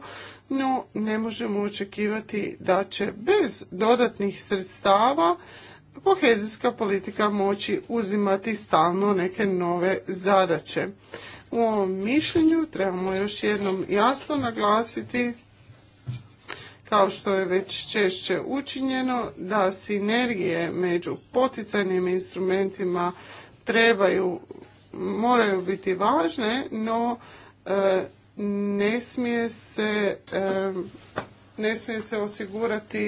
no ne možemo očekivati da će bez dodatnih sredstava kohezijska politika moći uzimati stalno neke nove zadaće. U ovom mišljenju trebamo još jednom jasno naglasiti kao što je već češće učinjeno, da sinergije među poticajnim instrumentima trebaju, moraju biti važne, no e, ne smije se, e, ne smije se osigurati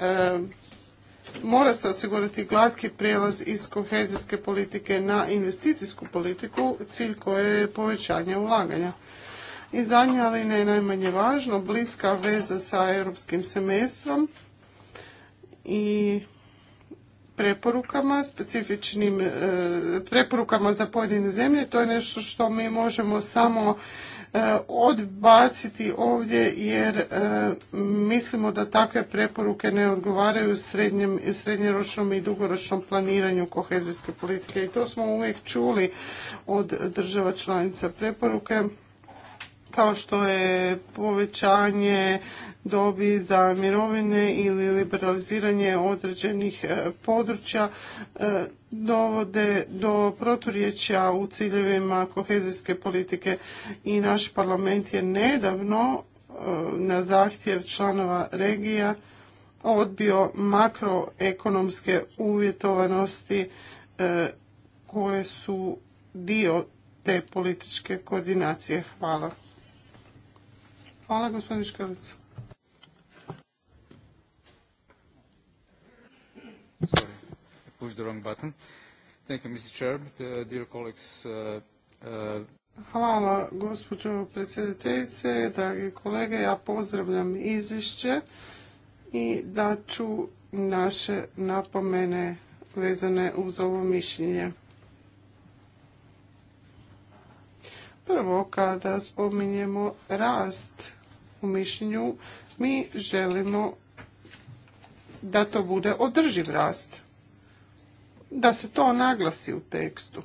e, mora se osigurati glatki prijevoz iz kohezijske politike na investicijsku politiku, cilj koje je povećanje ulaganja. I zadnja, ali ne najmanje važno, bliska veza sa europskim semestrom i preporukama, specifičnim e, preporukama za pojedine zemlje. To je nešto što mi možemo samo e, odbaciti ovdje jer e, mislimo da takve preporuke ne odgovaraju srednjem, srednjeročnom i dugoročnom planiranju kohezijske politike. I to smo uvijek čuli od država članica preporuke kao što je povećanje dobi za mirovine ili liberaliziranje određenih e, područja e, dovode do proturječja u ciljevima kohezijske politike i naš parlament je nedavno e, na zahtjev članova regija odbio makroekonomske uvjetovanosti koje su dio te političke koordinacije. Hvala. Hvala, gospodin Škrlic. Sorry, I pushed the wrong button. Thank you, Mr. Chair, uh, dear colleagues. Uh, uh, Hvala, gospođo predsjedateljice, dragi kolege. Ja pozdravljam izvješće i daću naše napomene vezane uz ovo mišljenje. Prvo, kada spominjemo rast u mišljenju, mi želimo da to bude održiv rast. Da se to naglasi u tekstu.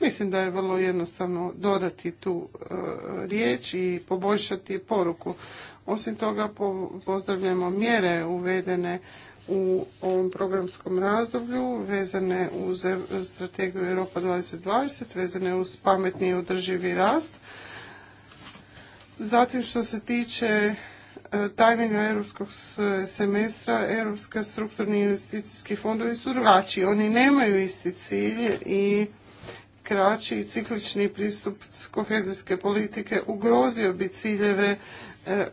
Mislim da je vrlo jednostavno dodati tu e, riječ i poboljšati poruku. Osim toga pozdravljamo mjere uvedene u ovom programskom razdoblju vezane uz strategiju Europa 2020, vezane uz pametni i održivi rast Zatim što se tiče e, tajminga europskog semestra, europska strukturni investicijski fondovi su drugačiji. Oni nemaju isti cilj i kraći i ciklični pristup kohezijske politike ugrozio bi ciljeve e,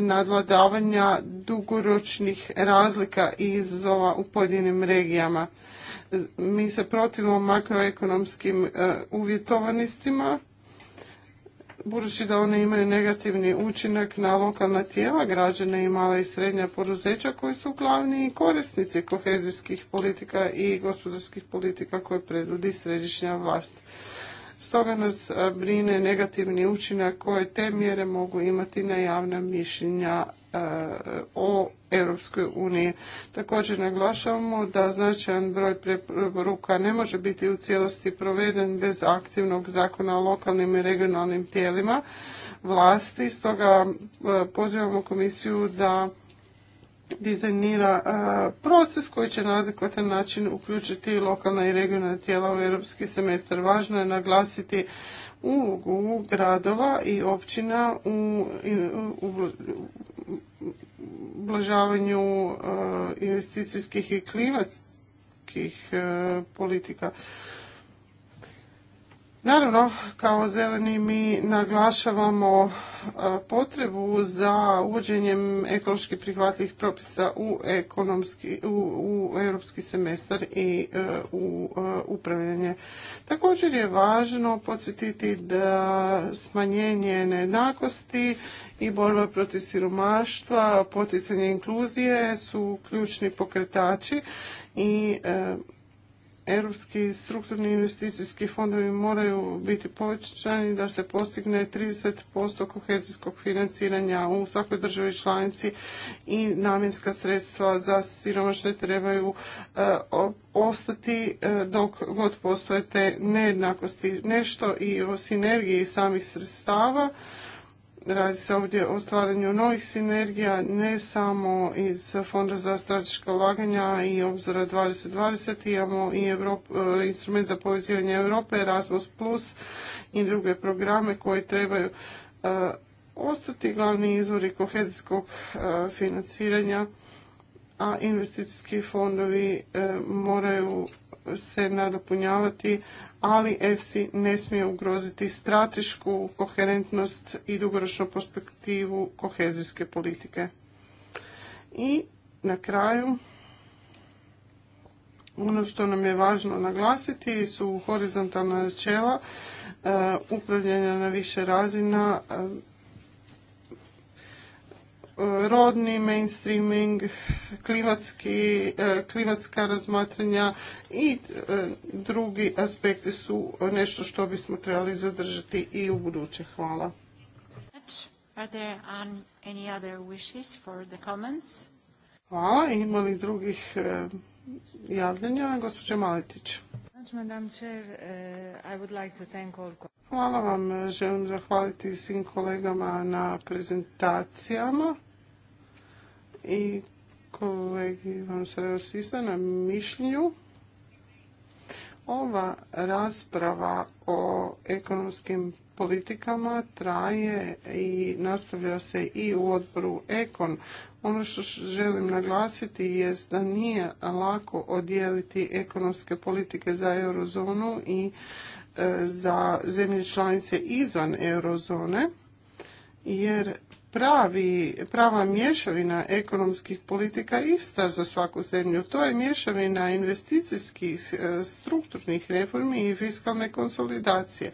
nadvladavanja dugoročnih razlika i izazova u pojedinim regijama. Mi se protivimo makroekonomskim e, uvjetovanistima budući da one imaju negativni učinak na lokalna tijela, građane i mala i srednja poduzeća koji su glavni korisnici kohezijskih politika i gospodarskih politika koje predvodi središnja vlast. Stoga nas e, brine negativni učinak koje te mjere mogu imati na javna mišljenja E, o Europskoj uniji. Također naglašavamo da značajan broj preporuka ne može biti u cijelosti proveden bez aktivnog zakona o lokalnim i regionalnim tijelima vlasti, stoga e, pozivamo komisiju da dizajnira e, proces koji će na adekvatan način uključiti lokalna i regionalna tijela u europski semestar. Važno je naglasiti ulogu gradova i općina u ublažavanju e, investicijskih i klimatskih e, politika. Naravno, kao zeleni mi naglašavamo e, potrebu za uvođenjem ekološki prihvatljivih propisa u, ekonomski, u, europski semestar i e, u e, upravljanje. Također je važno podsjetiti da smanjenje nejednakosti i borba protiv siromaštva, poticanje inkluzije su ključni pokretači i europski strukturni investicijski fondovi moraju biti povećani da se postigne 30% kohezijskog financiranja u svakoj državi članici i namjenska sredstva za siromašne trebaju e, ostati e, dok god postoje te nejednakosti. Nešto i o sinergiji samih sredstava Radi se ovdje o stvaranju novih sinergija, ne samo iz Fonda za strateška ulaganja i obzora 2020. Imamo i e, instrument za povezivanje Europe, Erasmus Plus i druge programe koji trebaju e, ostati glavni izvori kohezijskog e, financiranja, a investicijski fondovi moraju se nadopunjavati, ali EFSI ne smije ugroziti stratešku koherentnost i dugoročnu perspektivu kohezijske politike. I na kraju, ono što nam je važno naglasiti su horizontalna načela e, upravljanja na više razina e, rodni mainstreaming, klimatski, e, klimatska razmatranja i e, drugi aspekti su nešto što bismo trebali zadržati i u buduće. Hvala. Are Hvala. Ima li drugih e, javljanja? Gospođa Maletić. Uh, Hvala vam. Želim zahvaliti svim kolegama na prezentacijama i kolegi se sista na mišljenju. Ova rasprava o ekonomskim politikama traje i nastavlja se i u odboru Ekon. Ono što želim naglasiti je da nije lako odijeliti ekonomske politike za eurozonu i e, za zemlje članice izvan eurozone, jer pravi, prava mješavina ekonomskih politika ista za svaku zemlju. To je mješavina investicijskih, e, strukturnih reformi i fiskalne konsolidacije.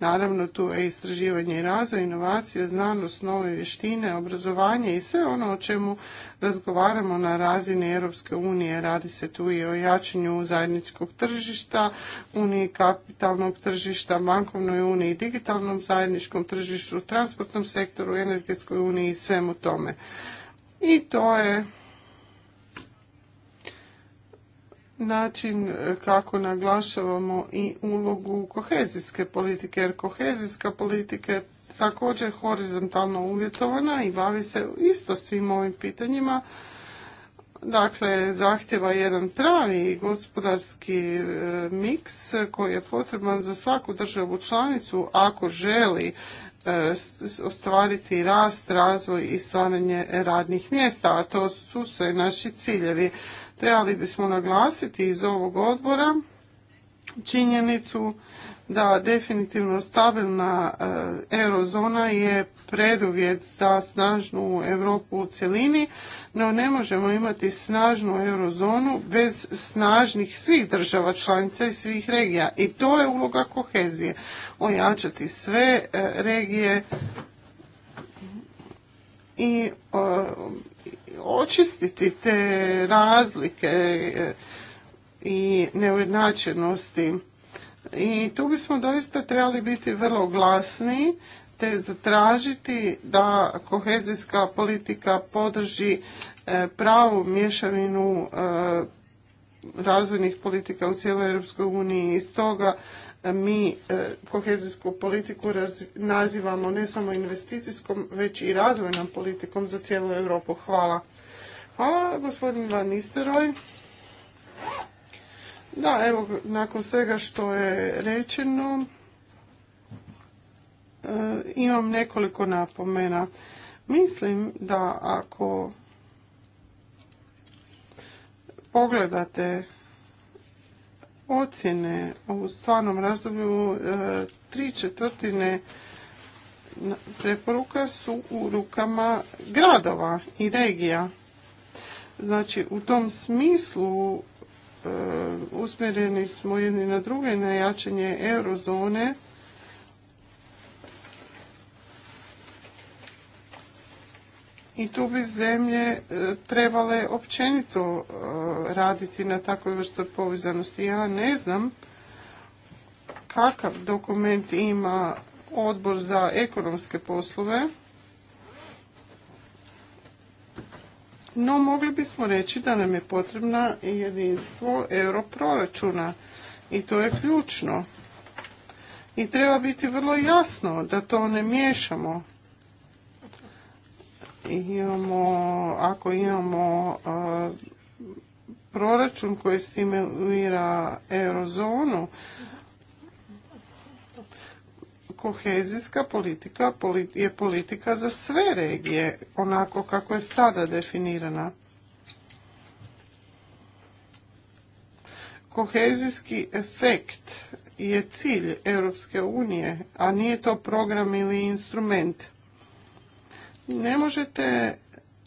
Naravno tu je istraživanje i razvoj, inovacije, znanost, nove vještine, obrazovanje i sve ono o čemu razgovaramo na razini Europske unije. Radi se tu i o jačanju zajedničkog tržišta, uniji kapitalnog tržišta, bankovnoj uniji, digitalnom zajedničkom tržištu, transportnom sektoru, energetskoj uniji i svemu tome. I to je način e, kako naglašavamo i ulogu kohezijske politike, jer kohezijska politika je također horizontalno uvjetovana i bavi se isto svim ovim pitanjima. Dakle, zahtjeva jedan pravi gospodarski e, miks koji je potreban za svaku državu članicu ako želi e, ostvariti rast, razvoj i stvaranje radnih mjesta, a to su sve naši ciljevi. Trebali bismo naglasiti iz ovog odbora činjenicu da definitivno stabilna e, eurozona je preduvjet za snažnu Europu u cjelini, no ne možemo imati snažnu eurozonu bez snažnih svih država članica i svih regija. I to je uloga kohezije. Ojačati sve e, regije i očistiti te razlike e, i neujednačenosti. I tu bismo doista trebali biti vrlo glasni te zatražiti da kohezijska politika podrži e, pravu mješavinu e, razvojnih politika u cijeloj Europskoj uniji i stoga mi e, kohezijsku politiku nazivamo ne samo investicijskom, već i razvojnom politikom za cijelu Europu. Hvala. Hvala, gospodin Van Nisteroj. Da, evo, nakon svega što je rečeno, e, imam nekoliko napomena. Mislim da ako pogledate ocjene u stvarnom razdoblju e, tri četvrtine preporuka su u rukama gradova i regija. Znači u tom smislu e, usmjereni smo jedni na druge na jačanje eurozone i tu bi zemlje e, trebale općenito e, raditi na takvoj vrsti povezanosti. Ja ne znam kakav dokument ima odbor za ekonomske poslove, no mogli bismo reći da nam je potrebna jedinstvo europroračuna i to je ključno. I treba biti vrlo jasno da to ne miješamo imamo, ako imamo e, proračun koji stimulira eurozonu, kohezijska politika je politika za sve regije, onako kako je sada definirana. Kohezijski efekt je cilj Europske unije, a nije to program ili instrument. Ne možete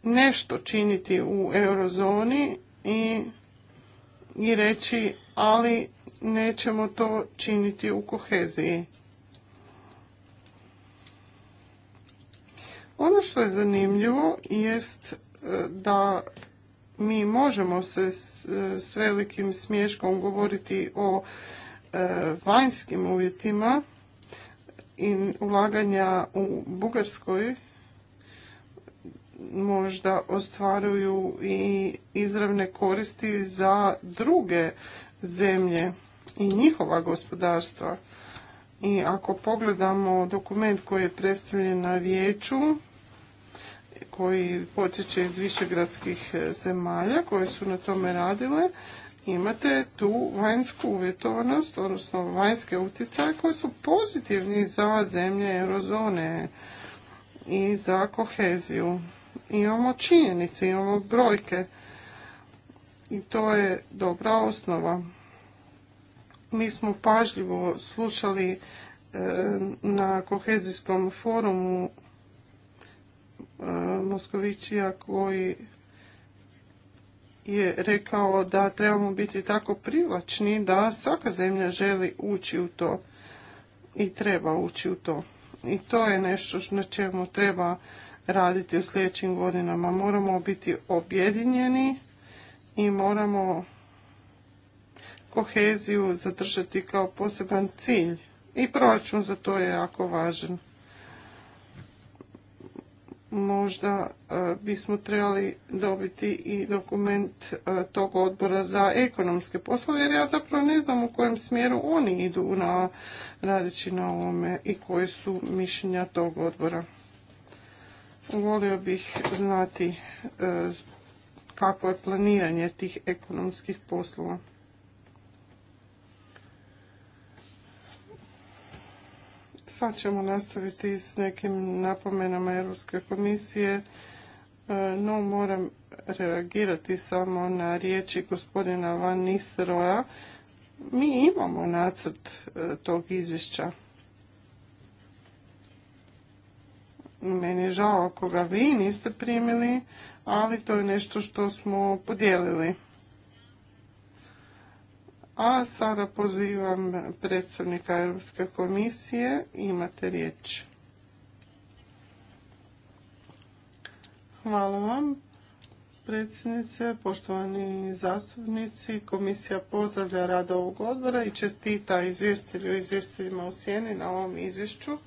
nešto činiti u eurozoni i, i reći ali nećemo to činiti u koheziji. Ono što je zanimljivo jest e, da mi možemo se s e, velikim smješkom govoriti o e, vanjskim uvjetima i ulaganja u Bugarskoj možda ostvaruju i izravne koristi za druge zemlje i njihova gospodarstva. I ako pogledamo dokument koji je predstavljen na vijeću, koji potječe iz višegradskih e, zemalja koje su na tome radile, imate tu vanjsku uvjetovanost, odnosno vanjske utjecaje koji su pozitivni za zemlje eurozone i za koheziju imamo činjenice, imamo brojke i to je dobra osnova. Mi smo pažljivo slušali e, na kohezijskom forumu e, Moskovićija koji je rekao da trebamo biti tako privlačni da svaka zemlja želi ući u to i treba ući u to. I to je nešto na čemu treba raditi u sljedećim godinama. Moramo biti objedinjeni i moramo koheziju zadržati kao poseban cilj. I proračun za to je jako važan. Možda e, bismo trebali dobiti i dokument e, tog odbora za ekonomske poslove, jer ja zapravo ne znam u kojem smjeru oni idu na, radeći na ovome i koje su mišljenja tog odbora volio bih znati e, kako je planiranje tih ekonomskih poslova. Sad ćemo nastaviti s nekim napomenama Europske komisije, e, no moram reagirati samo na riječi gospodina Van Nisteroja. Mi imamo nacrt e, tog izvješća. Meni je žao ako ga vi niste primili, ali to je nešto što smo podijelili. A sada pozivam predstavnika Europske komisije. Imate riječ. Hvala vam predsjednice, poštovani zastupnici. Komisija pozdravlja rad ovog odbora i čestita izvjestelju i izvjestiteljima u sjeni na ovom izvješću.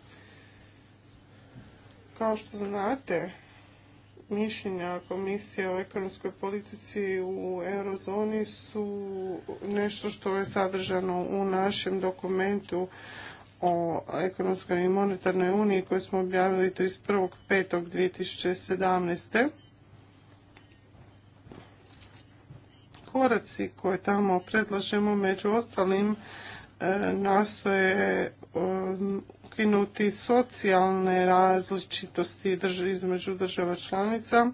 Kao što znate, mišljenja komisije o ekonomskoj politici u eurozoni su nešto što je sadržano u našem dokumentu o ekonomskoj i monetarnoj uniji koju smo objavili 31.5.2017. Koraci koje tamo predlažemo među ostalim e, nastoje e, ukinuti socijalne različitosti između država članica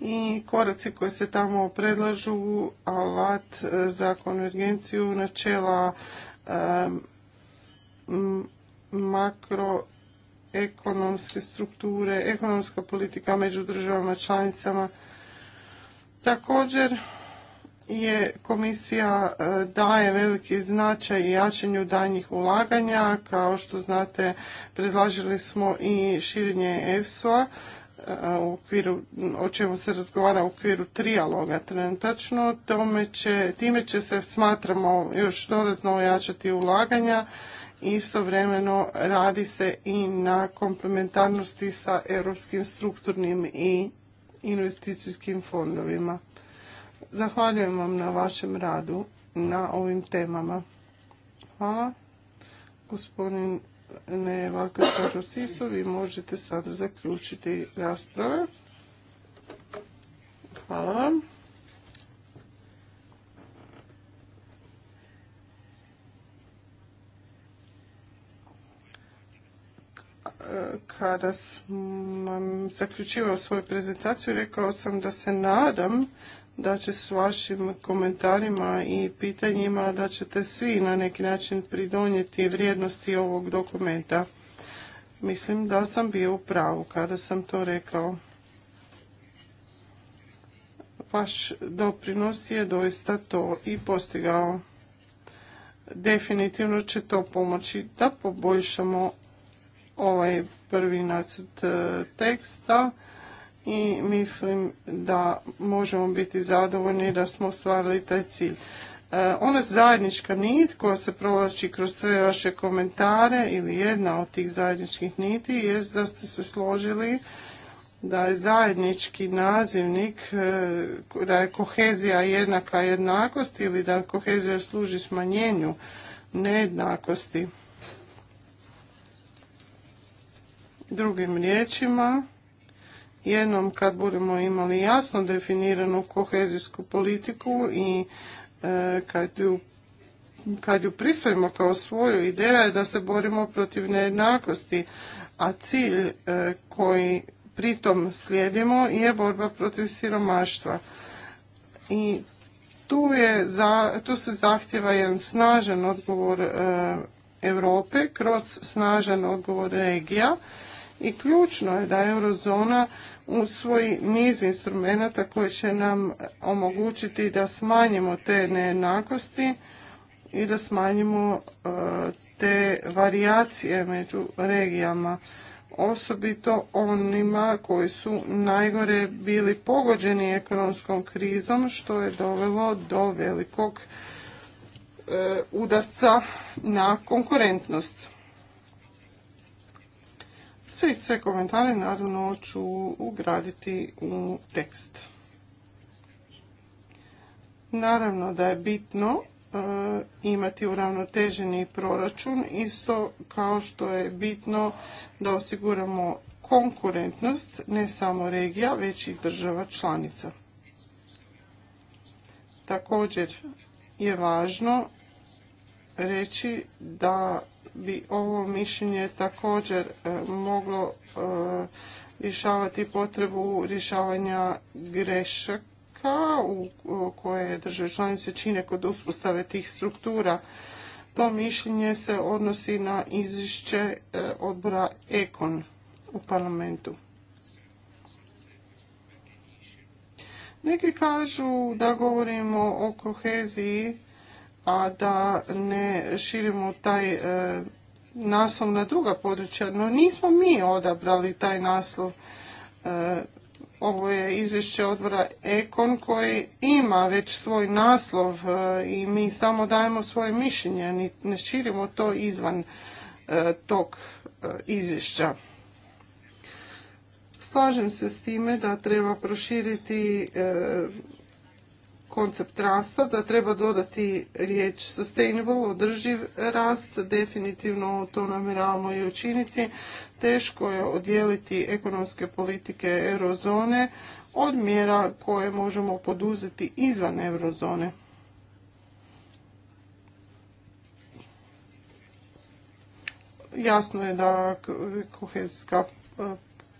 i koraci koje se tamo predlažu, alat e, za konvergenciju načela e, makroekonomske strukture, ekonomska politika među državama članicama. Također, je komisija e, daje veliki značaj i jačanju danjih ulaganja. Kao što znate, predlažili smo i širenje EFSO-a e, u okviru, o čemu se razgovara u okviru trijaloga trenutačno. Tome time će se, smatramo, još dodatno ojačati ulaganja istovremeno radi se i na komplementarnosti sa europskim strukturnim i investicijskim fondovima. Zahvaljujem vam na vašem radu na ovim temama. Hvala. Gospodin Nevaka Sarosisu, vi možete sad zaključiti rasprave. Hvala vam. Kada sam zaključivao svoju prezentaciju, rekao sam da se nadam da će s vašim komentarima i pitanjima da ćete svi na neki način pridonijeti vrijednosti ovog dokumenta. Mislim da sam bio u pravu kada sam to rekao. Vaš doprinos je doista to i postigao. Definitivno će to pomoći da poboljšamo ovaj prvi nacrt eh, teksta i mislim da možemo biti zadovoljni da smo ostvarili taj cilj. E, ona zajednička nit koja se provlači kroz sve vaše komentare ili jedna od tih zajedničkih niti je da ste se složili da je zajednički nazivnik, e, da je kohezija jednaka jednakosti ili da kohezija služi smanjenju nejednakosti. Drugim riječima, jednom kad budemo imali jasno definiranu kohezijsku politiku i e, kad ju kad ju prisvojimo kao svoju, ideja je da se borimo protiv nejednakosti, a cilj e, koji pritom slijedimo je borba protiv siromaštva. I tu, je za, tu se zahtjeva jedan snažan odgovor e, Europe kroz snažan odgovor regija i ključno je da eurozona usvoji niz instrumenata koji će nam omogućiti da smanjimo te nejednakosti i da smanjimo e, te varijacije među regijama osobito onima koji su najgore bili pogođeni ekonomskom krizom što je dovelo do velikog e, udarca na konkurentnost sve, sve komentare naravno ću ugraditi u tekst. Naravno da je bitno e, imati uravnoteženi proračun, isto kao što je bitno da osiguramo konkurentnost ne samo regija, već i država članica. Također je važno reći da bi ovo mišljenje također e, moglo e, rješavati potrebu rješavanja grešaka u koje države članice čine kod uspostave tih struktura. To mišljenje se odnosi na izvješće e, odbora Ekon u parlamentu. Neki kažu da govorimo o koheziji a da ne širimo taj e, naslov na druga područja. No nismo mi odabrali taj naslov. E, ovo je izvješće odbora Ekon koji ima već svoj naslov e, i mi samo dajemo svoje mišljenje, ne širimo to izvan tog izvješća. Slažem se s time da treba proširiti koncept rasta, da treba dodati riječ sustainable, održiv rast, definitivno to namjeravamo i učiniti. Teško je odijeliti ekonomske politike eurozone od mjera koje možemo poduzeti izvan eurozone. Jasno je da kohezijska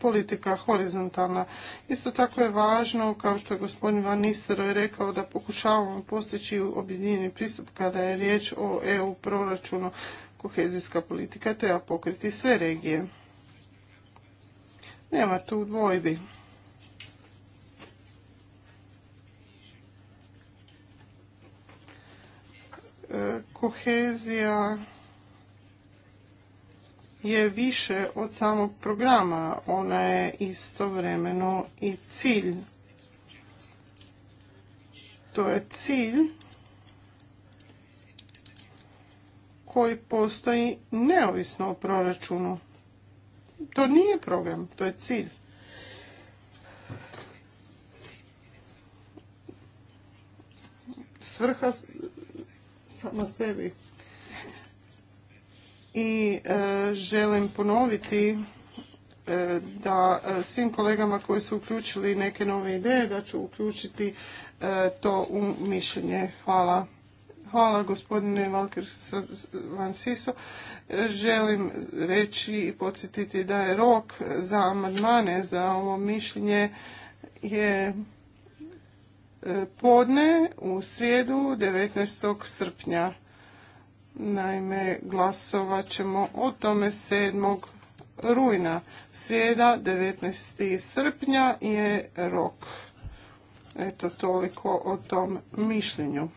politika horizontalna. Isto tako je važno, kao što je gospodin Van Nistelrooy rekao, da pokušavamo postići objedinjeni pristup kada je riječ o EU proračunu. Kohezijska politika treba pokriti sve regije. Nema tu dvojbi. E, kohezija je više od samog programa. Ona je istovremeno i cilj. To je cilj koji postoji neovisno o proračunu. To nije program, to je cilj. Svrha sama sebi i e, želim ponoviti e, da e, svim kolegama koji su uključili neke nove ideje da ću uključiti to u mišljenje. Hvala. Hvala gospodine Valker Van Siso. Želim reći i podsjetiti da je rok za amandmane za ovo mišljenje je podne u srijedu 19. srpnja Naime, glasovat ćemo o tome 7. rujna. Srijeda 19. srpnja je rok. Eto toliko o tom mišljenju.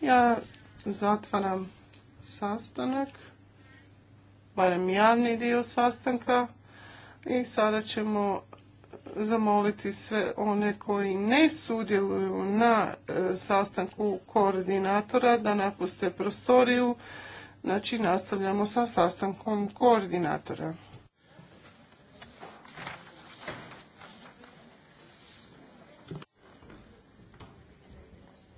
Ja zatvaram sastanak, barem javni dio sastanka i sada ćemo zamoliti sve one koji ne sudjeluju na e, sastanku koordinatora da napuste prostoriju. Znači nastavljamo sa sastankom koordinatora.